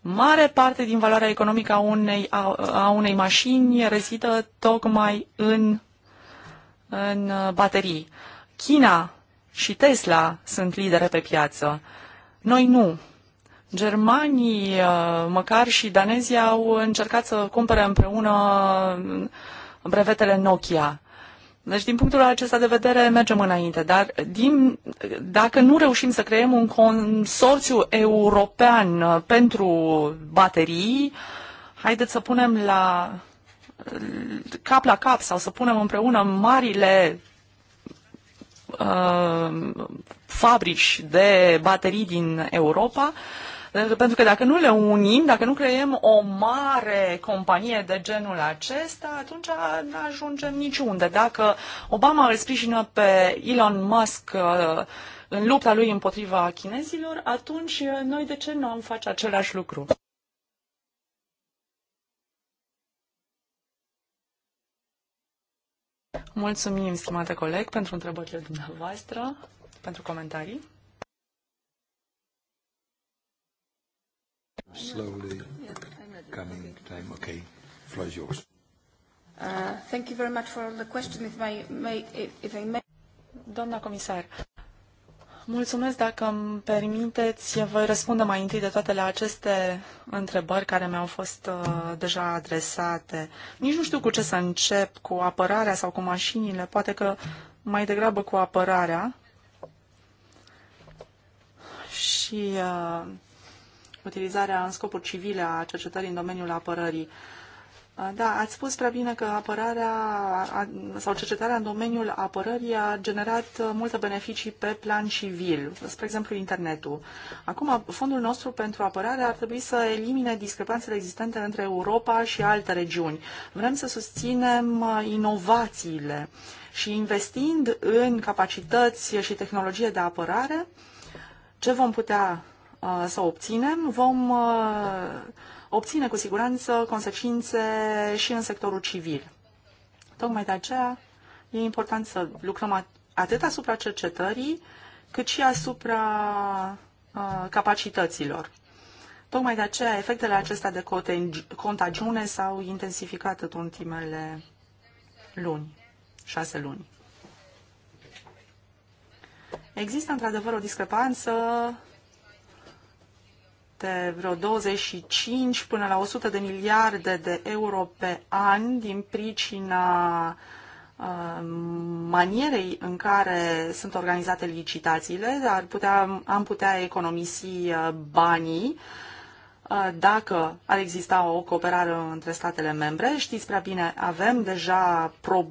Mare parte din valoarea economică a unei, a, a unei mașini rezidă tocmai în, în baterii. China și Tesla sunt lidere pe piață. Noi nu. Germanii, uh, măcar și danezii au încercat să cumpere împreună uh, brevetele Nokia. Deci, din punctul acesta de vedere, mergem înainte. Dar din, dacă nu reușim să creăm un consorțiu european uh, pentru baterii, haideți să punem la cap la cap sau să punem împreună marile Uh, fabrici de baterii din Europa, uh, pentru că dacă nu le unim, dacă nu creăm o mare companie de genul acesta, atunci nu ajungem niciunde. Dacă Obama îl sprijină pe Elon Musk uh, în lupta lui împotriva chinezilor, atunci noi de ce nu am face același lucru? Mulțumim, stimate coleg, pentru întrebările dumneavoastră, pentru comentarii. Slowly coming time, okay. Floor is yours. Uh, thank you very much for the question. If I may, if I may. Doamna comisar, Mulțumesc. Dacă îmi permiteți, voi răspunde mai întâi de toate la aceste întrebări care mi-au fost uh, deja adresate. Nici nu știu cu ce să încep, cu apărarea sau cu mașinile, poate că mai degrabă cu apărarea. Și uh, utilizarea în scopuri civile a cercetării în domeniul apărării. Uh, da, ați spus prea bine că apărarea sau cercetarea în domeniul apărării a generat uh, multe beneficii pe plan civil, spre exemplu internetul. Acum, fondul nostru pentru apărare ar trebui să elimine discrepanțele existente între Europa și alte regiuni. Vrem să susținem uh, inovațiile și investind în capacități și tehnologie de apărare, ce vom putea uh, să obținem? Vom uh, obține cu siguranță consecințe și în sectorul civil. Tocmai de aceea e important să lucrăm atât asupra cercetării, cât și asupra uh, capacităților. Tocmai de aceea efectele acestea de contagiune s-au intensificat în ultimele luni, șase luni. Există într-adevăr o discrepanță de vreo 25 până la 100 de miliarde de euro pe an din pricina uh, manierei în care sunt organizate licitațiile, ar putea, am putea economisi uh, banii uh, dacă ar exista o cooperare între statele membre. Știți prea bine, avem deja pro-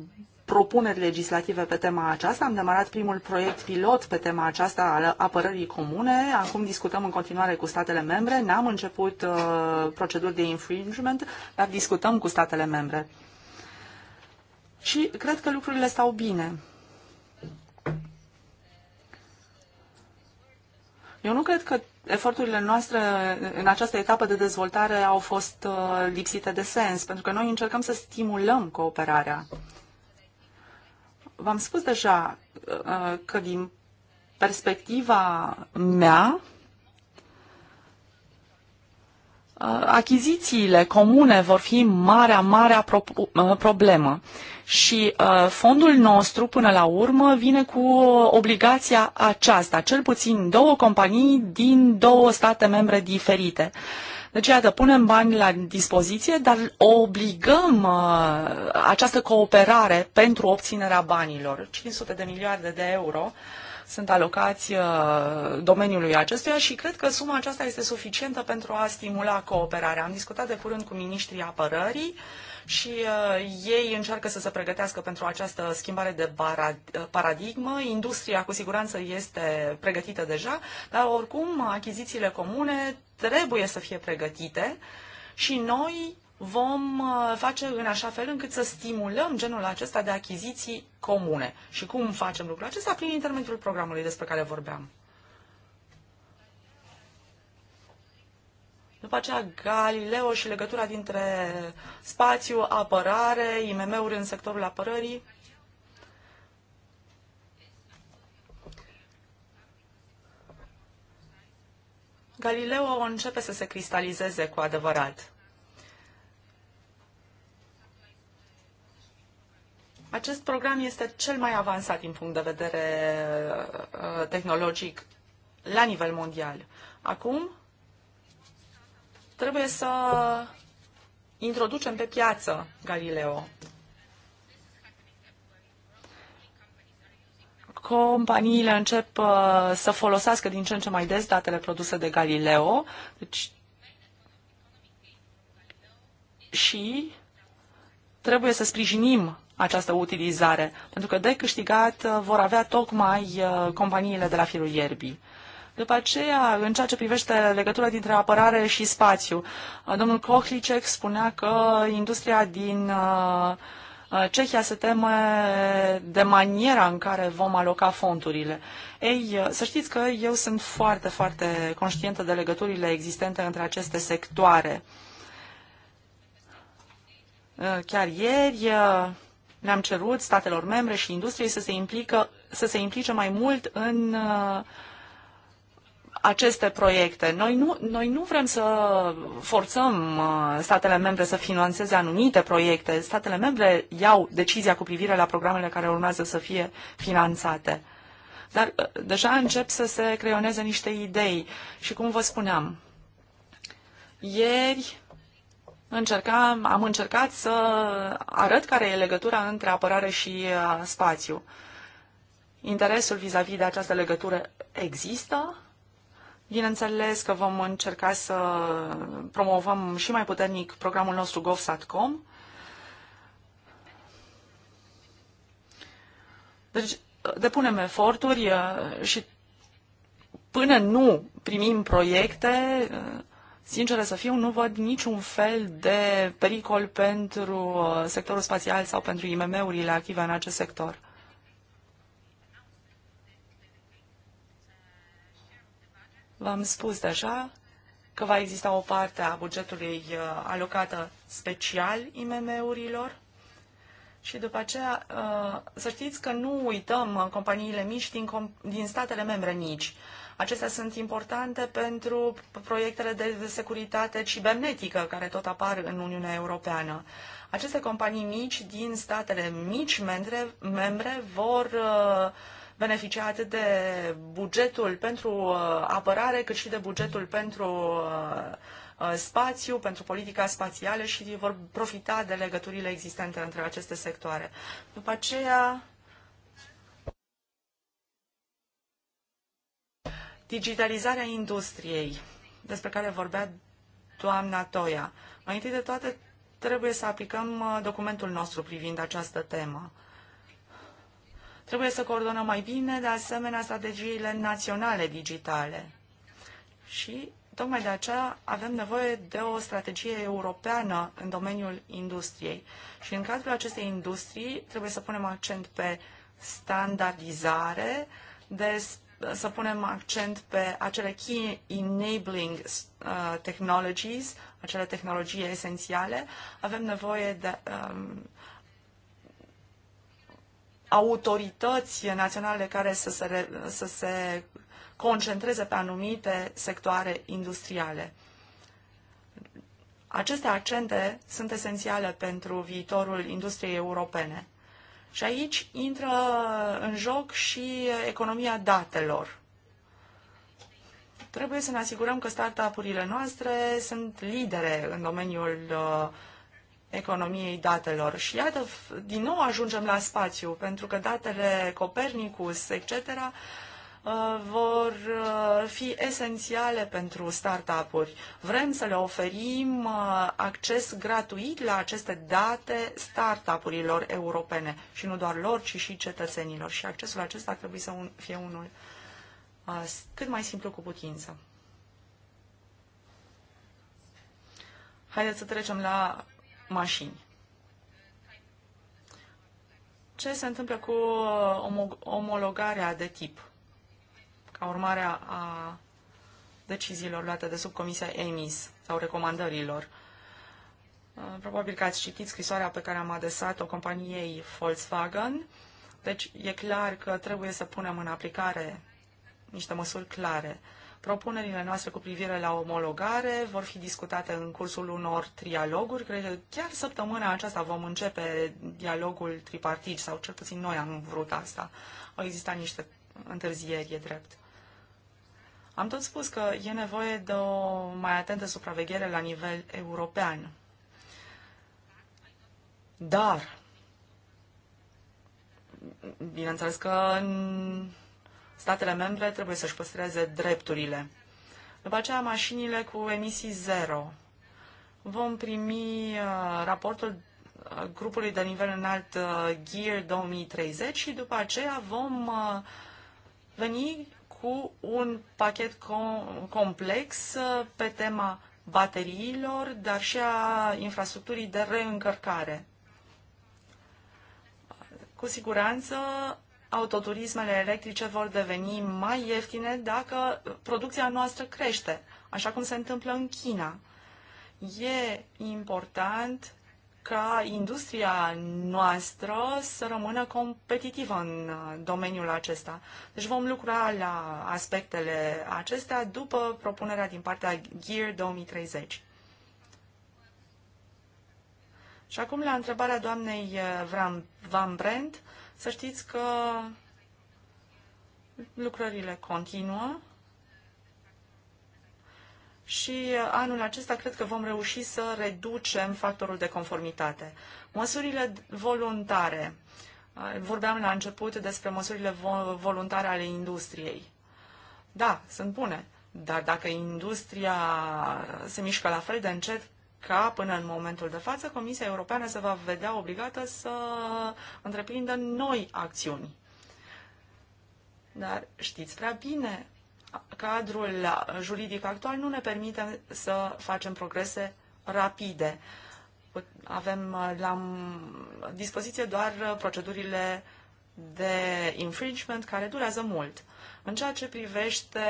propuneri legislative pe tema aceasta. Am demarat primul proiect pilot pe tema aceasta al apărării comune. Acum discutăm în continuare cu statele membre. N-am început uh, proceduri de infringement, dar discutăm cu statele membre. Și cred că lucrurile stau bine. Eu nu cred că eforturile noastre în această etapă de dezvoltare au fost uh, lipsite de sens, pentru că noi încercăm să stimulăm cooperarea v-am spus deja uh, că din perspectiva mea, uh, achizițiile comune vor fi marea, marea pro uh, problemă. Și uh, fondul nostru, până la urmă, vine cu obligația aceasta, cel puțin două companii din două state membre diferite. Uh, deci, iată, punem bani la dispoziție, dar obligăm uh, această cooperare pentru obținerea banilor. 500 de miliarde de euro sunt alocați uh, domeniului acestuia și cred că suma aceasta este suficientă pentru a stimula cooperarea. Am discutat de curând cu ministrii apărării uh, și uh, ei încearcă să se pregătească pentru această schimbare de uh, paradigmă. Industria cu siguranță este pregătită deja, dar oricum achizițiile comune trebuie să fie pregătite și noi vom uh, face în așa fel încât să stimulăm genul acesta de achiziții comune. Și cum facem lucrul acesta? Prin intermediul programului despre care vorbeam. După aceea Galileo și legătura dintre spațiu, apărare, IMM-uri în sectorul apărării. Galileo începe să se cristalizeze cu adevărat. Acest program este cel mai avansat din punct de vedere uh, tehnologic la nivel mondial. Acum Trebuie să introducem pe piață Galileo. Companiile încep uh, să folosească din ce în ce mai des datele produse de Galileo deci, și trebuie să sprijinim această utilizare, pentru că de câștigat uh, vor avea tocmai uh, companiile de la firul ierbii. După aceea, în ceea ce privește legătura dintre apărare și spațiu, uh, domnul Kohlicek spunea că industria din uh, uh, Cehia se teme de maniera în care vom aloca fondurile. Ei, să știți că eu sunt foarte, foarte conștientă de legăturile existente între aceste sectoare. Chiar ieri ne am cerut statelor membre și industriei să se, implică, să se implice mai mult în uh, aceste proiecte. Noi nu, noi nu vrem să forțăm uh, statele membre să finanțeze anumite proiecte. Statele membre iau decizia cu privire la programele care urmează să fie finanțate. Dar uh, deja încep să se creioneze niște idei. Și cum vă spuneam, ieri încercam, am încercat să arăt care e legătura între apărare și uh, spațiu. Interesul vis-a-vis -vis de această legătură există, Bineînțeles că vom încerca să promovăm și mai puternic programul nostru GovSatcom. Deci, depunem eforturi uh, și până nu primim proiecte, uh, sincer să fiu, nu văd niciun fel de pericol pentru uh, sectorul spațial sau pentru IMM-urile active în acest sector. V-am spus deja că va exista o parte a bugetului uh, alocată special IMM-urilor și după aceea uh, să știți că nu uităm uh, companiile mici din, din statele membre nici. Acestea sunt importante pentru proiectele de securitate cibernetică care tot apar în Uniunea Europeană. Aceste companii mici din statele mici membre, membre vor uh, beneficia atât de bugetul pentru uh, apărare, cât și de bugetul pentru uh, uh, spațiu, pentru politica spațială și vor profita de legăturile existente între aceste sectoare. După aceea, digitalizarea industriei, despre care vorbea doamna Toia. Mai întâi de toate, trebuie să aplicăm documentul nostru privind această temă. Trebuie să coordonăm mai bine, de asemenea, strategiile naționale digitale. Și tocmai de aceea avem nevoie de o strategie europeană în domeniul industriei. Și în cadrul acestei industrii trebuie să punem accent pe standardizare, de, să punem accent pe acele key enabling uh, technologies, acele tehnologii esențiale. Avem nevoie de um, autorități naționale care să se, să se concentreze pe anumite sectoare industriale. Aceste accente sunt esențiale pentru viitorul industriei europene. Și aici intră în joc și economia datelor. Trebuie să ne asigurăm că startup-urile noastre sunt lidere în domeniul uh, economiei datelor. Și iată, din nou ajungem la spațiu, pentru că datele Copernicus, etc., uh, vor uh, fi esențiale pentru startup-uri. Vrem să le oferim uh, acces gratuit la aceste date startup-urilor europene și nu doar lor, ci și cetățenilor. Și accesul acesta ar trebui să fie unul cât mai simplu cu putință. Haideți să trecem la mașini. Ce se întâmplă cu omologarea de tip ca urmare a deciziilor luate de subcomisia EMIS sau recomandărilor? Uh, probabil că ați citit scrisoarea pe care am adresat-o companiei Volkswagen. Deci e clar că trebuie să punem în aplicare niște măsuri clare. Propunerile noastre cu privire la omologare vor fi discutate în cursul unor trialoguri. Cred că chiar săptămâna aceasta vom începe dialogul tripartit, sau cel puțin noi am vrut asta. Au existat niște întârzieri, e drept. Am tot spus că e nevoie de o mai atentă supraveghere la nivel european. Dar, bineînțeles că statele membre trebuie să-și păstreze drepturile. După aceea, mașinile cu emisii zero. Vom primi uh, raportul uh, grupului de nivel înalt uh, Gear 2030 și după aceea vom uh, veni cu un pachet com- complex uh, pe tema bateriilor, dar și a infrastructurii de reîncărcare. Cu siguranță autoturismele electrice vor deveni mai ieftine dacă producția noastră crește, așa cum se întâmplă în China. E important ca industria noastră să rămână competitivă în uh, domeniul acesta. Deci vom lucra la aspectele acestea după propunerea din partea Gear 2030. Și acum la întrebarea doamnei uh, Van Brent să știți că lucrările continuă și anul acesta cred că vom reuși să reducem factorul de conformitate. Măsurile voluntare. Vorbeam la început despre măsurile voluntare ale industriei. Da, sunt bune, dar dacă industria se mișcă la fel de încet ca până în momentul de față Comisia Europeană se va vedea obligată să întreprindă noi acțiuni. Dar știți prea bine, cadrul juridic actual nu ne permite să facem progrese rapide. Avem la dispoziție doar procedurile de infringement care durează mult. În ceea ce privește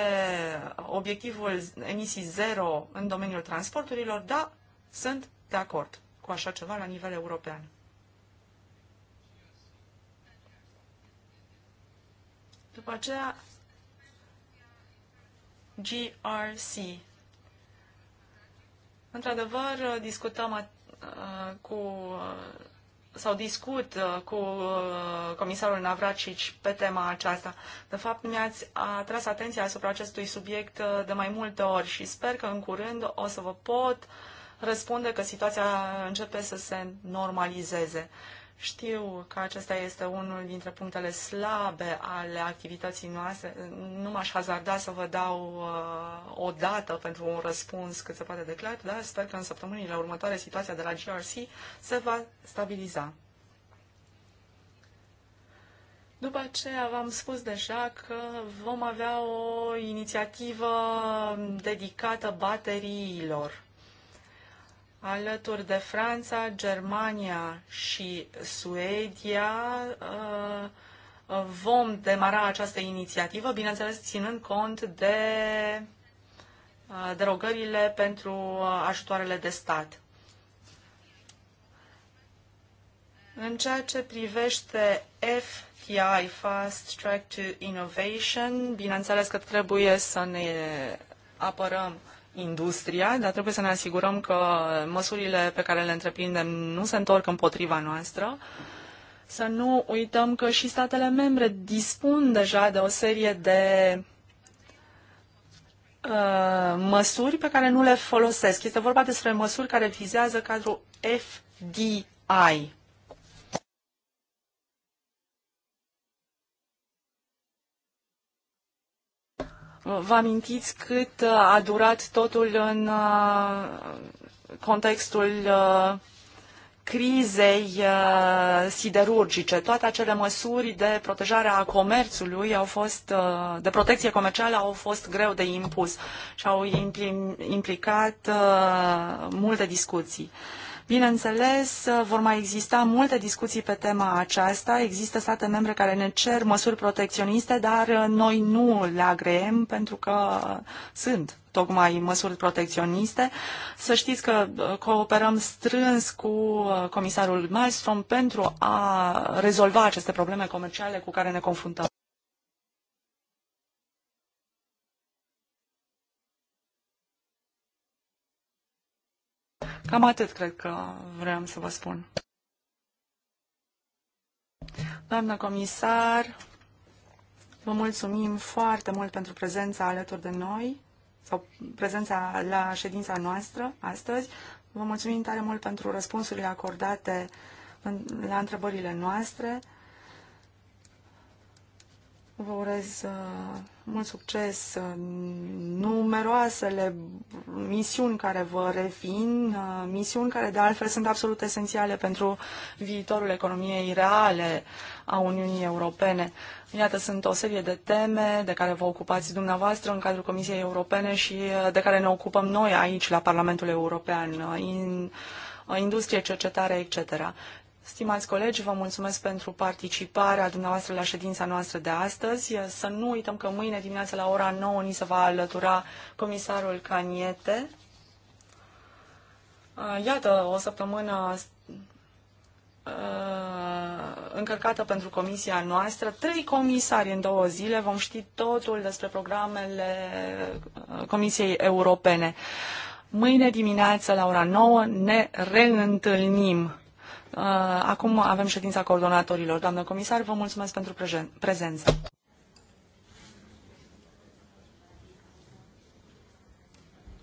obiectivul emisii zero în domeniul transporturilor, da, sunt de acord cu așa ceva la nivel european. După aceea, GRC. Într-adevăr, discutăm uh, cu uh, sau discut uh, cu comisarul Navracici pe tema aceasta. De fapt, mi-ați atras atenția asupra acestui subiect de mai multe ori și sper că în curând o să vă pot uh, răspunde că situația începe să se normalizeze. Știu că acesta este unul dintre punctele slabe ale activității noastre. Nu m-aș hazarda să vă dau uh, o dată pentru un răspuns cât se poate declar, dar sper că în săptămânile următoare situația de la GRC se va stabiliza. După aceea v-am spus deja că vom avea o inițiativă dedicată bateriilor alături de Franța, Germania și Suedia uh, uh, vom demara această inițiativă, bineînțeles ținând cont de uh, derogările pentru ajutoarele de stat. În ceea ce privește FTI, Fast Track to Innovation, bineînțeles că trebuie să ne apărăm industria, dar trebuie să ne asigurăm că măsurile pe care le întreprindem nu se întorc împotriva noastră. Să nu uităm că și statele membre dispun deja de o serie de uh, măsuri pe care nu le folosesc. Este vorba despre măsuri care vizează cadrul FDI. Vă amintiți cât uh, a durat totul în uh, contextul uh, crizei siderurgice. Toate acele măsuri de protejare a comerțului au fost, de protecție comercială au fost greu de impus și au implicat multe discuții. Bineînțeles, vor mai exista multe discuții pe tema aceasta. Există state membre care ne cer măsuri protecționiste, dar noi nu le agreem pentru că sunt tocmai măsuri protecționiste. Să știți că uh, cooperăm strâns cu uh, comisarul Malmström pentru a rezolva aceste probleme comerciale cu care ne confruntăm. Cam atât cred că vreau să vă spun. Doamna comisar, vă mulțumim foarte mult pentru prezența alături de noi sau prezența la ședința noastră astăzi. Vă mulțumim tare mult pentru răspunsurile acordate în, la întrebările noastre. Vă urez uh, mult succes numeroasele misiuni care vă revin, uh, misiuni care de altfel sunt absolut esențiale pentru viitorul economiei reale a Uniunii Europene. Iată, sunt o serie de teme de care vă ocupați dumneavoastră în cadrul Comisiei Europene și uh, de care ne ocupăm noi aici la Parlamentul European. In, industrie, cercetare, etc. Stimați colegi, vă mulțumesc pentru participarea dumneavoastră la ședința noastră de astăzi. Să nu uităm că mâine dimineața la ora 9 ni se va alătura comisarul Caniete. Uh, iată, o săptămână uh, încărcată pentru comisia noastră. Trei comisari în două zile vom ști totul despre programele uh, Comisiei Europene. Mâine dimineață la ora 9 ne reîntâlnim. Uh, acum avem ședința coordonatorilor. Doamnă comisar, vă mulțumesc pentru prezență.